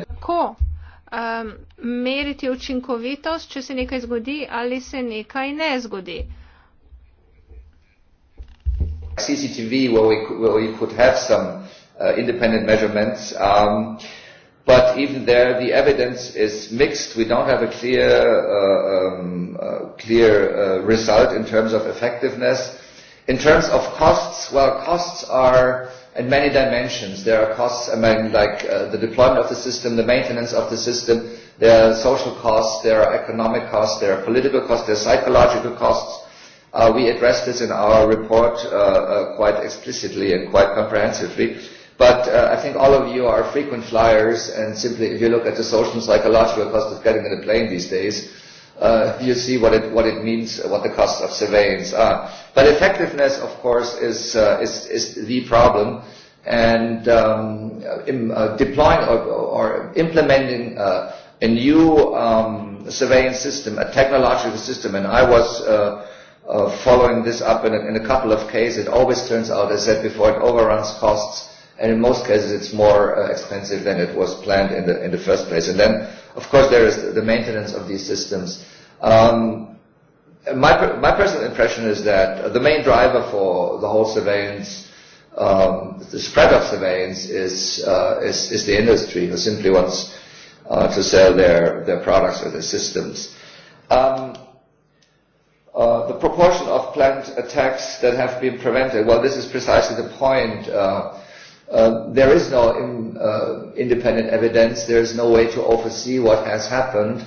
Kako uh, um, meriti učinkovitost, če se nekaj zgodi ali se nekaj ne zgodi? CCTV where we where you could have some uh, independent measurements. Um, but even there, the evidence is mixed. We don't have a clear uh, um, uh, clear uh, result in terms of effectiveness. In terms of costs, well, costs are in many dimensions. There are costs among like uh, the deployment of the system, the maintenance of the system. There are social costs. There are economic costs. There are political costs. There are psychological costs. Uh, we addressed this in our report uh, uh, quite explicitly and quite comprehensively. I think all of you are frequent flyers, and simply if you look at the social and psychological cost of getting in a plane these days, you see what it means, what the cost of surveillance are. Effectiveness, of course, is the problem. Um, deploying or implementing a new um, surveillance system, a technological system, and I was Uh, following this up in a, in a couple of cases. It always turns out, as I said before, it overruns costs, and in most cases it's more uh, expensive than it was planned in the, in the first place. And then, of course, there is the maintenance of these systems. Um, my, my personal impression is that the main driver for the whole surveillance um, the spread of surveillance is, uh, is, is the industry who simply wants uh, to sell their, their products or their systems. Um, Uh, the proportion of planned attacks that have been prevented, well, this is precisely the point. Uh, uh, there is no in, uh, independent evidence. There is no way to oversee what has happened.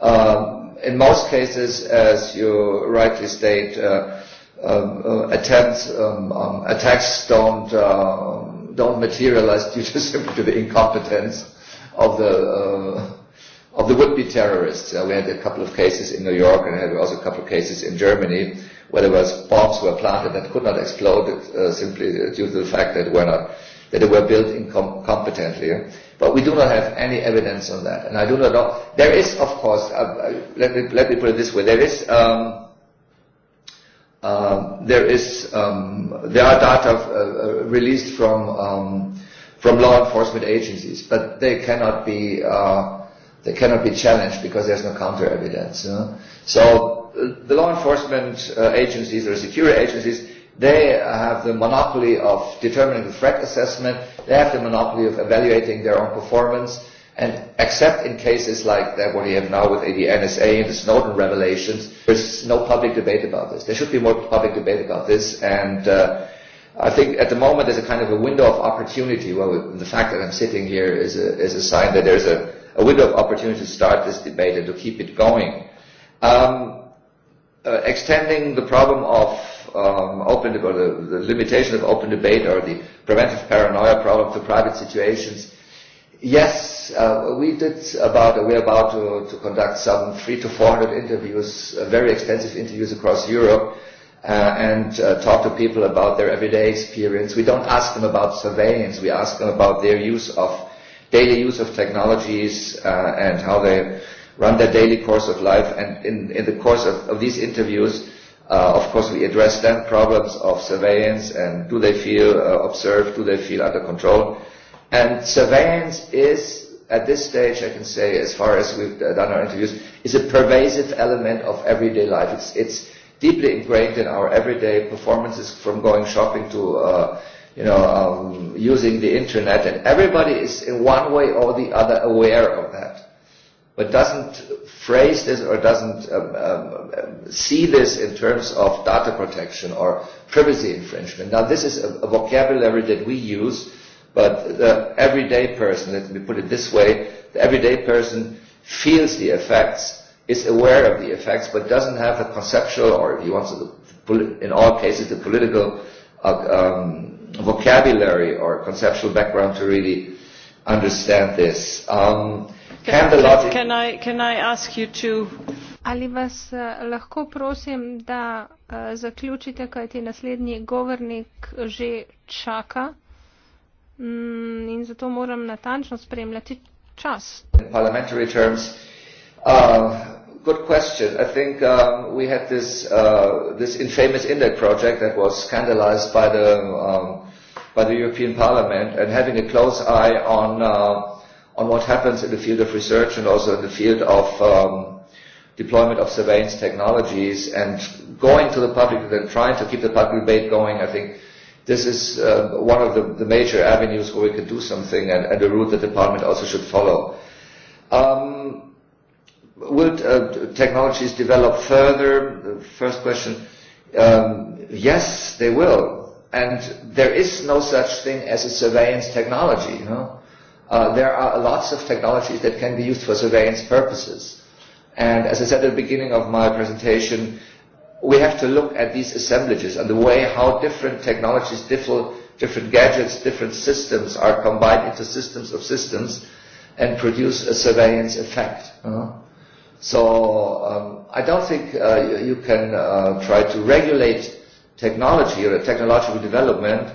Um, in most cases, as you rightly state, uh, um, uh, attempts, um, um, attacks don't uh, don't materialize [laughs] due to simply to the incompetence of the uh, of the would-be terrorists. Uh, we had a couple of cases in New York and had also a couple of cases in Germany where there was bombs were planted that could not explode uh, simply uh, due to the fact that, were not, that they were built incompetently. But we do not have any evidence on that. And I do not know. There is, of course, uh, uh let, me, let me put it this way. There is, um, um, there, is um, there are data f- uh, uh, released from, um, from law enforcement agencies, but they cannot be uh, they cannot be challenged because there's no counter evidence. You know? So uh, the law enforcement uh, agencies or security agencies, they have the monopoly of determining the threat assessment, they have the monopoly of evaluating their own performance, and except in cases like that, what we have now with the NSA and the Snowden revelations, there's no public debate about this. There should be more public debate about this, and uh, I think at the moment there's a kind of a window of opportunity. Well, the fact that I'm sitting here is a, is a sign that there's a a window of opportunity to start this debate and to keep it going. Um, uh, extending the problem of um, open or the, the limitation of open debate or the preventive paranoia problem to private situations. Yes, uh, we did about uh, we're about to, to conduct some three to four hundred interviews, uh, very extensive interviews across Europe, uh, and uh, talk to people about their everyday experience. We don't ask them about surveillance. We ask them about their use of daily use of technologies uh, and how they run their daily course of life. And in, in the course of, of these interviews, uh, of course, we address them problems of surveillance and do they feel uh, observed, do they feel under control. And surveillance is, at this stage, I can say, as far as we've done our interviews, is a pervasive element of everyday life. It's, it's deeply ingrained in our everyday performances from going shopping to uh, you know, um, using the internet, and everybody is in one way or the other aware of that, but doesn't phrase this or doesn't um, um, see this in terms of data protection or privacy infringement. Now, this is a, a vocabulary that we use, but the everyday person, let me put it this way, the everyday person feels the effects, is aware of the effects, but doesn't have the conceptual or, if you want, to the, in all cases, the political. Uh, um, vocabulary or conceptual background to really understand this. Um, can, can, can, can, I, can I ask you to? Ali vas eh, lahko prosim, da eh, zaključite, kaj ti naslednji govornik že čaka mm, in zato moram natančno spremljati čas. Um, good question. I think um, we had this uh, this infamous index project that was scandalized by the um, by the European Parliament and having a close eye on, uh, on what happens in the field of research and also in the field of um, deployment of surveillance technologies and going to the public and then trying to keep the public debate going, I think this is uh, one of the, the major avenues where we could do something and, and a route that the Parliament also should follow. Um, would uh, technologies develop further? The first question, um, yes, they will and there is no such thing as a surveillance technology. You know? uh, there are lots of technologies that can be used for surveillance purposes. And as I said at the beginning of my presentation, we have to look at these assemblages and the way how different technologies, differ, different gadgets, different systems are combined into systems of systems and produce a surveillance effect. You know? So um, I don't think uh, you, you can uh, try to regulate technology or a technological development,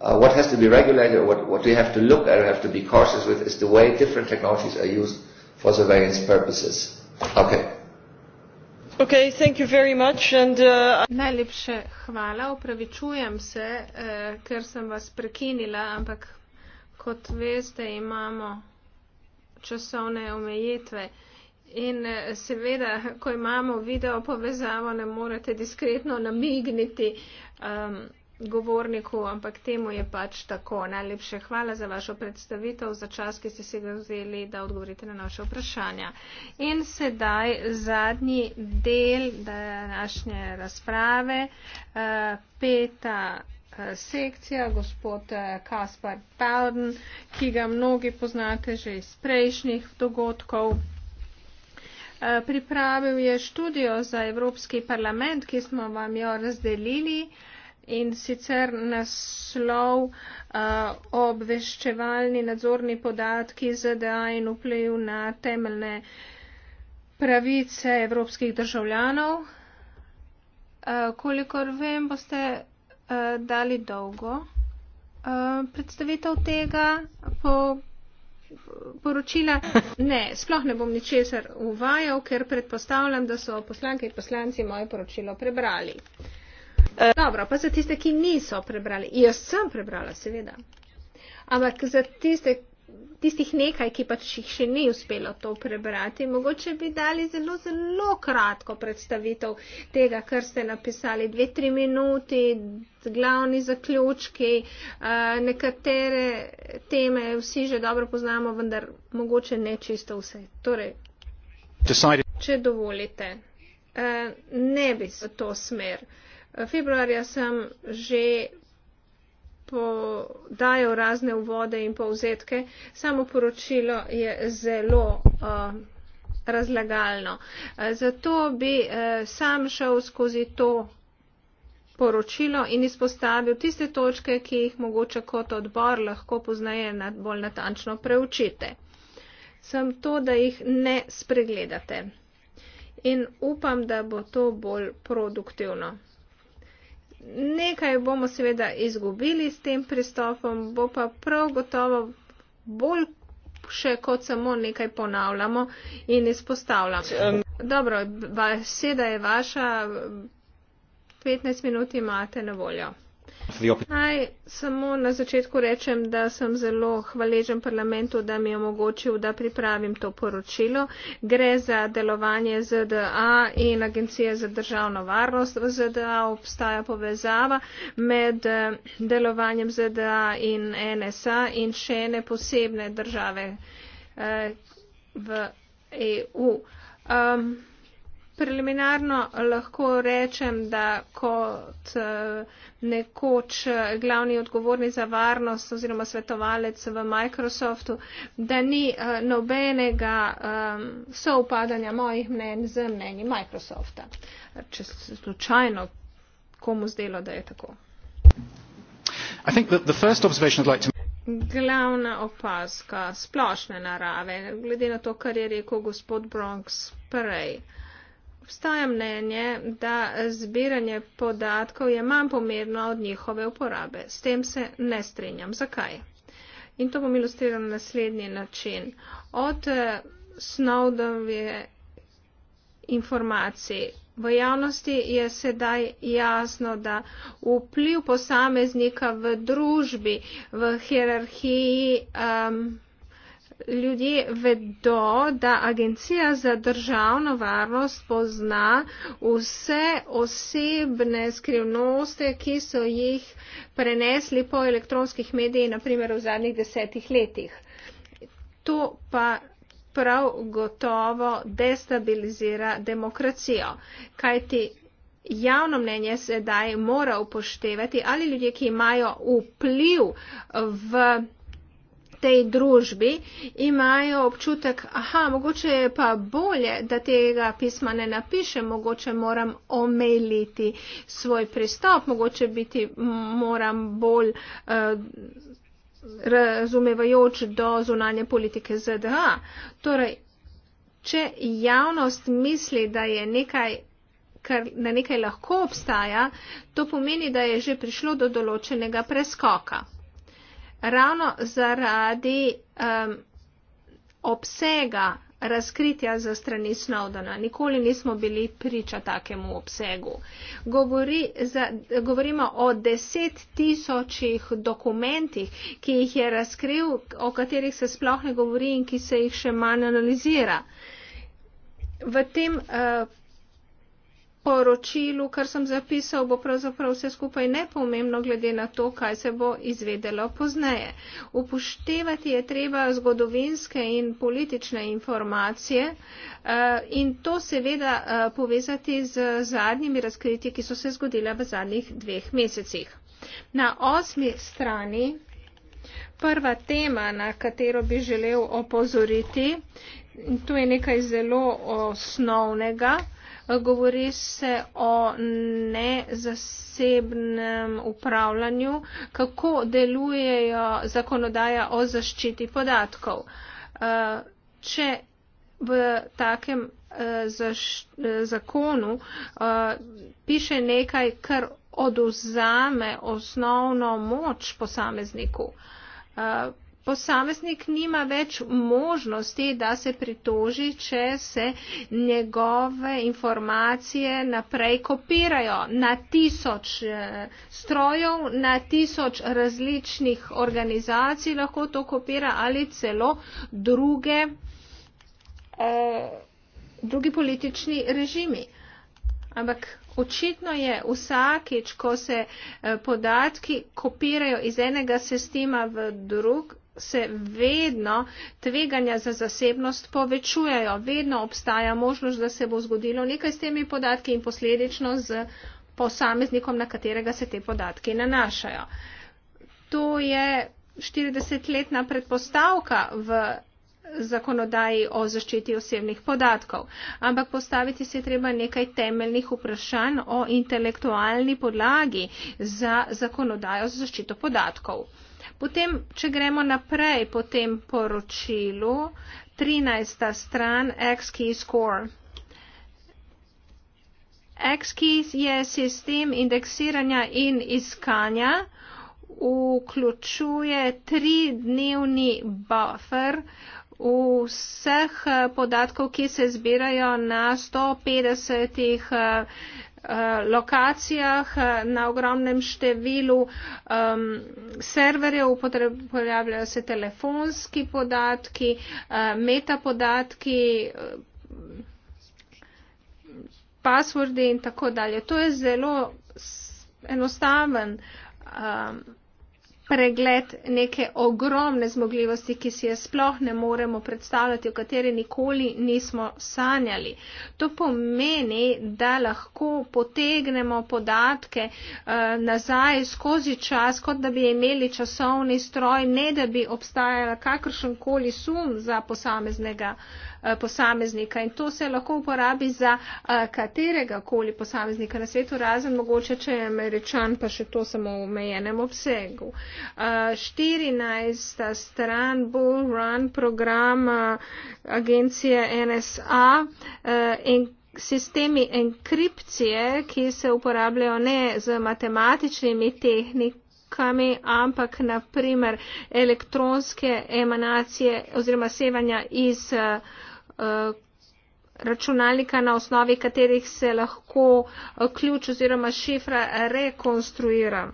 uh, what has to be regulated, what, what we have to look at or have to be cautious with is the way different technologies are used for surveillance purposes. Okay. Okay, thank you very much and, uh, Najlepše hvala, opravičujem se, eh, ker sem vas prekinila, ampak kot veste, imamo časovne omejitve. In eh, seveda, ko imamo video povezavo, ne morete diskretno namigniti um, govorniku, ampak temu je pač tako. Najlepše hvala za vašo predstavitev, za čas, ki ste si ga vzeli, da odgovorite na naše vprašanja. In sedaj zadnji del današnje razprave, uh, peta eh, sekcija, gospod Kaspar Tauden, ki ga mnogi poznate že iz prejšnjih dogodkov. Eh, pripravil je študijo za Evropski parlament, ki smo vam jo razdelili in sicer naslov eh, obveščevalni nadzorni podatki ZDA in vpliv na temeljne pravice evropskih državljanov. Eh, kolikor vem, boste dali dolgo predstavitev tega po poročila. Ne, sploh ne bom ničesar uvajal, ker predpostavljam, da so poslanke in poslanci moje poročilo prebrali. Dobro, pa za tiste, ki niso prebrali. Jaz sem prebrala, seveda. Ampak za tiste, tistih nekaj, ki pač jih še ni uspelo to prebrati, mogoče bi dali zelo, zelo kratko predstavitev tega, kar ste napisali. Dve, tri minuti, glavni zaključki, eh, nekatere teme vsi že dobro poznamo, vendar mogoče ne čisto vse. Torej, če dovolite, eh, ne bi se to smer. Februarja sem že po, dajo razne uvode in povzetke. Samo poročilo je zelo uh, razlagalno. Zato bi uh, sam šel skozi to poročilo in izpostavil tiste točke, ki jih mogoče kot odbor lahko poznaje nad, bolj natančno preučite. Sem to, da jih ne spregledate. In upam, da bo to bolj produktivno nekaj bomo seveda izgubili s tem pristopom, bo pa prav gotovo bolj še kot samo nekaj ponavljamo in izpostavljamo. Dobro, seda je vaša, 15 minut imate na voljo. Naj samo na začetku rečem, da sem zelo hvaležen parlamentu, da mi je omogočil, da pripravim to poročilo. Gre za delovanje ZDA in Agencije za državno varnost v ZDA. Obstaja povezava med eh, delovanjem ZDA in NSA in še ene posebne države eh, v EU. Um, Preliminarno lahko rečem, da kot eh, nekoč eh, glavni odgovorni za varnost oziroma svetovalec v Microsoftu, da ni eh, nobenega soupadanja mojih mnen z mnenji Microsofta. Če se slučajno komu zdelo, da je tako. Glavna opaska splošne narave, glede na to, kar je rekel gospod Bronx prej. Obstaja mnenje, da zbiranje podatkov je manj pomembno od njihove uporabe. S tem se ne strinjam. Zakaj? In to bom ilustriral na naslednji način. Od eh, Snowdove informacij v javnosti je sedaj jasno, da vpliv posameznika v družbi, v hierarhiji. Um, ljudje vedo, da Agencija za državno varnost pozna vse osebne skrivnosti, ki so jih prenesli po elektronskih medijih, naprimer v zadnjih desetih letih. To pa prav gotovo destabilizira demokracijo, kajti javno mnenje se daj mora upoštevati ali ljudje, ki imajo vpliv v tej družbi, imajo občutek, aha, mogoče je pa bolje, da tega pisma ne napišem, mogoče moram omejiti svoj pristop, mogoče biti moram bolj uh, razumevajoč do zunanje politike ZDA. Torej, če javnost misli, da je nekaj kar na nekaj lahko obstaja, to pomeni, da je že prišlo do določenega preskoka ravno zaradi um, obsega razkritja za strani Snowdena. Nikoli nismo bili priča takemu obsegu. Govori za, govorimo o deset tisočih dokumentih, ki jih je razkril, o katerih se sploh ne govori in ki se jih še manj analizira. V tem uh, poročilu, kar sem zapisal, bo pravzaprav vse skupaj nepomembno glede na to, kaj se bo izvedelo pozneje. Upoštevati je treba zgodovinske in politične informacije eh, in to seveda eh, povezati z zadnjimi razkritji, ki so se zgodile v zadnjih dveh mesecih. Na osmi strani. Prva tema, na katero bi želel opozoriti, in to je nekaj zelo osnovnega, govori se o nezasebnem upravljanju, kako delujejo zakonodaja o zaščiti podatkov. Eh, če v takem eh, eh, zakonu piše nekaj, kar oduzame osnovno moč posamezniku, posameznik nima več možnosti, da se pritoži, če se njegove informacije naprej kopirajo na tisoč eh, strojev, na tisoč različnih organizacij, lahko to kopira ali celo druge, eh, drugi politični režimi. Ampak Očitno je vsakič, ko se eh, podatki kopirajo iz enega sistema v drug, se vedno tveganja za zasebnost povečujejo, vedno obstaja možnost, da se bo zgodilo nekaj s temi podatki in posledično z posameznikom, na katerega se te podatke nanašajo. To je 40-letna predpostavka v zakonodaji o zaščiti osebnih podatkov. Ampak postaviti se je treba nekaj temeljnih vprašanj o intelektualni podlagi za zakonodajo za zaščito podatkov. Potem, če gremo naprej po tem poročilu, 13. stran X-key score. X-keys je sistem indeksiranja in iskanja, vključuje tri dnevni buffer vseh podatkov, ki se zbirajo na 150 Eh, lokacijah, eh, na ogromnem številu um, serverjev, uporabljajo se telefonski podatki, uh, metapodatki, pasvordi in tako dalje. To je zelo enostaven um, pregled neke ogromne zmogljivosti, ki si je sploh ne moremo predstavljati, o kateri nikoli nismo sanjali. To pomeni, da lahko potegnemo podatke eh, nazaj skozi čas, kot da bi imeli časovni stroj, ne da bi obstajala kakršenkoli sum za posameznega. Eh, Eh, posameznika in to se lahko uporabi za eh, katerega koli posameznika na svetu, razen mogoče, če je američan, pa še to samo v omejenem obsegu. 14. Eh, stran Bull Run programa agencije NSA in sistemi enkripcije, ki se uporabljajo ne z matematičnimi tehnikami, ampak naprimer elektronske emanacije oziroma sevanja iz uh, Eh, računalnika, na osnovi katerih se lahko eh, ključ oziroma šifra rekonstruira.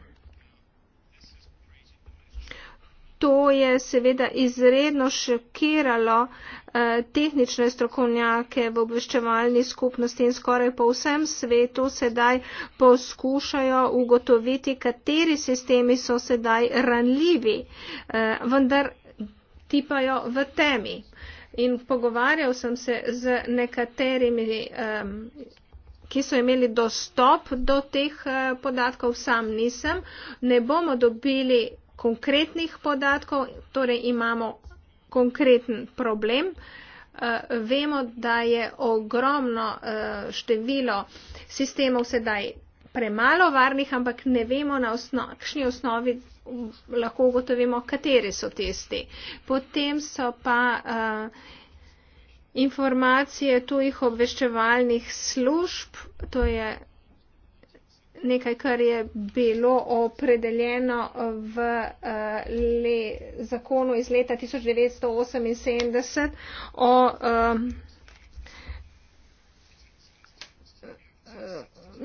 To je seveda izredno šokiralo eh, tehnične strokovnjake v obveščevalni skupnosti in skoraj po vsem svetu sedaj poskušajo ugotoviti, kateri sistemi so sedaj ranljivi, eh, vendar tipajo v temi. In pogovarjal sem se z nekaterimi, um, ki so imeli dostop do teh uh, podatkov, sam nisem. Ne bomo dobili konkretnih podatkov, torej imamo konkreten problem. Uh, vemo, da je ogromno uh, število Sistemov sedaj premalo varnih, ampak ne vemo na osno, kšni osnovi lahko ugotovimo, kateri so testi. Potem so pa eh, informacije tujih obveščevalnih služb, to je nekaj, kar je bilo opredeljeno v eh, le, zakonu iz leta 1978 o. Um,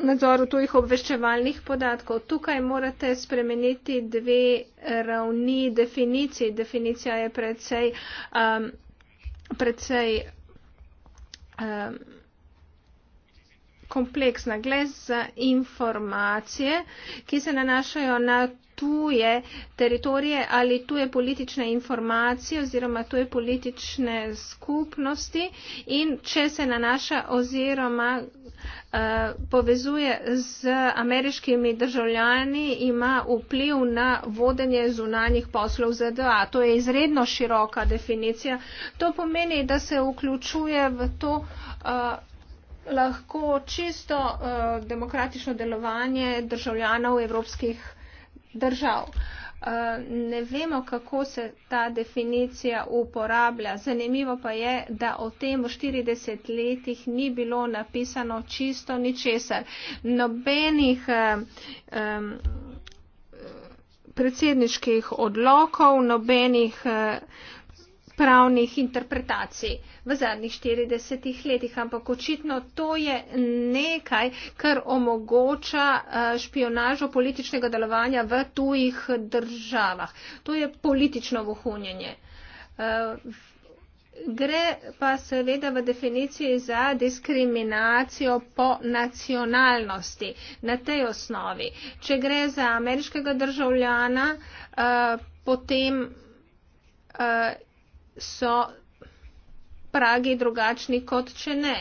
nadzoru tujih obveščevalnih podatkov. Tukaj morate spremeniti dve ravni definicij. Definicija je predvsej. Um, predvsej um, kompleksna. Gle za informacije, ki se nanašajo na tuje teritorije ali tuje politične informacije oziroma tuje politične skupnosti in če se nanaša oziroma uh, povezuje z ameriškimi državljani, ima vpliv na vodenje zunanjih poslov ZDA. To je izredno široka definicija. To pomeni, da se vključuje v to. Uh, lahko čisto uh, demokratično delovanje državljanov evropskih držav. Uh, ne vemo, kako se ta definicija uporablja. Zanimivo pa je, da o tem v 40 letih ni bilo napisano čisto ničesar. Nobenih uh, um, predsedniških odlokov, nobenih. Uh, pravnih interpretacij v zadnjih 40 letih, ampak očitno to je nekaj, kar omogoča eh, špionažo političnega delovanja v tujih državah. To je politično vohunjenje. Eh, gre pa seveda v definiciji za diskriminacijo po nacionalnosti na tej osnovi. Če gre za ameriškega državljana, eh, potem so pragi drugačni kot če ne.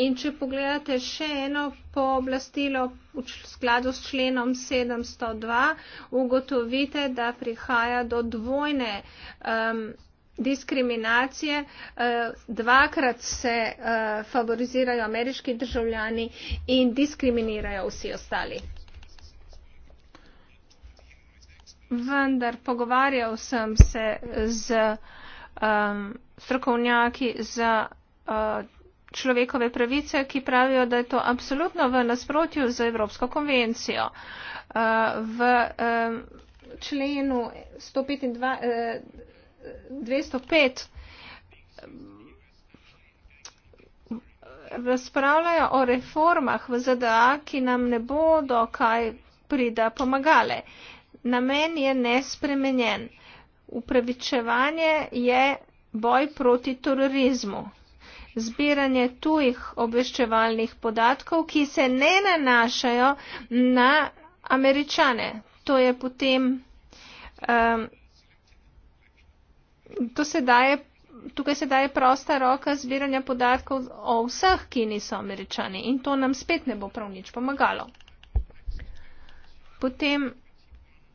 In če pogledate še eno pooblastilo v skladu s členom 702, ugotovite, da prihaja do dvojne um, diskriminacije. Uh, dvakrat se uh, favorizirajo ameriški državljani in diskriminirajo vsi ostali. Vendar pogovarjal sem se z. Uh, um, strokovnjaki za uh, človekove pravice, ki pravijo, da je to absolutno v nasprotju z Evropsko konvencijo. Uh, v um, členu 205 uh, eh, razpravljajo o reformah v ZDA, ki nam ne bodo kaj prida pomagale. Namen je nespremenjen. Upravičevanje je boj proti terorizmu. Zbiranje tujih obveščevalnih podatkov, ki se ne nanašajo na američane. To je potem, um, to se daje, tukaj se daje prosta roka zbiranja podatkov o vseh, ki niso američani in to nam spet ne bo prav nič pomagalo. Potem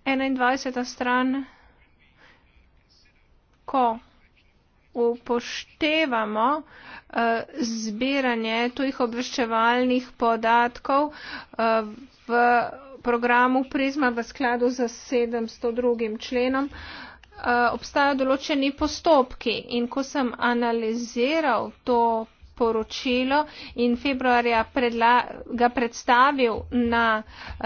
21. stran ko upoštevamo eh, zbiranje tujih obveščevalnih podatkov eh, v programu Prizma v skladu z 702. členom, eh, obstajajo določeni postopki in ko sem analiziral to poročilo in februarja predla, ga predstavil na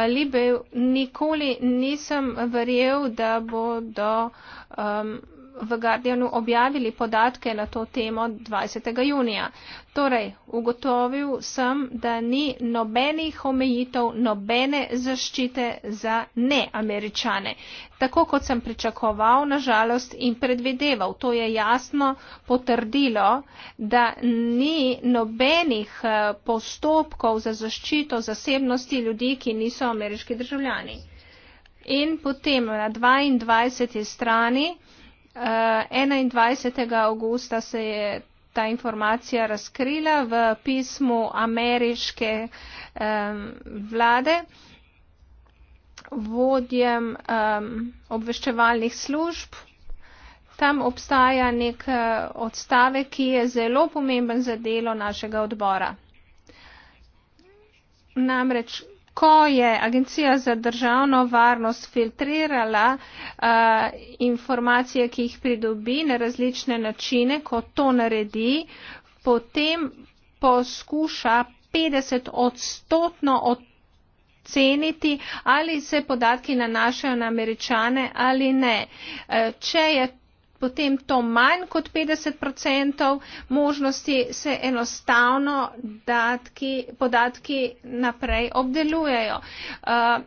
Libiju, nikoli nisem verjel, da bodo um, v Guardianu objavili podatke na to temo 20. junija. Torej, ugotovil sem, da ni nobenih omejitev, nobene zaščite za neameričane. Tako kot sem pričakoval, nažalost, in predvideval, to je jasno potrdilo, da ni nobenih eh, postopkov za zaščito zasebnosti ljudi, ki niso ameriški državljani. In potem na 22. strani 21. Eh, augusta se je ta informacija razkrila v pismu ameriške um, vlade vodjem um, obveščevalnih služb. Tam obstaja nek eh, odstavek, ki je zelo pomemben za delo našega odbora. Namreč ko je Agencija za državno varnost filtrirala uh, informacije, ki jih pridobi na različne načine, ko to naredi, potem poskuša 50 odstotno oceniti, ali se podatki nanašajo na američane ali ne. Eh, če je potem to manj kot 50% možnosti se enostavno datki, podatki naprej obdelujejo. Uh,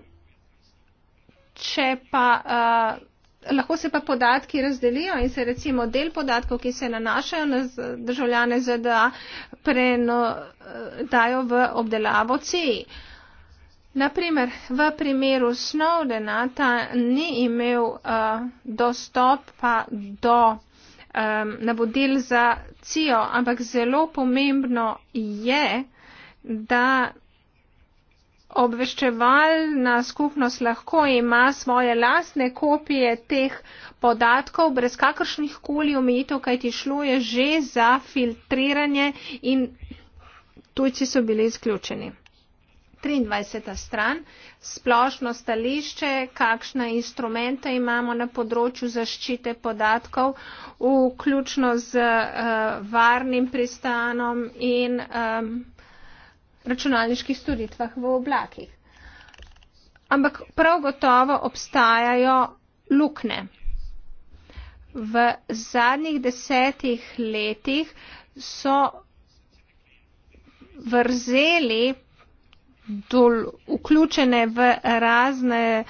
pa, uh, lahko se pa podatki razdelijo in se recimo del podatkov, ki se nanašajo na državljane ZDA, preno, uh, dajo v obdelavo CIA. Uh, Naprimer, v primeru Snowdena ta ni imel uh, dostopa do um, navodil za CIO, ampak zelo pomembno je, da obveščevalna skupnost lahko ima svoje lastne kopije teh podatkov brez kakršnih koli omejitev, kajti šlo je že za filtriranje in tujci so bili izključeni. 23. stran, splošno stališče, kakšna instrumenta imamo na področju zaščite podatkov, vključno z uh, varnim pristanom in um, računalniških storitvah v oblakih. Ampak prav gotovo obstajajo lukne. V zadnjih desetih letih so vrzeli dol, vključene v razne,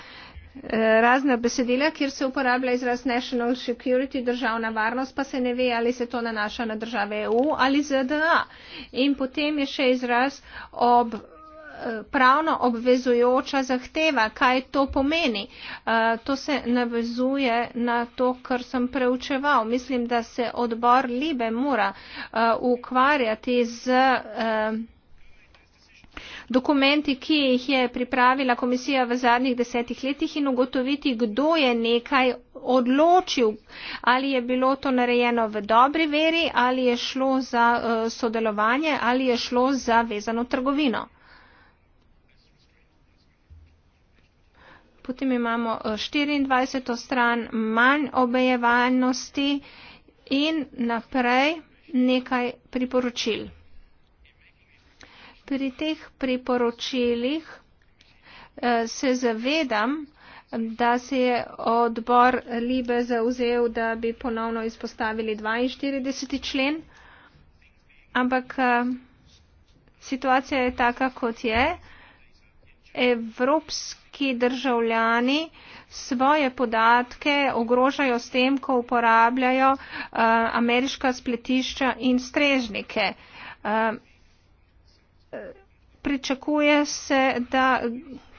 eh, razne besedila, kjer se uporablja izraz national security, državna varnost, pa se ne ve, ali se to nanaša na države EU ali ZDA. In potem je še izraz ob eh, pravno obvezujoča zahteva, kaj to pomeni. Eh, to se navezuje na to, kar sem preučeval. Mislim, da se odbor Libe mora ukvarjati z dokumenti, ki jih je pripravila komisija v zadnjih desetih letih in ugotoviti, kdo je nekaj odločil, ali je bilo to narejeno v dobri veri, ali je šlo za eh, sodelovanje, ali je šlo za vezano trgovino. Potem imamo 24. Eh, stran manj obejevalnosti in naprej nekaj priporočil pri teh priporočilih eh, se zavedam, da se je odbor Libe zauzel, da bi ponovno izpostavili 42. člen, ampak eh, situacija je taka, kot je. Evropski državljani svoje podatke ogrožajo s tem, ko uporabljajo uh, ameriška spletišča in strežnike. Uh, pričakuje se, da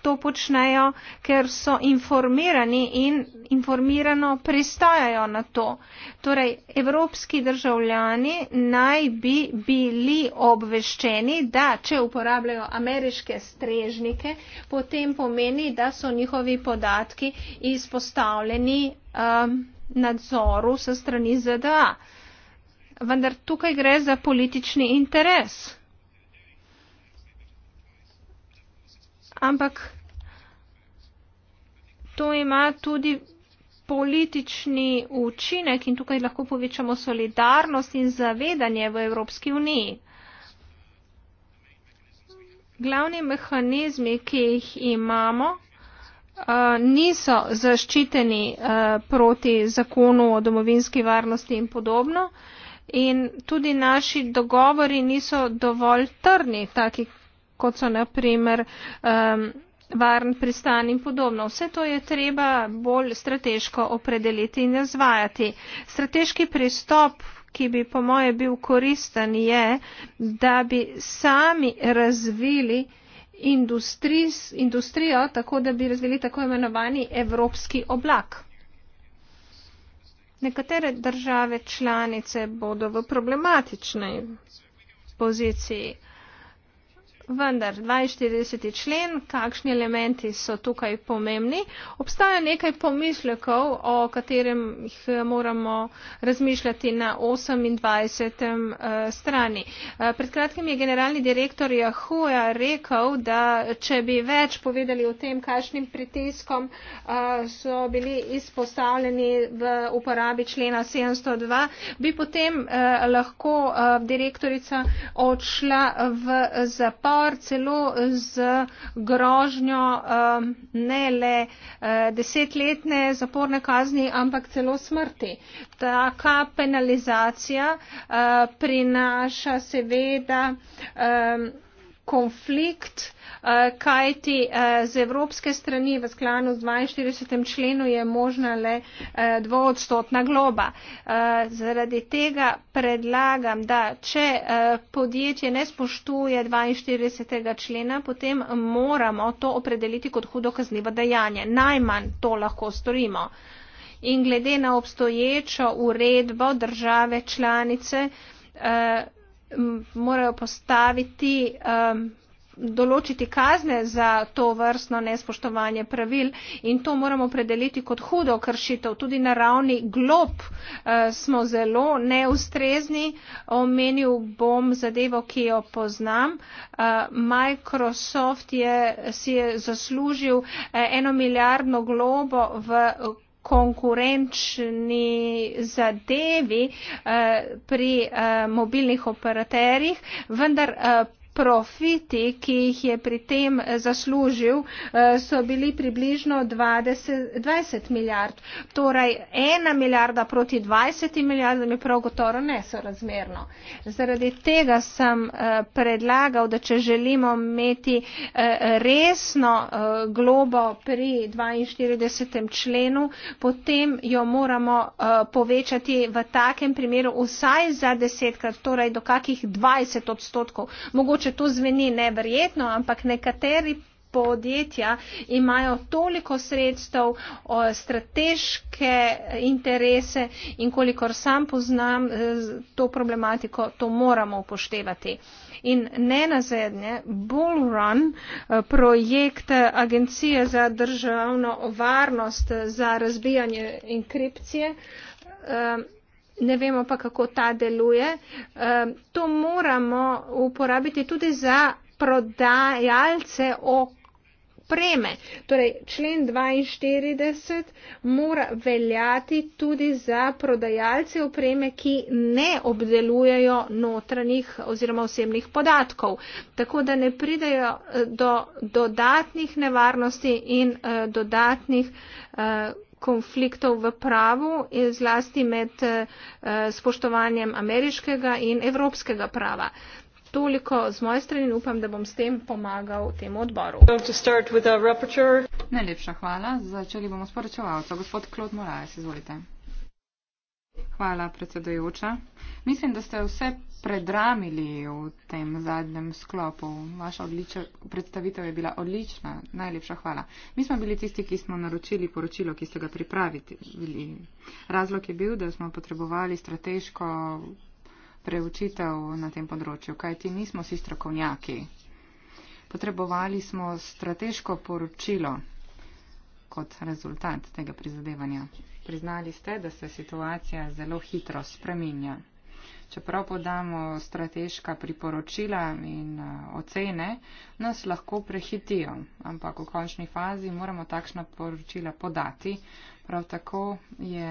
to počnejo, ker so informirani in informirano pristajajo na to. Torej, evropski državljani naj bi bili obveščeni, da če uporabljajo ameriške strežnike, potem pomeni, da so njihovi podatki izpostavljeni um, nadzoru sa strani ZDA. Vendar tukaj gre za politični interes. ampak to ima tudi politični učinek in tukaj lahko povečamo solidarnost in zavedanje v Evropski uniji. Glavni mehanizmi, ki jih imamo, eh, niso zaščiteni eh, proti zakonu o domovinski varnosti in podobno. In tudi naši dogovori niso dovolj trni, taki, kot so naprimer um, varen pristan in podobno. Vse to je treba bolj strateško opredeliti in razvajati. Strateški pristop, ki bi po moje bil koristen, je, da bi sami razvili industrijo, tako da bi razvili tako imenovani evropski oblak. Nekatere države članice bodo v problematični poziciji. Vendar 42. člen, kakšni elementi so tukaj pomembni. Obstaja nekaj pomislekov, o katerem eh, moramo razmišljati na 28. Eh, strani. Eh, pred kratkim je generalni direktor Jahuja rekel, da če bi več povedali o tem, kakšnim pritiskom so bili izpostavljeni v uporabi člena 702, bi potem lahko direktorica odšla v zapor pogovor celo z grožnjo ehm, ne le eh, desetletne zaporne kazni, ampak celo smrti. Taka penalizacija eh, prinaša seveda ehm, konflikt, eh, kajti eh, z evropske strani v sklanu z 42. členu je možna le eh, dvoodstotna globa. Zaradi tega predlagam, da če podjetje ne spoštuje 42. člena, potem moramo to opredeliti kot hudo kaznivo dejanje. Najmanj to lahko storimo. In glede na obstoječo uredbo države članice, morajo postaviti, um, določiti kazne za to vrstno nespoštovanje pravil in to moramo predeliti kot hudo kršitev. Tudi na ravni glob uh, smo zelo neustrezni. Omenil bom zadevo, ki jo poznam. Uh, Microsoft je, si je zaslužil uh, eno milijardno globo v konkurenčni zadevi eh, pri eh, mobilnih operaterjih, vendar eh, profiti, ki jih je pri tem eh, zaslužil, eh, so bili približno 20, 20 milijard. Torej, ena milijarda proti 20 milijardam je prav gotovo nesorazmerno. Zaradi tega sem eh, predlagal, da če želimo imeti resno globo pri 42. členu, potem jo moramo povečati v takem primeru vsaj za desetkrat, torej do kakih 20 odstotkov. Mogoče mogoče to zveni neverjetno, ampak nekateri podjetja imajo toliko sredstev, strateške interese in kolikor sam poznam e, to problematiko, to moramo upoštevati. In ne nazadnje, Bull Run, e, projekt Agencije za državno varnost za razbijanje inkripcije, e, ne vemo pa, kako ta deluje. Ehm, to moramo uporabiti tudi za prodajalce opreme. Torej, člen 42 mora veljati tudi za prodajalce opreme, ki ne obdelujejo notranjih oziroma osebnih podatkov, tako da ne pridejo eh, do dodatnih nevarnosti in eh, dodatnih eh, konfliktov v pravu, zlasti med eh, spoštovanjem ameriškega in evropskega prava. Toliko z moje strani in upam, da bom s tem pomagal temu odboru. Najlepša hvala. Začeli bomo s poročevalcem. Gospod Klod Morales, izvolite. Hvala, predsedojoča. Mislim, da ste vse predramili v tem zadnjem sklopu. Vaša odlična predstavitev je bila odlična. Najlepša hvala. Mi smo bili tisti, ki smo naročili poročilo, ki ste ga pripravili. Razlog je bil, da smo potrebovali strateško preučitev na tem področju, kajti nismo vsi strokovnjaki. Potrebovali smo strateško poročilo kot rezultat tega prizadevanja. Priznali ste, da se situacija zelo hitro spreminja. Čeprav podamo strateška priporočila in eh, ocene, nas lahko prehitijo, ampak v končni fazi moramo takšna poročila podati. Prav tako je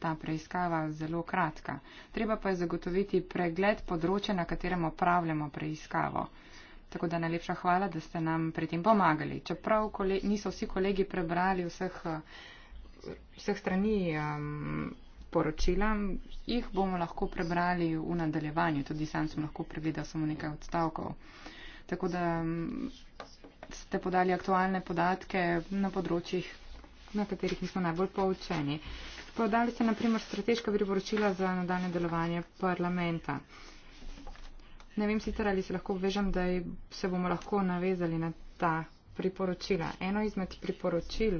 ta preiskava zelo kratka. Treba pa je zagotoviti pregled področja, na katerem opravljamo preiskavo. Tako da najlepša hvala, da ste nam pri tem pomagali. Čeprav kole, niso vsi kolegi prebrali vseh, vseh strani. Um, poročila. Jih bomo lahko prebrali v nadaljevanju, tudi sam sem lahko prebral samo nekaj odstavkov. Tako da ste podali aktualne podatke na področjih, na katerih nismo najbolj poučeni. Podali ste naprimer strateška priporočila za nadaljne delovanje parlamenta. Ne vem sicer, ali se lahko obvežam, da se bomo lahko navezali na ta priporočila. Eno izmed priporočil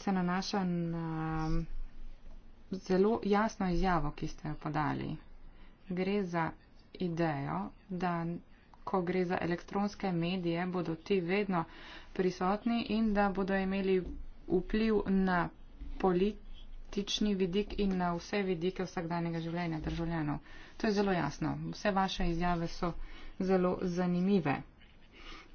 se nanaša na zelo jasno izjavo, ki ste jo podali. Gre za idejo, da ko gre za elektronske medije, bodo ti vedno prisotni in da bodo imeli vpliv na politični vidik in na vse vidike vsakdanjega življenja državljanov. To je zelo jasno. Vse vaše izjave so zelo zanimive.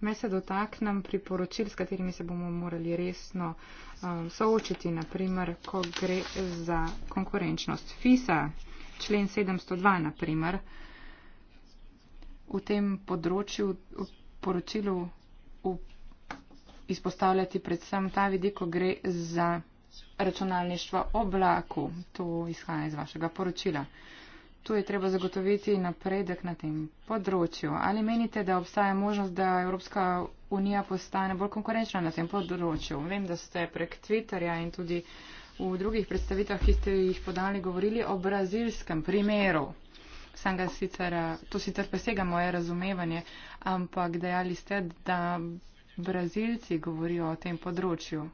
Me se dotaknem priporočil, s katerimi se bomo morali resno uh, um, soočiti, naprimer, ko gre za konkurenčnost FISA, člen 702, naprimer, v tem področju, v poročilu v izpostavljati predvsem ta vidik, ko gre za računalništvo oblaku. To izhaja iz vašega poročila. Tu je treba zagotoviti napredek na tem področju. Ali menite, da obstaja možnost, da Evropska unija postane bolj konkurenčna na tem področju? Vem, da ste prek Twitterja in tudi v drugih predstavitvah, ki ste jih podali, govorili o brazilskem primeru. Sam ga sicer, to sicer presega moje razumevanje, ampak dejali ste, da Brazilci govorijo o tem področju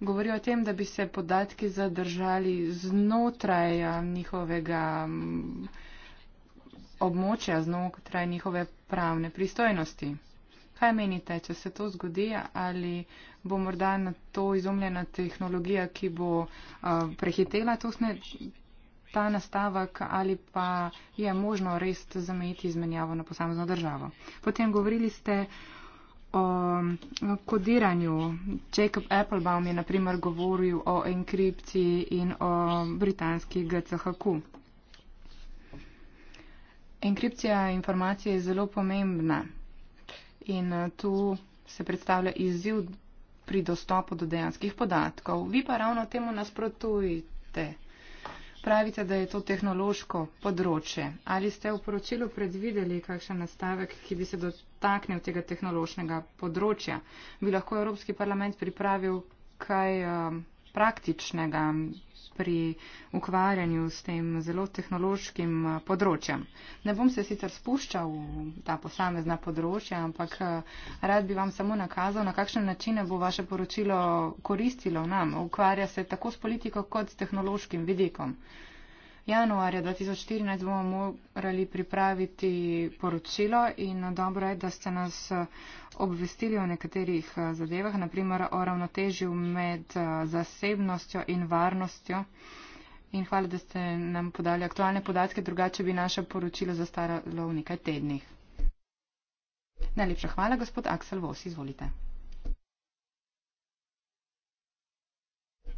govori o tem, da bi se podatki zadržali znotraj eh, njihovega mm, območja, znotraj njihove pravne pristojnosti. Kaj menite, če se to zgodi, ali bo morda na to izumljena tehnologija, ki bo uh, prehitela tusne, ta nastavek, ali pa je možno res zamejiti izmenjavo na posamezno državo? Potem govorili ste uh, o kodiranju. Jacob Applebaum je naprimer govoril o enkripciji in o britanski GCHQ. Enkripcija informacije je zelo pomembna in eh, tu se predstavlja izziv pri dostopu do dejanskih podatkov. Vi pa ravno temu nasprotujete pravite, da je to tehnološko področje. Ali ste v poročilu predvideli kakšen nastavek, ki bi se dotaknil tega tehnološkega področja? Bi lahko Evropski parlament pripravil kaj um, praktičnega pri ukvarjanju s tem zelo tehnološkim eh, področjem. Ne bom se sicer spuščal v ta posamezna področja, ampak eh, rad bi vam samo nakazal, na kakšne načine bo vaše poročilo koristilo nam. Ukvarja se tako s politiko kot s tehnološkim vidikom januarja 2014 bomo morali pripraviti poročilo in dobro je, da ste nas eh, obvestili o nekaterih eh, zadevah, naprimer o ravnotežju med eh, zasebnostjo in varnostjo. In hvala, da ste nam podali aktualne podatke, drugače bi naše poročilo zastaralo v nekaj tednih. Najlepša hvala, gospod Aksel Vos, izvolite.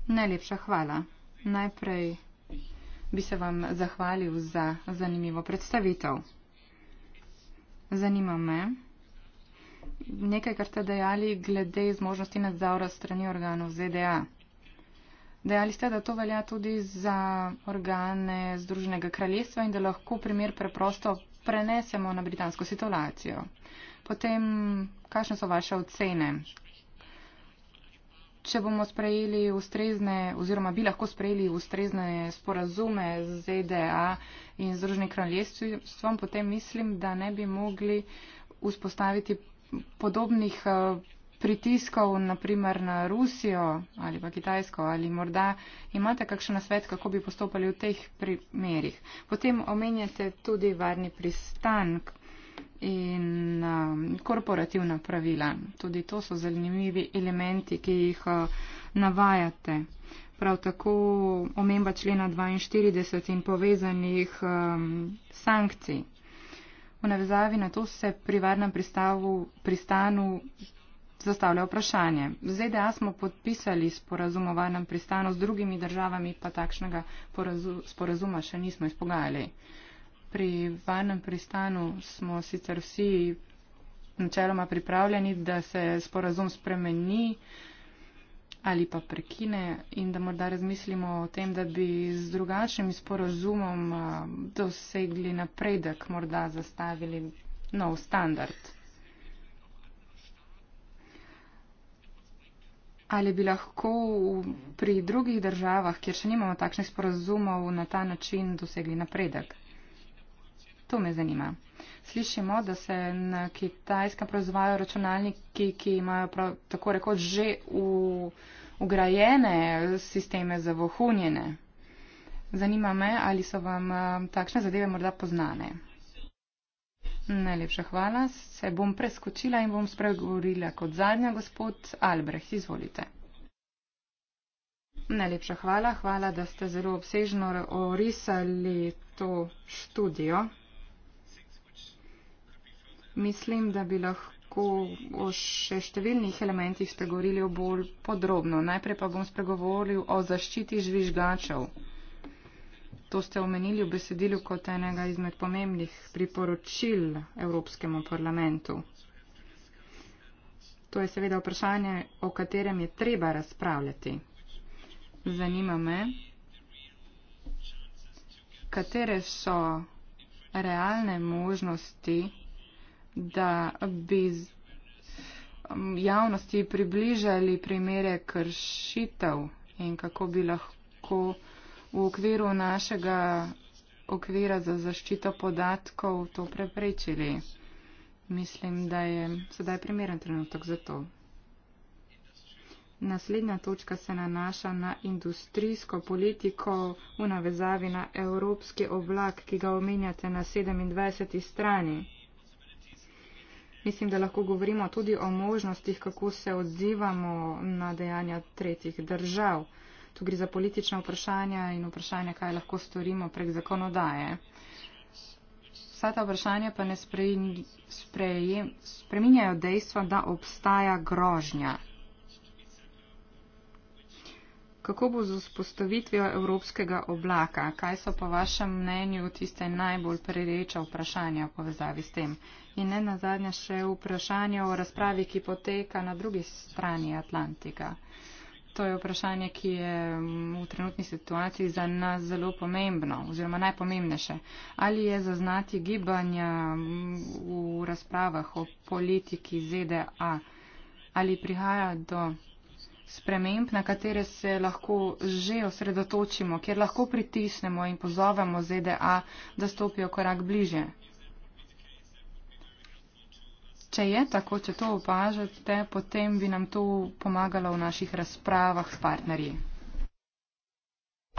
Najlepša hvala. Najprej bi se vam zahvalil za zanimivo predstavitev. Zanima me nekaj, kar ste dejali glede zmožnosti nadzora strani organov ZDA. Dejali ste, da to velja tudi za organe Združenega kraljestva in da lahko primer preprosto prenesemo na britansko situacijo. Potem, kakšne so vaše ocene? če bomo sprejeli ustrezne oziroma bi lahko sprejeli ustrezne sporazume z ZDA in Združenim kraljestvom, potem mislim, da ne bi mogli vzpostaviti podobnih eh, pritiskov, naprimer na Rusijo ali pa Kitajsko ali morda imate kakšen nasvet, kako bi postopali v teh primerih. Potem omenjate tudi varni pristank in um, korporativna pravila. Tudi to so zanimivi elementi, ki jih uh, navajate. Prav tako omemba člena 42 in povezanih um, sankcij. V navezavi na to se pri varnem pristavu, pristanu zastavlja vprašanje. V ZDA smo podpisali sporazum o varnem pristanu, z drugimi državami pa takšnega porazu, sporazuma še nismo izpogajali pri varnem pristanu smo sicer vsi načeloma pripravljeni, da se sporazum spremeni ali pa prekine in da morda razmislimo o tem, da bi z drugačnim sporozumom dosegli napredek, morda zastavili nov standard. Ali bi lahko pri drugih državah, kjer še nimamo takšnih sporozumov, na ta način dosegli napredek? To me zanima. Slišimo, da se na kitajskem proizvajajo računalniki, ki imajo prav, tako rekoč že v, ugrajene sisteme za vohunjene. Zanima me, ali so vam takšne zadeve morda poznane. Najlepša hvala. Se bom preskočila in bom spregovorila kot zadnja, gospod Albrecht. Izvolite. Najlepša hvala. Hvala, da ste zelo obsežno orisali to študijo. Mislim, da bi lahko o še številnih elementih spregovorili bolj podrobno. Najprej pa bom spregovoril o zaščiti žvižgačev. To ste omenili v besedilu kot enega izmed pomembnih priporočil Evropskemu parlamentu. To je seveda vprašanje, o katerem je treba razpravljati. Zanima me, katere so realne možnosti da bi um, javnosti približali primere kršitev in kako bi lahko v okviru našega okvira za zaščito podatkov to preprečili. Mislim, da je sedaj primeren trenutek za to. Naslednja točka se nanaša na industrijsko politiko v navezavi na evropski oblak, ki ga omenjate na 27. strani. Mislim, da lahko govorimo tudi o možnostih, kako se odzivamo na dejanja tretjih držav. Tu gre za politična vprašanja in vprašanje, kaj lahko storimo prek zakonodaje. Vsa ta vprašanja pa ne spreminjajo dejstva, da obstaja grožnja. Kako bo z vzpostavitvijo evropskega oblaka? Kaj so po vašem mnenju tiste najbolj prereča vprašanja v povezavi s tem? in ne nazadnje še vprašanje o razpravi, ki poteka na drugi strani Atlantika. To je vprašanje, ki je mm, v trenutni situaciji za nas zelo pomembno oziroma najpomembnejše. Ali je zaznati gibanja mm, v razpravah o politiki ZDA? Ali prihaja do sprememb, na katere se lahko že osredotočimo, kjer lahko pritisnemo in pozovemo ZDA, da stopijo korak bliže če je tako, če to opažate, potem bi nam to pomagalo v naših razpravah s partnerji.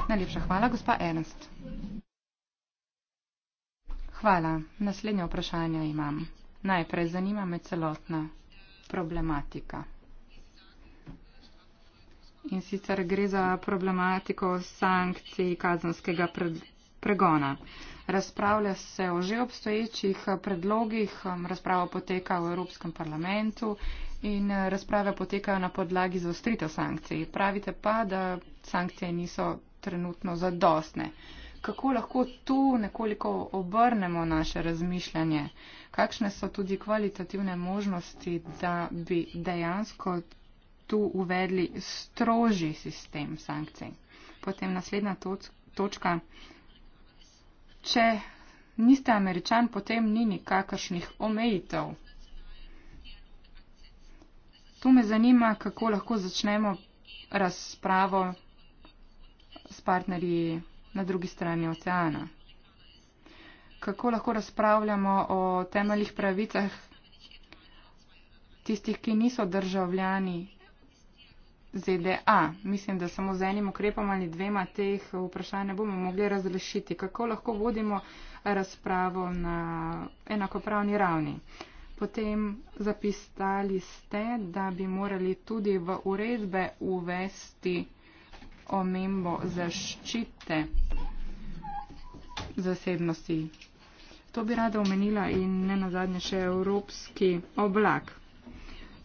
Najlepša hvala, gospa Ernst. Hvala. Naslednje vprašanje imam. Najprej zanima me celotna problematika. In sicer gre za problematiko sankcij kazanskega pregona razpravlja se o že obstoječih predlogih, um, razprava poteka v Evropskem parlamentu in uh, razprave potekajo na podlagi zaostritev sankcij. Pravite pa, da sankcije niso trenutno zadostne. Kako lahko tu nekoliko obrnemo naše razmišljanje? Kakšne so tudi kvalitativne možnosti, da bi dejansko tu uvedli strožji sistem sankcij? Potem naslednja točka. Če niste američan, potem ni nikakršnih omejitev. To me zanima, kako lahko začnemo razpravo s partnerji na drugi strani oceana. Kako lahko razpravljamo o temeljih pravicah tistih, ki niso državljani ZDA. Mislim, da samo z enim ukrepom ali dvema teh vprašanj ne bomo mogli razrešiti. Kako lahko vodimo razpravo na enakopravni ravni? Potem zapisali ste, da bi morali tudi v uredbe uvesti omembo zaščite zasebnosti. To bi rada omenila in ne nazadnje še evropski oblak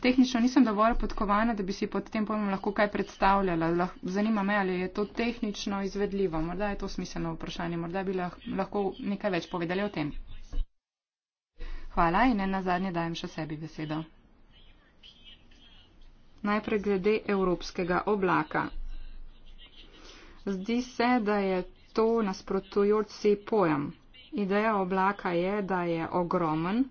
tehnično nisem dovolj podkovana, da bi si pod tem pojmom lahko kaj predstavljala. Zanima me, ali je to tehnično izvedljivo. Morda je to smiselno vprašanje, morda bi lahko nekaj več povedali o tem. Hvala in ena zadnje dajem še sebi besedo. Najprej glede evropskega oblaka. Zdi se, da je to nasprotujoč si pojem. Ideja oblaka je, da je ogromen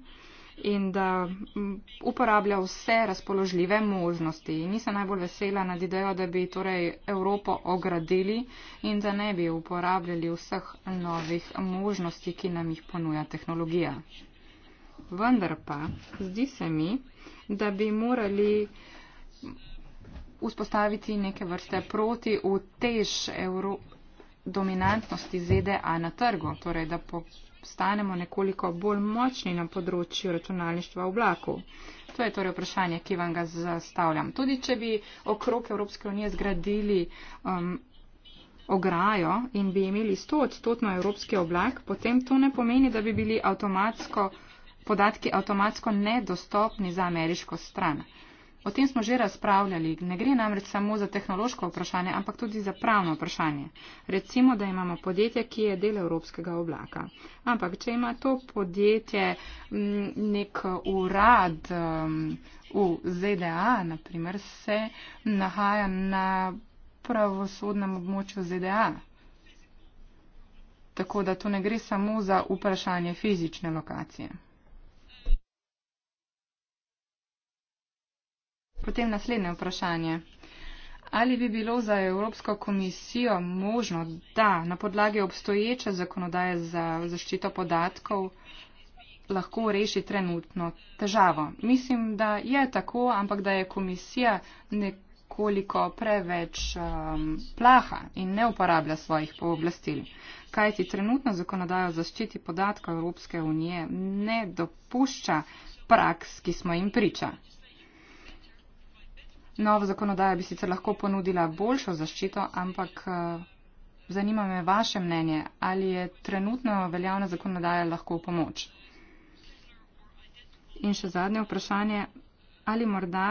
in da mm, uporablja vse razpoložljive možnosti. Nisem najbolj vesela nad idejo, da bi torej Evropo ogradili in da ne bi uporabljali vseh novih možnosti, ki nam jih ponuja tehnologija. Vendar pa zdi se mi, da bi morali vzpostaviti neke vrste proti v tež Evro dominantnosti ZDA na trgu, torej da postanemo nekoliko bolj močni na področju računalništva v oblaku? To je torej vprašanje, ki vam ga zastavljam. Tudi če bi okrog Evropske unije zgradili um, ograjo in bi imeli 100 odstotno evropski oblak, potem to ne pomeni, da bi bili avtomatsko, podatki avtomatsko nedostopni za ameriško stran. O tem smo že razpravljali. Ne gre namreč samo za tehnološko vprašanje, ampak tudi za pravno vprašanje. Recimo, da imamo podjetje, ki je del evropskega oblaka. Ampak, če ima to podjetje nek urad v ZDA, naprimer, se nahaja na pravosodnem območju ZDA. Tako da to ne gre samo za vprašanje fizične lokacije. Potem naslednje vprašanje. Ali bi bilo za Evropsko komisijo možno, da na podlagi obstoječe zakonodaje za zaščito podatkov lahko reši trenutno težavo? Mislim, da je tako, ampak da je komisija nekoliko preveč um, plaha in ne uporablja svojih pooblastil. Kaj ti trenutno zakonodajo o zaščiti podatkov Evropske unije ne dopušča praks, ki smo jim priča? Nova zakonodaja bi sicer lahko ponudila boljšo zaščito, ampak eh, zanima me vaše mnenje, ali je trenutno veljavna zakonodaja lahko v pomoč. In še zadnje vprašanje, ali morda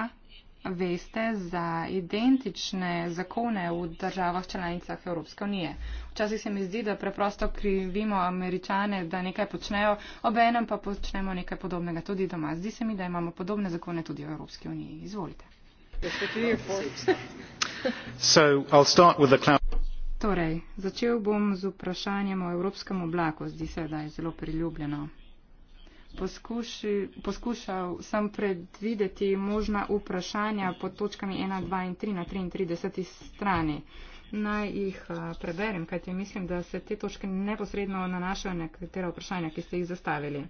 veste za identične zakone v državah članicah Evropske unije. Včasih se mi zdi, da preprosto krivimo američane, da nekaj počnejo, ob enem pa počnemo nekaj podobnega tudi doma. Zdi se mi, da imamo podobne zakone tudi v Evropske unije. Izvolite. Torej, začel bom z vprašanjem o evropskem oblaku, zdi se, da je zelo priljubljeno. Poskuši, poskušal sem predvideti možna vprašanja pod točkami 1, 2 in 3 na 33. strani. Naj jih eh, preberem, kajti mislim, da se te točke neposredno nanašajo na nekatera vprašanja, ki ste jih zastavili.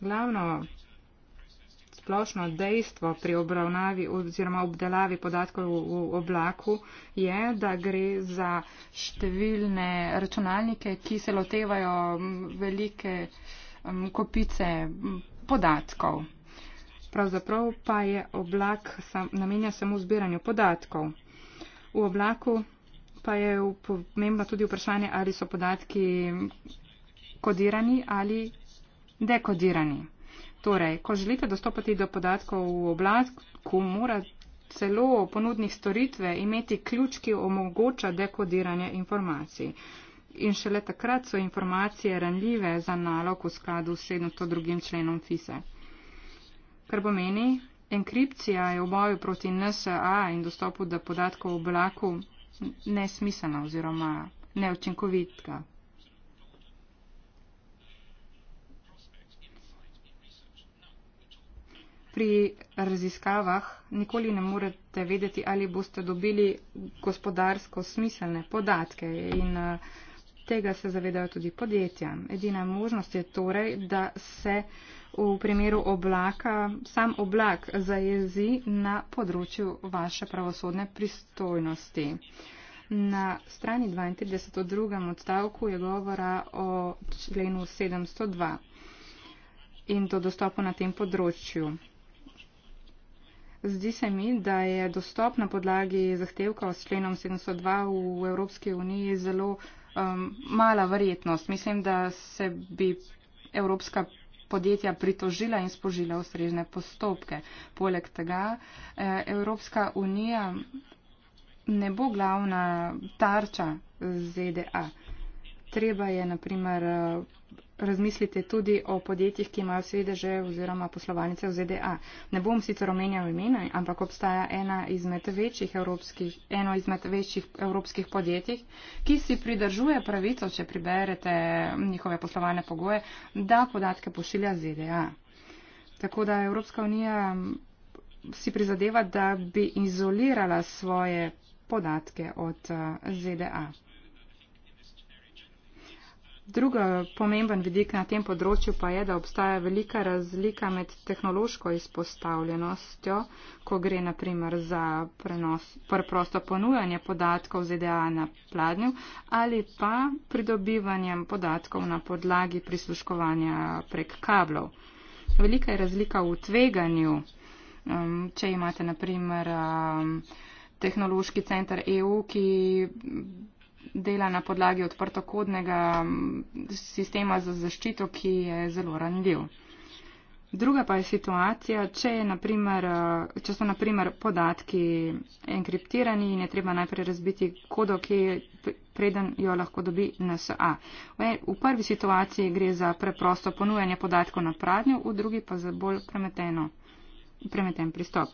Glavno splošno dejstvo pri obravnavi oziroma obdelavi podatkov v oblaku je, da gre za številne računalnike, ki se lotevajo velike kopice podatkov. Pravzaprav pa je oblak sam, namenja samo zbiranju podatkov. V oblaku pa je pomembno tudi vprašanje, ali so podatki kodirani ali dekodirani. Torej, ko želite dostopati do podatkov v oblasku, mora celo ponudnih storitve imeti ključ, ki omogoča dekodiranje informacij. In šele takrat so informacije ranljive za nalog v skladu s 702. členom FISE. Kar pomeni, enkripcija je v boju proti NSA in dostopu do podatkov v oblaku nesmiselna oziroma neučinkovitka. pri raziskavah nikoli ne morete vedeti, ali boste dobili gospodarsko smiselne podatke in eh, tega se zavedajo tudi podjetja. Edina možnost je torej, da se v primeru oblaka sam oblak zajezi na področju vaše pravosodne pristojnosti. Na strani 32 v drugem odstavku je govora o členu 702 in to dostopu na tem področju. Zdi se mi, da je dostop na podlagi zahtevka s členom 702 v Evropski uniji zelo um, mala verjetnost. Mislim, da se bi evropska podjetja pritožila in spožila ustrežne postopke. Poleg tega eh, Evropska unija ne bo glavna tarča ZDA. Treba je naprimer eh, razmislite tudi o podjetjih, ki imajo sedeže oziroma poslovalnice v ZDA. Ne bom sicer omenjal imena, ampak obstaja ena izmed večjih evropskih, eno izmed večjih evropskih podjetij, ki si pridržuje pravico, če priberete njihove poslovalne pogoje, da podatke pošilja ZDA. Tako da Evropska unija mm, si prizadeva, da bi izolirala svoje podatke od eh, ZDA. Drugi pomemben vidik na tem področju pa je, da obstaja velika razlika med tehnološko izpostavljenostjo, ko gre naprimer za prenos, preprosto ponujanje podatkov ZDA na pladnju ali pa pridobivanjem podatkov na podlagi prisluškovanja prek kablov. Velika je razlika v tveganju, um, če imate naprimer um, tehnološki center EU, ki dela na podlagi odprtokodnega sistema za zaščito, ki je zelo ranljiv. Druga pa je situacija, če, je naprimer, eh, če so naprimer podatki enkriptirani in je treba najprej razbiti kodo, ki je preden jo lahko dobi NSA. E-, v prvi situaciji gre za preprosto ponujanje podatkov na pradnju, v drugi pa za bolj premeteno, premeten pristop.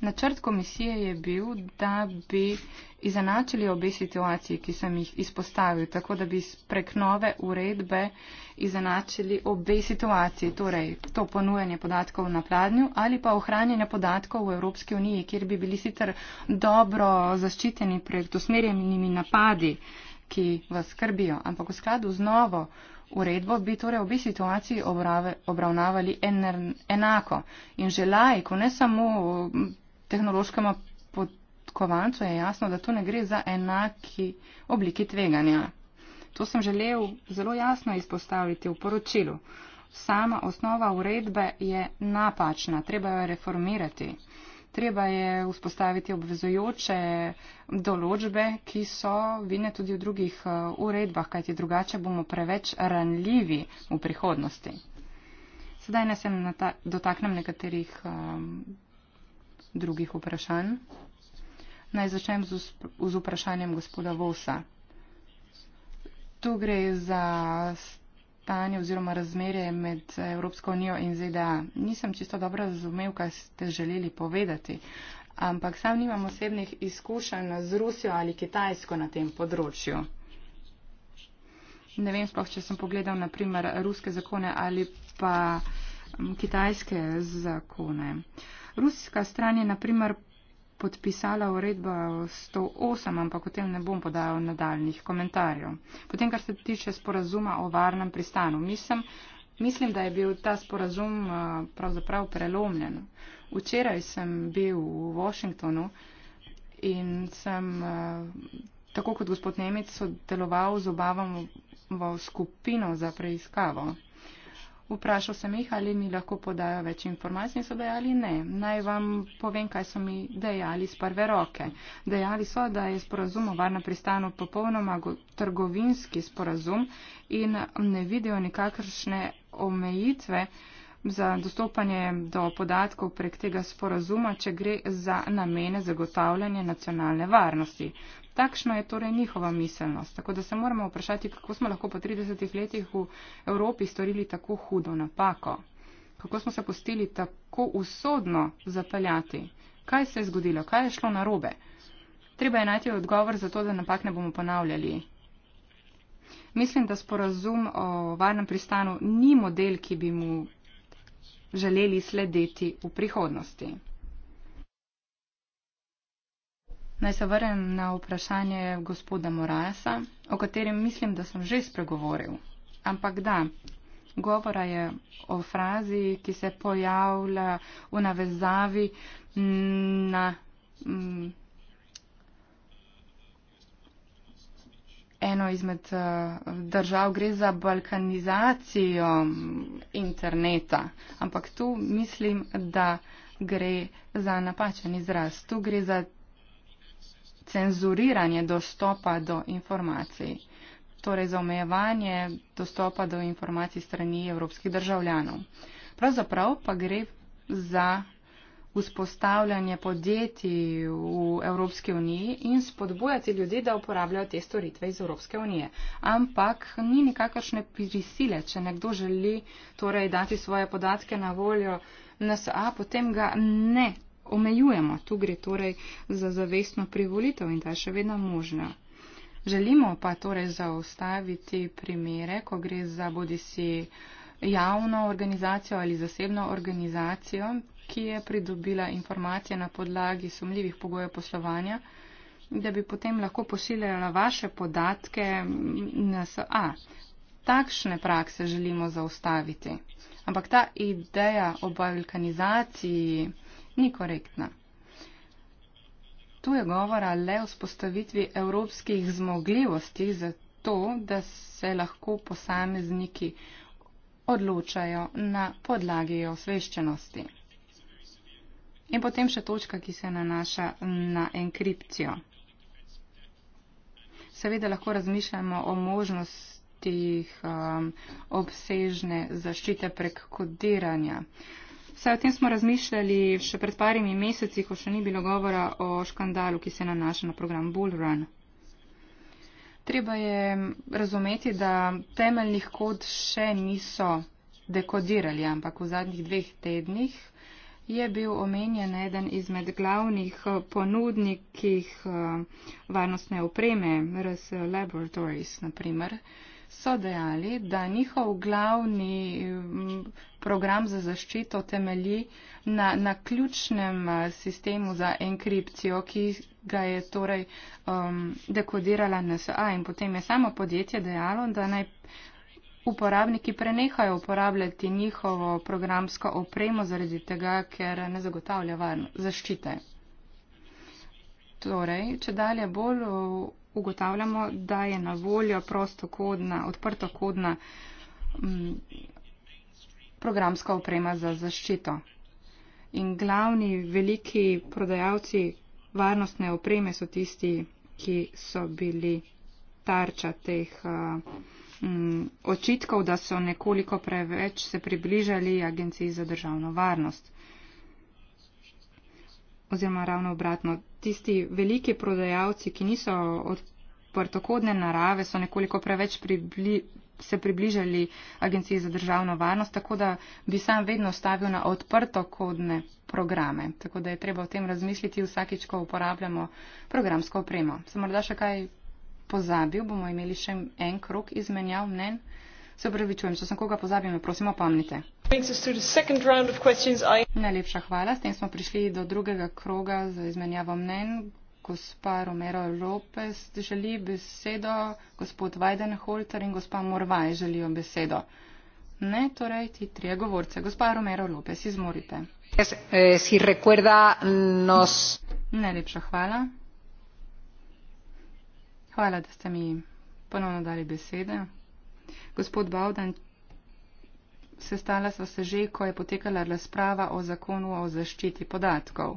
Načrt komisije je bil, da bi izenačili obe situacije, ki sem jih izpostavil, tako da bi prek nove uredbe izenačili obe situacije, torej to ponujanje podatkov na pladnju ali pa ohranjanje podatkov v Evropski uniji, kjer bi bili sicer dobro zaščiteni pred usmerjenimi napadi, ki vas skrbijo, ampak v skladu z novo uredbo bi torej obi situaciji obrave, obravnavali ener, enako. In že lajko, ne samo tehnološkem podkovancu je jasno, da to ne gre za enaki obliki tveganja. To sem želel zelo jasno izpostaviti v poročilu. Sama osnova uredbe je napačna, treba jo reformirati. Treba je vzpostaviti obvezojoče določbe, ki so vine tudi v drugih eh, uredbah, kajti drugače bomo preveč ranljivi v prihodnosti. Sedaj ne se dotaknem nekaterih um, drugih vprašanj? Naj začnem z, z vprašanjem gospoda Vosa. Tu gre za stanje oziroma razmerje med Evropsko unijo in ZDA. Nisem čisto dobro razumev, kaj ste želeli povedati, ampak sam nimam osebnih izkušenj z Rusijo ali Kitajsko na tem področju. Ne vem sploh, če sem pogledal naprimer ruske zakone ali pa kitajske zakone. Uh, Ruska stran je naprimer podpisala uredbo 108, ampak o tem ne bom podajal nadaljnih komentarjev. Potem, kar se tiče sporazuma o varnem pristanu, mislim, mislim da je bil ta sporazum eh, pravzaprav prelomljen. Včeraj sem bil v Washingtonu in sem, eh, tako kot gospod Nemec, sodeloval z obavom v skupino za preiskavo. Vprašal sem jih, ali mi lahko podajo več informacij in so dejali ne. Naj vam povem, kaj so mi dejali z prve roke. Dejali so, da je sporazum o varnem pristanu popolnoma trgovinski sporazum in ne vidijo nikakršne omejitve za dostopanje do podatkov prek tega sporazuma, če gre za namene zagotavljanja nacionalne varnosti. Takšna je torej njihova miselnost. Tako da se moramo vprašati, kako smo lahko po 30 letih v Evropi storili tako hudo napako. Kako smo se postili tako usodno zapeljati. Kaj se je zgodilo? Kaj je šlo narobe? Treba je najti odgovor za to, da napak ne bomo ponavljali. Mislim, da sporazum o varnem pristanu ni model, ki bi mu želeli slediti v prihodnosti. Naj se vrnem na vprašanje gospoda Morasa, o katerem mislim, da sem že spregovoril. Ampak da, govora je o frazi, ki se pojavlja v navezavi na mm, eno izmed eh, držav, gre za balkanizacijo interneta. Ampak tu mislim, da gre za napačen izraz. Tu gre za cenzuriranje dostopa do informacij, torej za omejevanje dostopa do informacij strani evropskih državljanov. Pravzaprav pa gre za vzpostavljanje podjetij v Evropski uniji in spodbujati ljudi, da uporabljajo te storitve iz Evropske unije. Ampak ni nikakršne prisile, če nekdo želi torej dati svoje podatke na voljo NSA, potem ga ne omejujemo. Tu gre torej za zavestno privolitev in ta je še vedno možna. Želimo pa torej zaustaviti primere, ko gre za bodi si javno organizacijo ali zasebno organizacijo, ki je pridobila informacije na podlagi sumljivih pogojev poslovanja, da bi potem lahko posiljala vaše podatke NSA. Takšne prakse želimo zaustaviti. Ampak ta ideja o balkanizaciji ni korektna. Tu je govora le o spostavitvi evropskih zmogljivosti za to, da se lahko posamezniki odločajo na podlagi osveščenosti. In potem še točka, ki se nanaša na enkripcijo. Seveda lahko razmišljamo o možnostih um, obsežne zaščite prek kodiranja. Uh, Vse o tem smo razmišljali še pred parimi meseci, ko še ni bilo govora o škandalu, ki se nanaša na program Bull Run. Treba je razumeti, da temeljnih kod še niso dekodirali, ampak v zadnjih dveh tednih je bil omenjen eden izmed glavnih eh, ponudnikih eh, varnostne opreme, RS Laboratories, naprimer so dejali, da njihov glavni mm, program za zaščito temelji na, na ključnem eh, sistemu za enkripcijo, ki ga je torej um, dekodirala NSA in potem je samo podjetje dejalo, da naj uporabniki prenehajo uporabljati njihovo programsko opremo zaradi tega, ker ne zagotavlja varno zaščite. Torej, če dalje bolj ugotavljamo, da je na voljo prostokodna, odprtokodna m, mm, programska oprema za zaščito. In glavni veliki prodajalci varnostne opreme so tisti, ki so bili tarča teh eh, m, mm, očitkov, da so nekoliko preveč se približali Agenciji za državno varnost. Oziroma ravno obratno tisti veliki prodajalci, ki niso odprtokodne narave, so nekoliko preveč pribli, se približali Agenciji za državno varnost, tako da bi sam vedno stavil na odprtokodne programe. Tako da je treba o tem razmisliti vsakič, ko uporabljamo programsko opremo. Sem morda še kaj pozabil, bomo imeli še en krok izmenjav mnen. Se upravičujem, če sem koga pozabil, me prosim opomnite. Najlepša hvala. S tem smo prišli do drugega kroga za izmenjavo mnen. Gospa Romero Lopez želi besedo, gospod Weidenholter in gospa Morvaj želijo besedo. Ne, torej ti trije govorce. Gospa Romero Lopez, izmorite. Eh, si rekuerda nos. Najlepša hvala. Hvala, da ste mi ponovno dali besede. Gospod Bavdan, sestala sva se že, ko je potekala razprava o zakonu o zaščiti podatkov.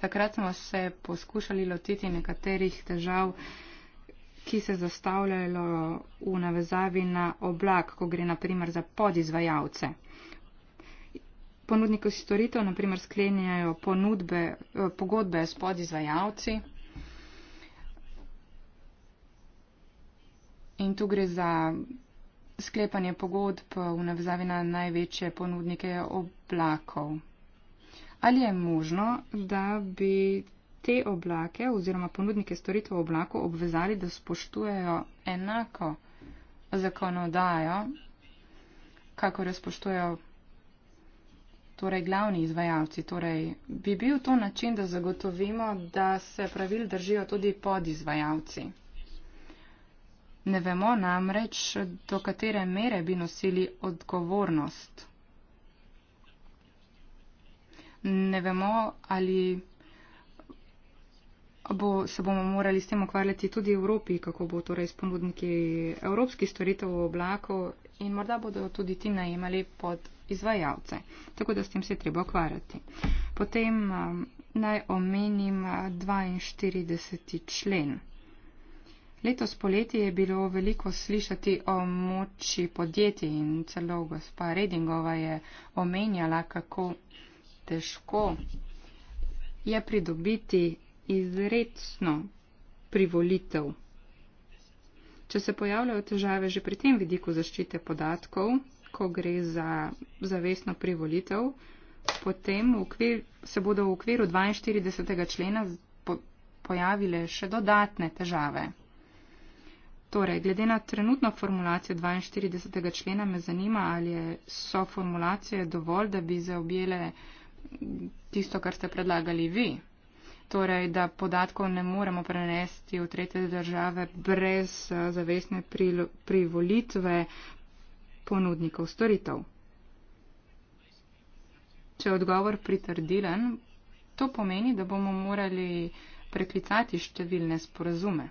Takrat smo se poskušali lotiti nekaterih težav, ki se zastavljajo v navezavi na oblak, ko gre naprimer za podizvajalce. Ponudniki storitev naprimer sklenjajo ponudbe, eh, pogodbe s podizvajalci. In tu gre za sklepanje pogodb eh, v navezavi na največje ponudnike oblakov. Ali je možno, da bi te oblake oziroma ponudnike storitev oblakov obvezali, da spoštujejo enako zakonodajo, kako jo spoštujejo torej glavni izvajalci? Torej, bi bil to način, da zagotovimo, da se pravil držijo tudi podizvajalci? Ne vemo namreč, do katere mere bi nosili odgovornost. Ne vemo, ali bo, se bomo morali s tem ukvarjati tudi v Evropi, kako bo torej s ponudniki evropskih storitev v oblaku in morda bodo tudi ti najemali pod izvajalce. Tako da s tem se je treba ukvarjati. Potem um, naj omenim 42. Uh, člen. Letos poleti je bilo veliko slišati o moči podjetij in celo gospa Redingova je omenjala, kako težko je pridobiti izredno privolitev. Če se pojavljajo težave že pri tem vidiku zaščite podatkov, ko gre za zavesno privolitev, potem okvir, se bodo v okviru 42. člena pojavile še dodatne težave. Torej, glede na trenutno formulacijo 42. člena me zanima, ali so formulacije dovolj, da bi zaobjele tisto, kar ste predlagali vi. Torej, da podatkov ne moremo prenesti v tretje države brez eh, zavesne privolitve ponudnikov storitev. Če je odgovor pritrdilen, to pomeni, da bomo morali preklicati številne sporazume.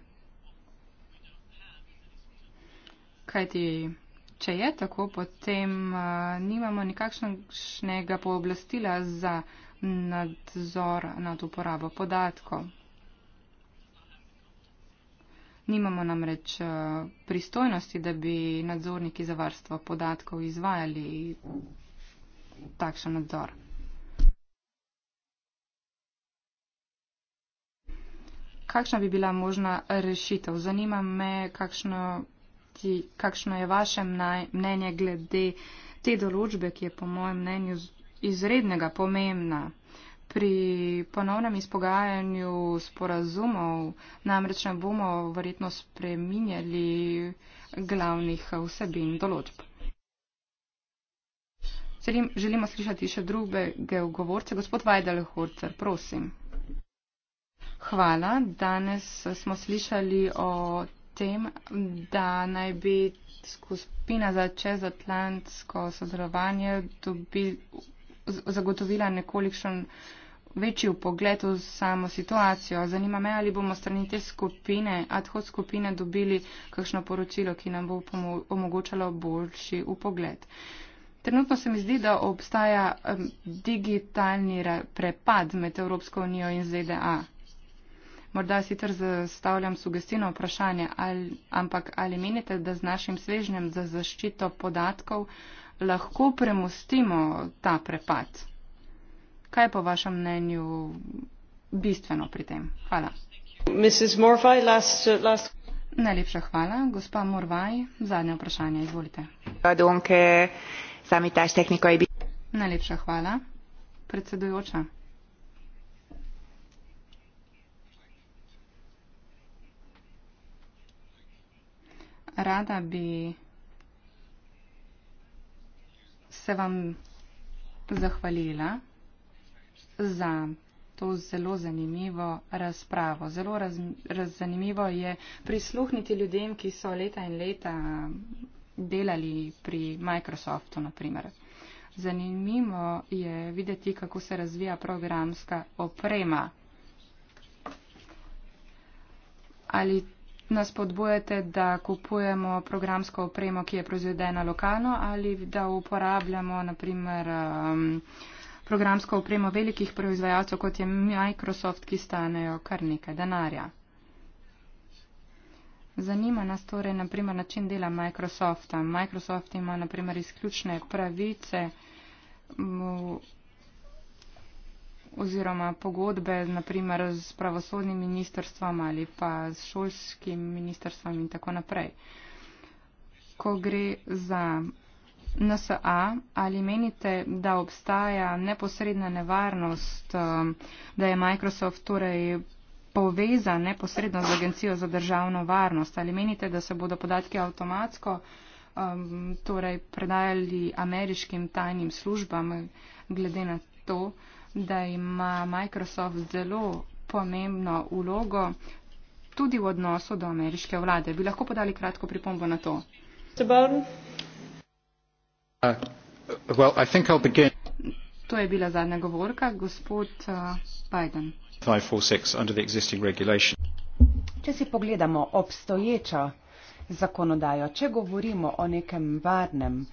Kajti, če je tako, potem uh, nimamo nikakšnega pooblastila za nadzor nad uporabo podatkov. Nimamo namreč uh, pristojnosti, da bi nadzorniki za varstvo podatkov izvajali takšen nadzor. Kakšna bi bila možna rešitev? Zanima me, kakšno povedati, kakšno je vaše mnenje glede te določbe, ki je po mojem mnenju izrednega pomembna. Pri ponovnem izpogajanju sporazumov namreč ne bomo verjetno spreminjali glavnih vsebin določb. Želimo slišati še druge geogovorce. Gospod Vajdel Horcer, prosim. Hvala. Danes smo slišali o tem, da naj bi skupina za čezatlantsko sodelovanje dobil, zagotovila nekolikšen večji pogled v samo situacijo. Zanima me, ali bomo strani te skupine, ad hoc skupine, dobili kakšno poročilo, ki nam bo omogočalo boljši pogled. Trenutno se mi zdi, da obstaja digitalni prepad med Evropsko unijo in ZDA. Morda sicer zastavljam sugestivno vprašanje, ali, ampak ali menite, da z našim svežnjem za zaščito podatkov lahko premustimo ta prepad? Kaj je po vašem mnenju bistveno pri tem? Hvala. Morvaj, last, uh, last... Najlepša hvala. Gospa Morvaj, zadnje vprašanje, izvolite. Uh, Najlepša hvala. Predsedujoča. rada bi se vam zahvalila za to zelo zanimivo razpravo. Zelo raz, raz zanimivo je prisluhniti ljudem, ki so leta in leta delali pri Microsoftu, naprimer. Zanimivo je videti, kako se razvija programska oprema. Ali nas podbojate, da kupujemo programsko opremo, ki je proizvedena lokalno ali da uporabljamo naprimer um, programsko opremo velikih proizvajalcev, kot je Microsoft, ki stanejo kar nekaj denarja. Zanima nas torej naprimer način dela Microsofta. Microsoft ima naprimer izključne pravice. Mu, oziroma pogodbe, naprimer s pravosodnim ministrstvom ali pa s šolskim ministrstvom in tako naprej. Ko gre za NSA, ali menite, da obstaja neposredna nevarnost, um, da je Microsoft torej povezan neposredno z Agencijo za državno varnost? Ali menite, da se bodo podatki avtomatsko um, torej predajali ameriškim tajnim službam glede na to, da ima Microsoft zelo pomembno vlogo tudi v odnosu do ameriške vlade. Bi lahko podali kratko pripombo na to? Uh, well, to je bila zadnja govorka, gospod uh, Biden. 546, če si pogledamo obstoječo zakonodajo, če govorimo o nekem varnem, uh,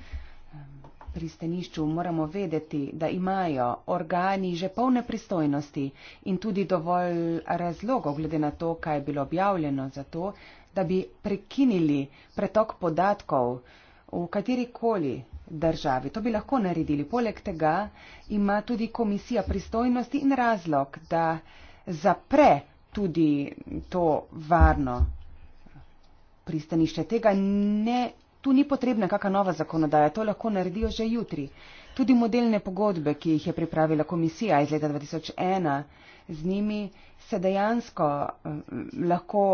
pristanišču moramo vedeti, da imajo organi že polne pristojnosti in tudi dovolj razlogov, glede na to, kaj je bilo objavljeno za to, da bi prekinili pretok podatkov v katerikoli državi. To bi lahko naredili. Poleg tega ima tudi komisija pristojnosti in razlog, da zapre tudi to varno pristanišče. Tega ne Tu ni potrebna kakšna nova zakonodaja, to lahko naredijo že jutri. Tudi modelne pogodbe, ki jih je pripravila komisija iz leta 2001, z njimi se dejansko eh, lahko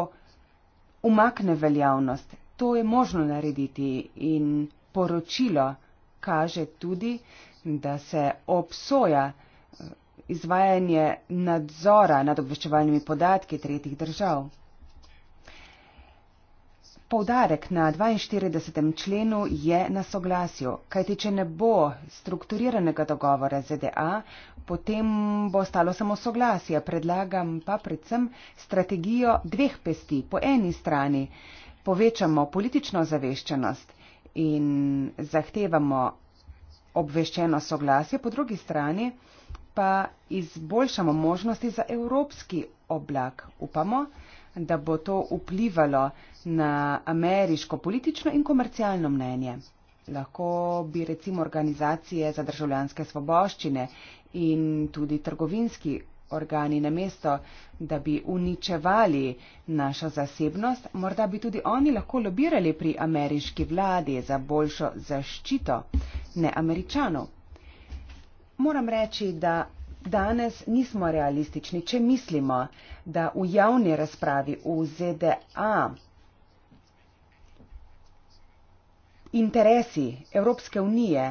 umakne veljavnost. To je možno narediti in poročilo kaže tudi, da se obsoja eh, izvajanje nadzora nad obveščevalnimi podatki tretjih držav. Poudarek na 42. členu je na soglasju, kajti če ne bo strukturiranega dogovora ZDA, potem bo stalo samo soglasje. Predlagam pa predvsem strategijo dveh pesti. Po eni strani povečamo politično zaveščenost in zahtevamo obveščeno soglasje, po drugi strani pa izboljšamo možnosti za evropski oblak. Upamo, da bo to vplivalo na ameriško politično in komercialno mnenje. Lahko bi recimo organizacije za državljanske svoboščine in tudi trgovinski organi na mesto, da bi uničevali našo zasebnost, morda bi tudi oni lahko lobirali pri ameriški vladi za boljšo zaščito ne američanov. Moram reči, da Danes nismo realistični, če mislimo, da v javni razpravi v ZDA interesi Evropske unije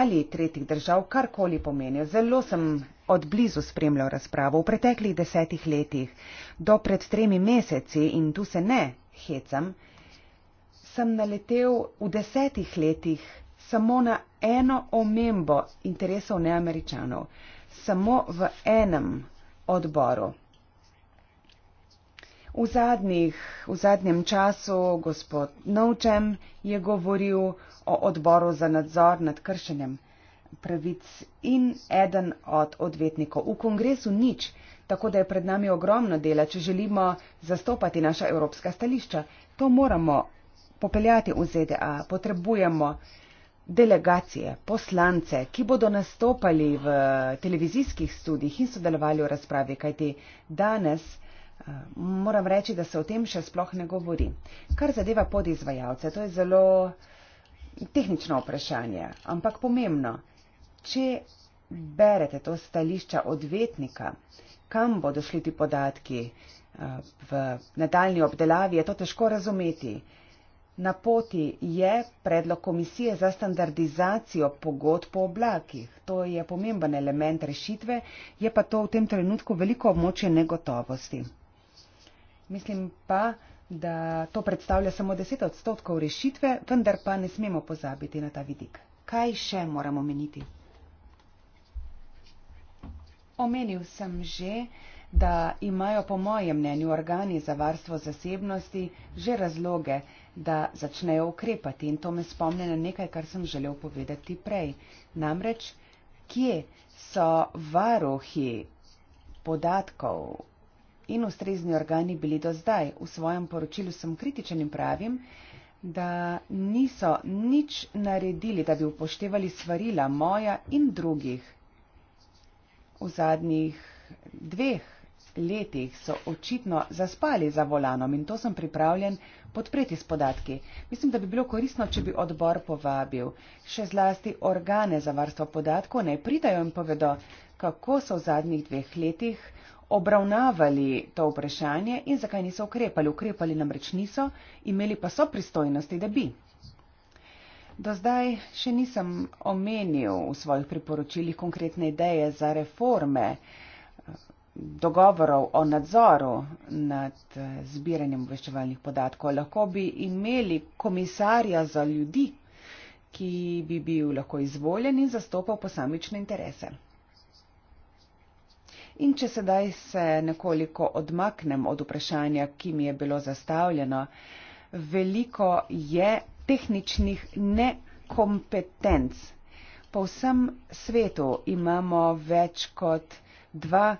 ali tretjih držav karkoli pomenijo. Zelo sem odblizu spremljal razpravo v preteklih desetih letih, do pred tremi meseci in tu se ne hecam, sem naletel v desetih letih samo na eno omembo interesov neameričanov samo v enem odboru. V, zadnjih, v zadnjem času gospod Novčem je govoril o odboru za nadzor nad kršenjem pravic in eden od odvetnikov. V kongresu nič, tako da je pred nami ogromno dela, če želimo zastopati naša evropska stališča. To moramo popeljati v ZDA. Potrebujemo delegacije, poslance, ki bodo nastopali v televizijskih studijih in sodelovali v razpravi, kajti danes. Eh, moram reči, da se o tem še sploh ne govori. Kar zadeva podizvajalce, to je zelo tehnično vprašanje, ampak pomembno. Če berete to stališča odvetnika, kam bodo šli ti podatki eh, v nadaljni obdelavi, je to težko razumeti. Na poti je predlog komisije za standardizacijo pogod po oblakih. To je pomemben element rešitve, je pa to v tem trenutku veliko območje negotovosti. Mislim pa, da to predstavlja samo 10 odstotkov rešitve, vendar pa ne smemo pozabiti na ta vidik. Kaj še moramo meniti? Omenil sem že, da imajo po mojem mnenju organi za varstvo zasebnosti že razloge, da začnejo ukrepati. In to me spomne na nekaj, kar sem želel povedati prej. Namreč, kje so varohi podatkov in ustrezni organi bili do zdaj? V svojem poročilu sem kritičen in pravim, da niso nič naredili, da bi upoštevali svarila moja in drugih v zadnjih dveh letih so očitno zaspali za volanom in to sem pripravljen podpreti s podatki. Mislim, da bi bilo korisno, če bi odbor povabil še zlasti organe za varstvo podatkov, naj pridajo in povedo, kako so v zadnjih dveh letih obravnavali to vprašanje in zakaj niso ukrepali. Ukrepali namreč niso, imeli pa so pristojnosti, da bi. Do zdaj še nisem omenil v svojih priporočilih konkretne ideje za reforme dogovorov o nadzoru nad eh, zbiranjem obveščevalnih podatkov. Lahko bi imeli komisarja za ljudi, ki bi bil lahko izvoljen in zastopal posamične interese. In če sedaj se nekoliko odmaknem od vprašanja, ki mi je bilo zastavljeno, veliko je tehničnih nekompetenc. Po vsem svetu imamo več kot 2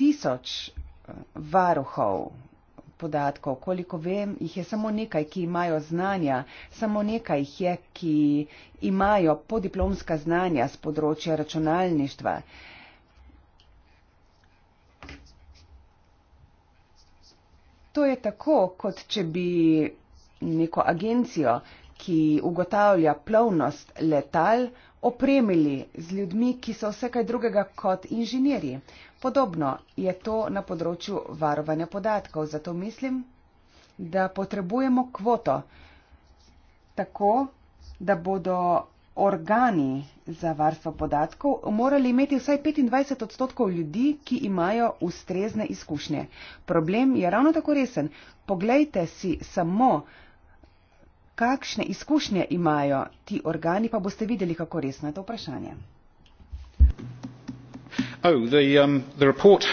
tisoč eh, varuhov podatkov, koliko vem, jih je samo nekaj, ki imajo znanja, samo nekaj jih je, ki imajo podiplomska znanja z področja računalništva. To je tako, kot če bi neko agencijo, ki ugotavlja plovnost letal, opremili z ljudmi, ki so vse kaj drugega kot inženirji. Podobno je to na področju varovanja podatkov, zato mislim, da potrebujemo kvoto tako, da bodo organi za varstvo podatkov morali imeti vsaj 25 odstotkov ljudi, ki imajo ustrezne izkušnje. Problem je ravno tako resen. Poglejte si samo, kakšne izkušnje imajo ti organi, pa boste videli, kako resno je to vprašanje. Oh, the, um, the report,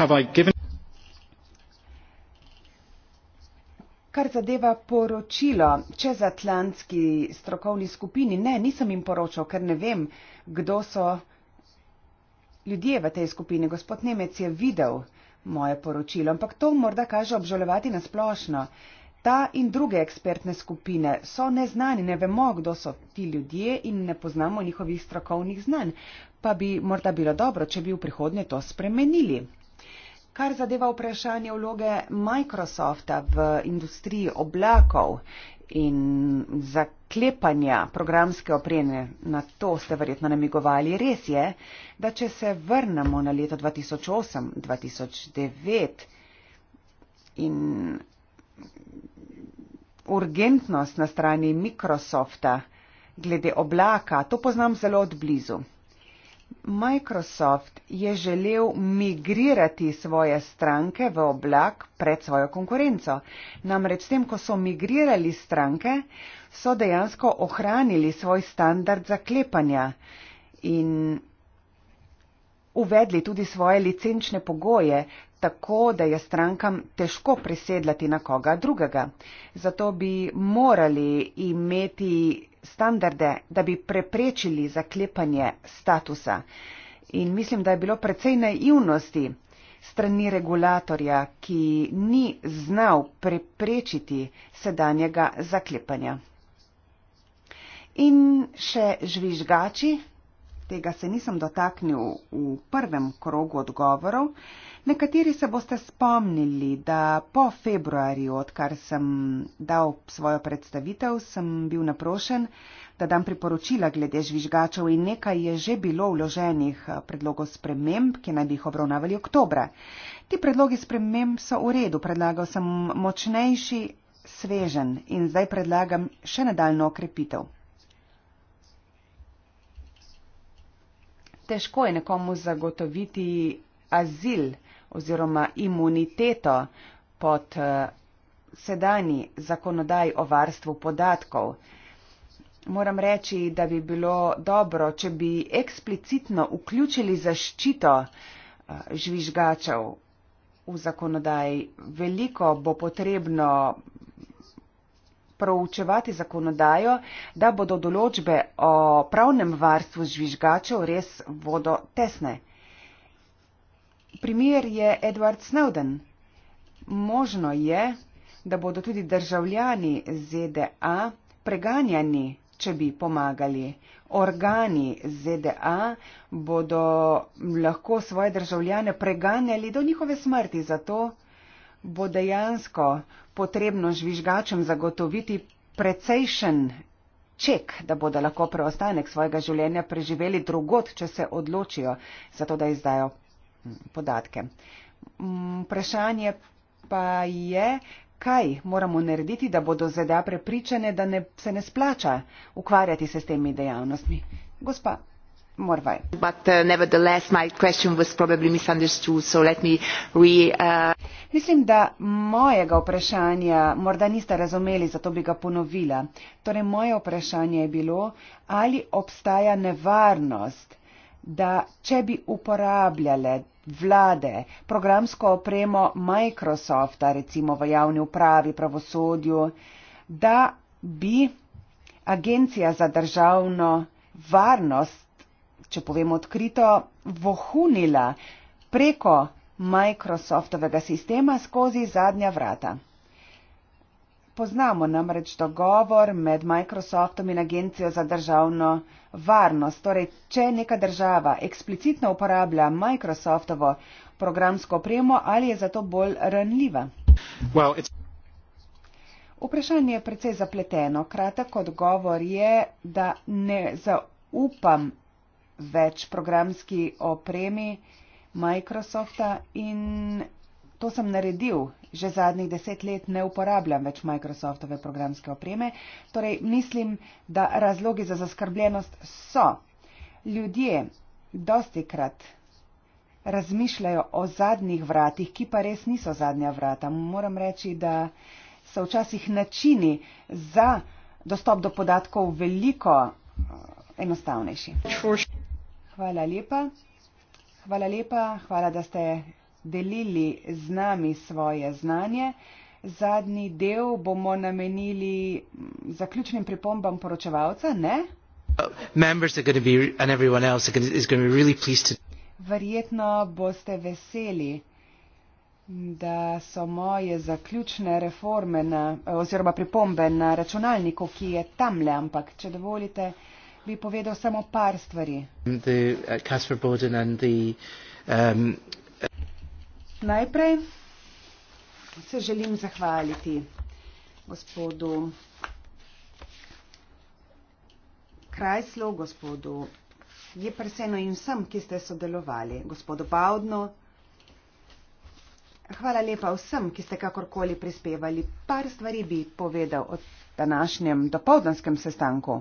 Kar zadeva poročilo čezatlantski strokovni skupini, ne, nisem jim poročal, ker ne vem, kdo so ljudje v tej skupini. Gospod Nemec je videl moje poročilo, ampak to morda kaže obžalovati nasplošno. Ta in druge ekspertne skupine so neznani, ne vemo, kdo so ti ljudje in ne poznamo njihovih strokovnih znanj, pa bi morda bilo dobro, če bi v prihodnje to spremenili. Kar zadeva vprašanje vloge Microsofta v industriji oblakov in zaklepanja programske opreme, na to ste verjetno namigovali, res je, da če se vrnemo na leto 2008-2009 in urgentnost na strani Microsofta glede oblaka, to poznam zelo od blizu. Microsoft je želel migrirati svoje stranke v oblak pred svojo konkurenco. Namreč s tem, ko so migrirali stranke, so dejansko ohranili svoj standard zaklepanja in uvedli tudi svoje licenčne pogoje, tako, da je strankam težko presedlati na koga drugega. Zato bi morali imeti standarde, da bi preprečili zaklepanje statusa. In mislim, da je bilo precej naivnosti strani regulatorja, ki ni znal preprečiti sedanjega zaklepanja. In še žvižgači, Tega se nisem dotaknil v prvem krogu odgovorov. Nekateri se boste spomnili, da po februarju, odkar sem dal svojo predstavitev, sem bil naprošen, da dam priporočila glede žvižgačev in nekaj je že bilo vloženih eh, predlogov sprememb, ki naj bi jih obravnavali oktobra. Ti predlogi sprememb so v redu, predlagal sem močnejši, svežen in zdaj predlagam še nadaljno okrepitev. težko je nekomu zagotoviti azil oziroma imuniteto pod eh, sedajni zakonodaj o varstvu podatkov. Moram reči, da bi bilo dobro, če bi eksplicitno vključili zaščito eh, žvižgačev v zakonodaj. Veliko bo potrebno proučevati zakonodajo, da bodo določbe o pravnem varstvu žvižgačev res bodo tesne. Primer je Edward Snowden. Možno je, da bodo tudi državljani ZDA preganjani, če bi pomagali. Organi ZDA bodo lahko svoje državljane preganjali do njihove smrti, zato bo dejansko potrebno žvižgačem zagotoviti precejšen ček, da bodo lahko preostanek svojega življenja preživeli drugot, če se odločijo za to, da izdajo mm, podatke. Mm, vprašanje pa je, kaj moramo narediti, da bodo ZDA prepričane, da ne, se ne splača ukvarjati se s temi dejavnostmi. Gospa. Uh, uh, mislim da mojega vprašanja morda niste razumeli zato bi ga ponovila torej moje vprašanje je bilo ali obstaja nevarnost da če bi uporabljale vlade programsko opremo microsofta recimo v javni upravi pravosodju da bi agencija za državno varnost če povem odkrito, vohunila preko Microsoftovega sistema skozi zadnja vrata. Poznamo namreč dogovor med Microsoftom in Agencijo za državno varnost. Torej, če neka država eksplicitno uporablja Microsoftovo programsko opremo, ali je zato bolj ranljiva? Well, Vprašanje je precej zapleteno. Kratek odgovor je, da ne zaupam več programski opremi Microsofta in to sem naredil. Že zadnjih deset let ne uporabljam več Microsoftove programske opreme. Torej, mislim, da razlogi za zaskrbljenost so. Ljudje dosti krat razmišljajo o zadnjih vratih, ki pa res niso zadnja vrata. Moram reči, da so včasih načini za dostop do podatkov veliko eh, enostavnejši. Čuši. Hvala lepa. Hvala lepa, hvala, da ste delili z nami svoje znanje. Zadnji del bomo namenili zaključnim pripombam poročevalca, ne? Verjetno boste veseli, da so moje zaključne reforme na, oziroma pripombe na računalniku, ki je tamle, ampak če dovolite bi povedal samo par stvari. The, uh, the, um, Najprej se želim zahvaliti gospodu Krajslu, gospodu Jeprseno in vsem, ki ste sodelovali, gospodu Baudno. Hvala lepa vsem, ki ste kakorkoli prispevali. Par stvari bi povedal o današnjem dopoldanskem sestanku.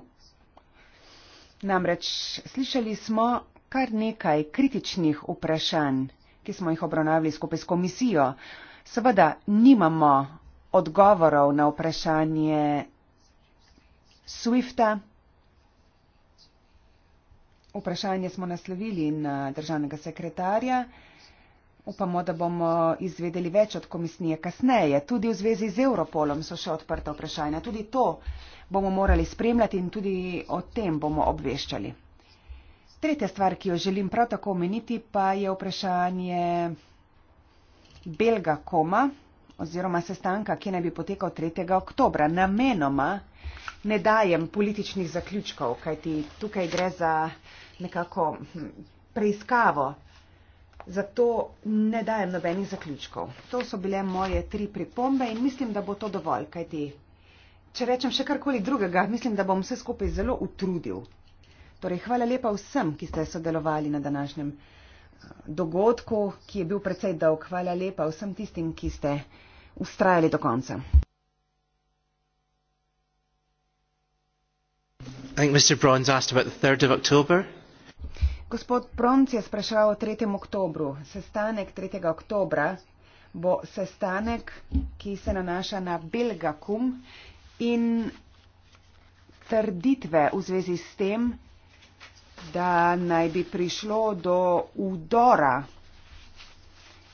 Namreč slišali smo kar nekaj kritičnih vprašanj, ki smo jih obravnavali skupaj s komisijo. Seveda nimamo odgovorov na vprašanje SWIFT-a. Vprašanje smo naslovili na državnega sekretarja. Upamo, da bomo izvedeli več od komisije kasneje. Tudi v zvezi z Europolom so še odprta vprašanja. Tudi to bomo morali spremljati in tudi o tem bomo obveščali. Tretja stvar, ki jo želim prav tako omeniti, pa je vprašanje Belga Koma oziroma sestanka, ki naj bi potekal 3. oktobra. Namenoma ne dajem političnih zaključkov, kajti tukaj gre za nekako hm, preiskavo Zato ne dajem nobenih zaključkov. To so bile moje tri pripombe in mislim, da bo to dovolj, kajti če rečem še karkoli drugega, mislim, da bom vse skupaj zelo utrudil. Torej, hvala lepa vsem, ki ste sodelovali na današnjem eh, dogodku, ki je bil precej dolg. Hvala lepa vsem tistim, ki ste ustrajali do konca. I think Mr. Bronze asked about the 3rd of October. Gospod Pronc je spraševal o 3. oktobru. Sestanek 3. oktobra bo sestanek, ki se nanaša na Belgakum in trditve v zvezi s tem, da naj bi prišlo do udora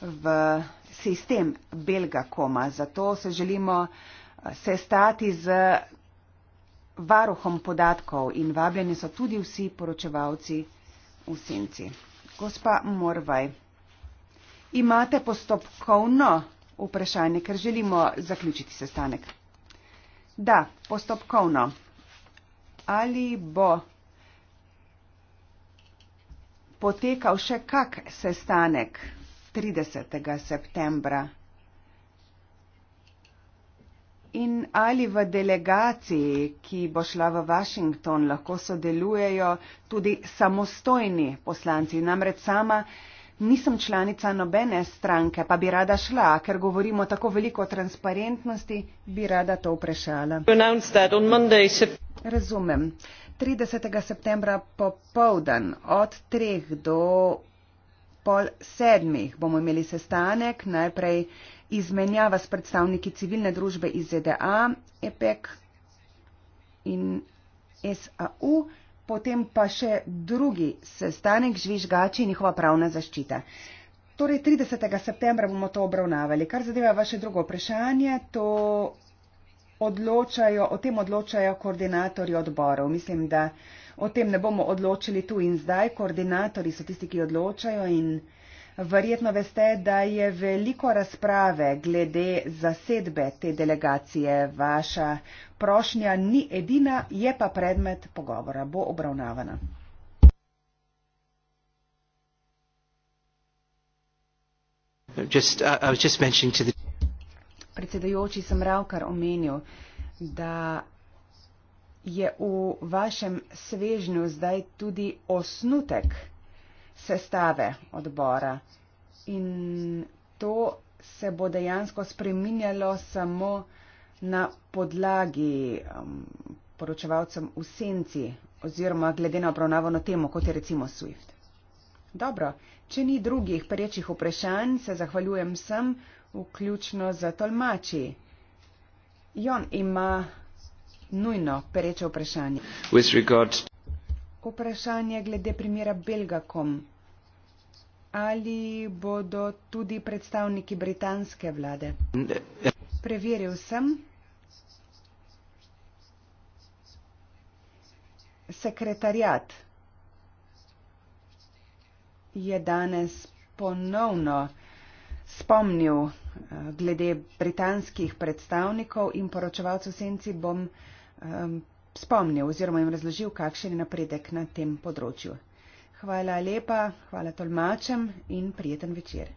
v sistem Belgakoma. Zato se želimo eh, sestati z varuhom podatkov in vabljeni so tudi vsi poročevalci v senci. Gospa Morvaj, imate postopkovno vprašanje, ker želimo zaključiti sestanek. Da, postopkovno. Ali bo potekal še kak sestanek 30. septembra In ali v delegaciji, ki bo šla v Washington, lahko sodelujejo tudi samostojni poslanci? Namreč sama nisem članica nobene stranke, pa bi rada šla, ker govorimo tako veliko o transparentnosti, bi rada to vprašala. Razumem. 30. septembra popovdan od 3 do pol sedmih bomo imeli sestanek, najprej izmenjava s predstavniki civilne družbe iz ZDA, EPEC in SAU, potem pa še drugi sestanek žvižgači in njihova pravna zaščita. Torej, 30. septembra bomo to obravnavali. Kar zadeva vaše drugo vprašanje, to odločajo, o tem odločajo koordinatorji odborov. Mislim, da o tem ne bomo odločili tu in zdaj. Koordinatorji so tisti, ki odločajo in. Verjetno veste, da je veliko razprave glede zasedbe te delegacije. Vaša prošnja ni edina, je pa predmet pogovora, bo obravnavana. Just, uh, the... Predsedujoči sem ravkar omenil, da je v vašem svežnju zdaj tudi osnutek sestave odbora. In to se bo dejansko spreminjalo samo na podlagi um, poročevalcem v senci oziroma glede na obravnavano temo, kot je recimo SWIFT. Dobro, če ni drugih prejčih vprašanj, se zahvaljujem vsem, vključno za tolmači. Jon ima nujno pereče vprašanje. Vprašanje glede primera Belgakom ali bodo tudi predstavniki britanske vlade. Preveril sem. Sekretarjat je danes ponovno spomnil eh, glede britanskih predstavnikov in poročevalcu senci bom eh, spomnil oziroma jim razložil, kakšen je napredek na tem področju. Hvala lepa, hvala tolmačem in prijeten večer.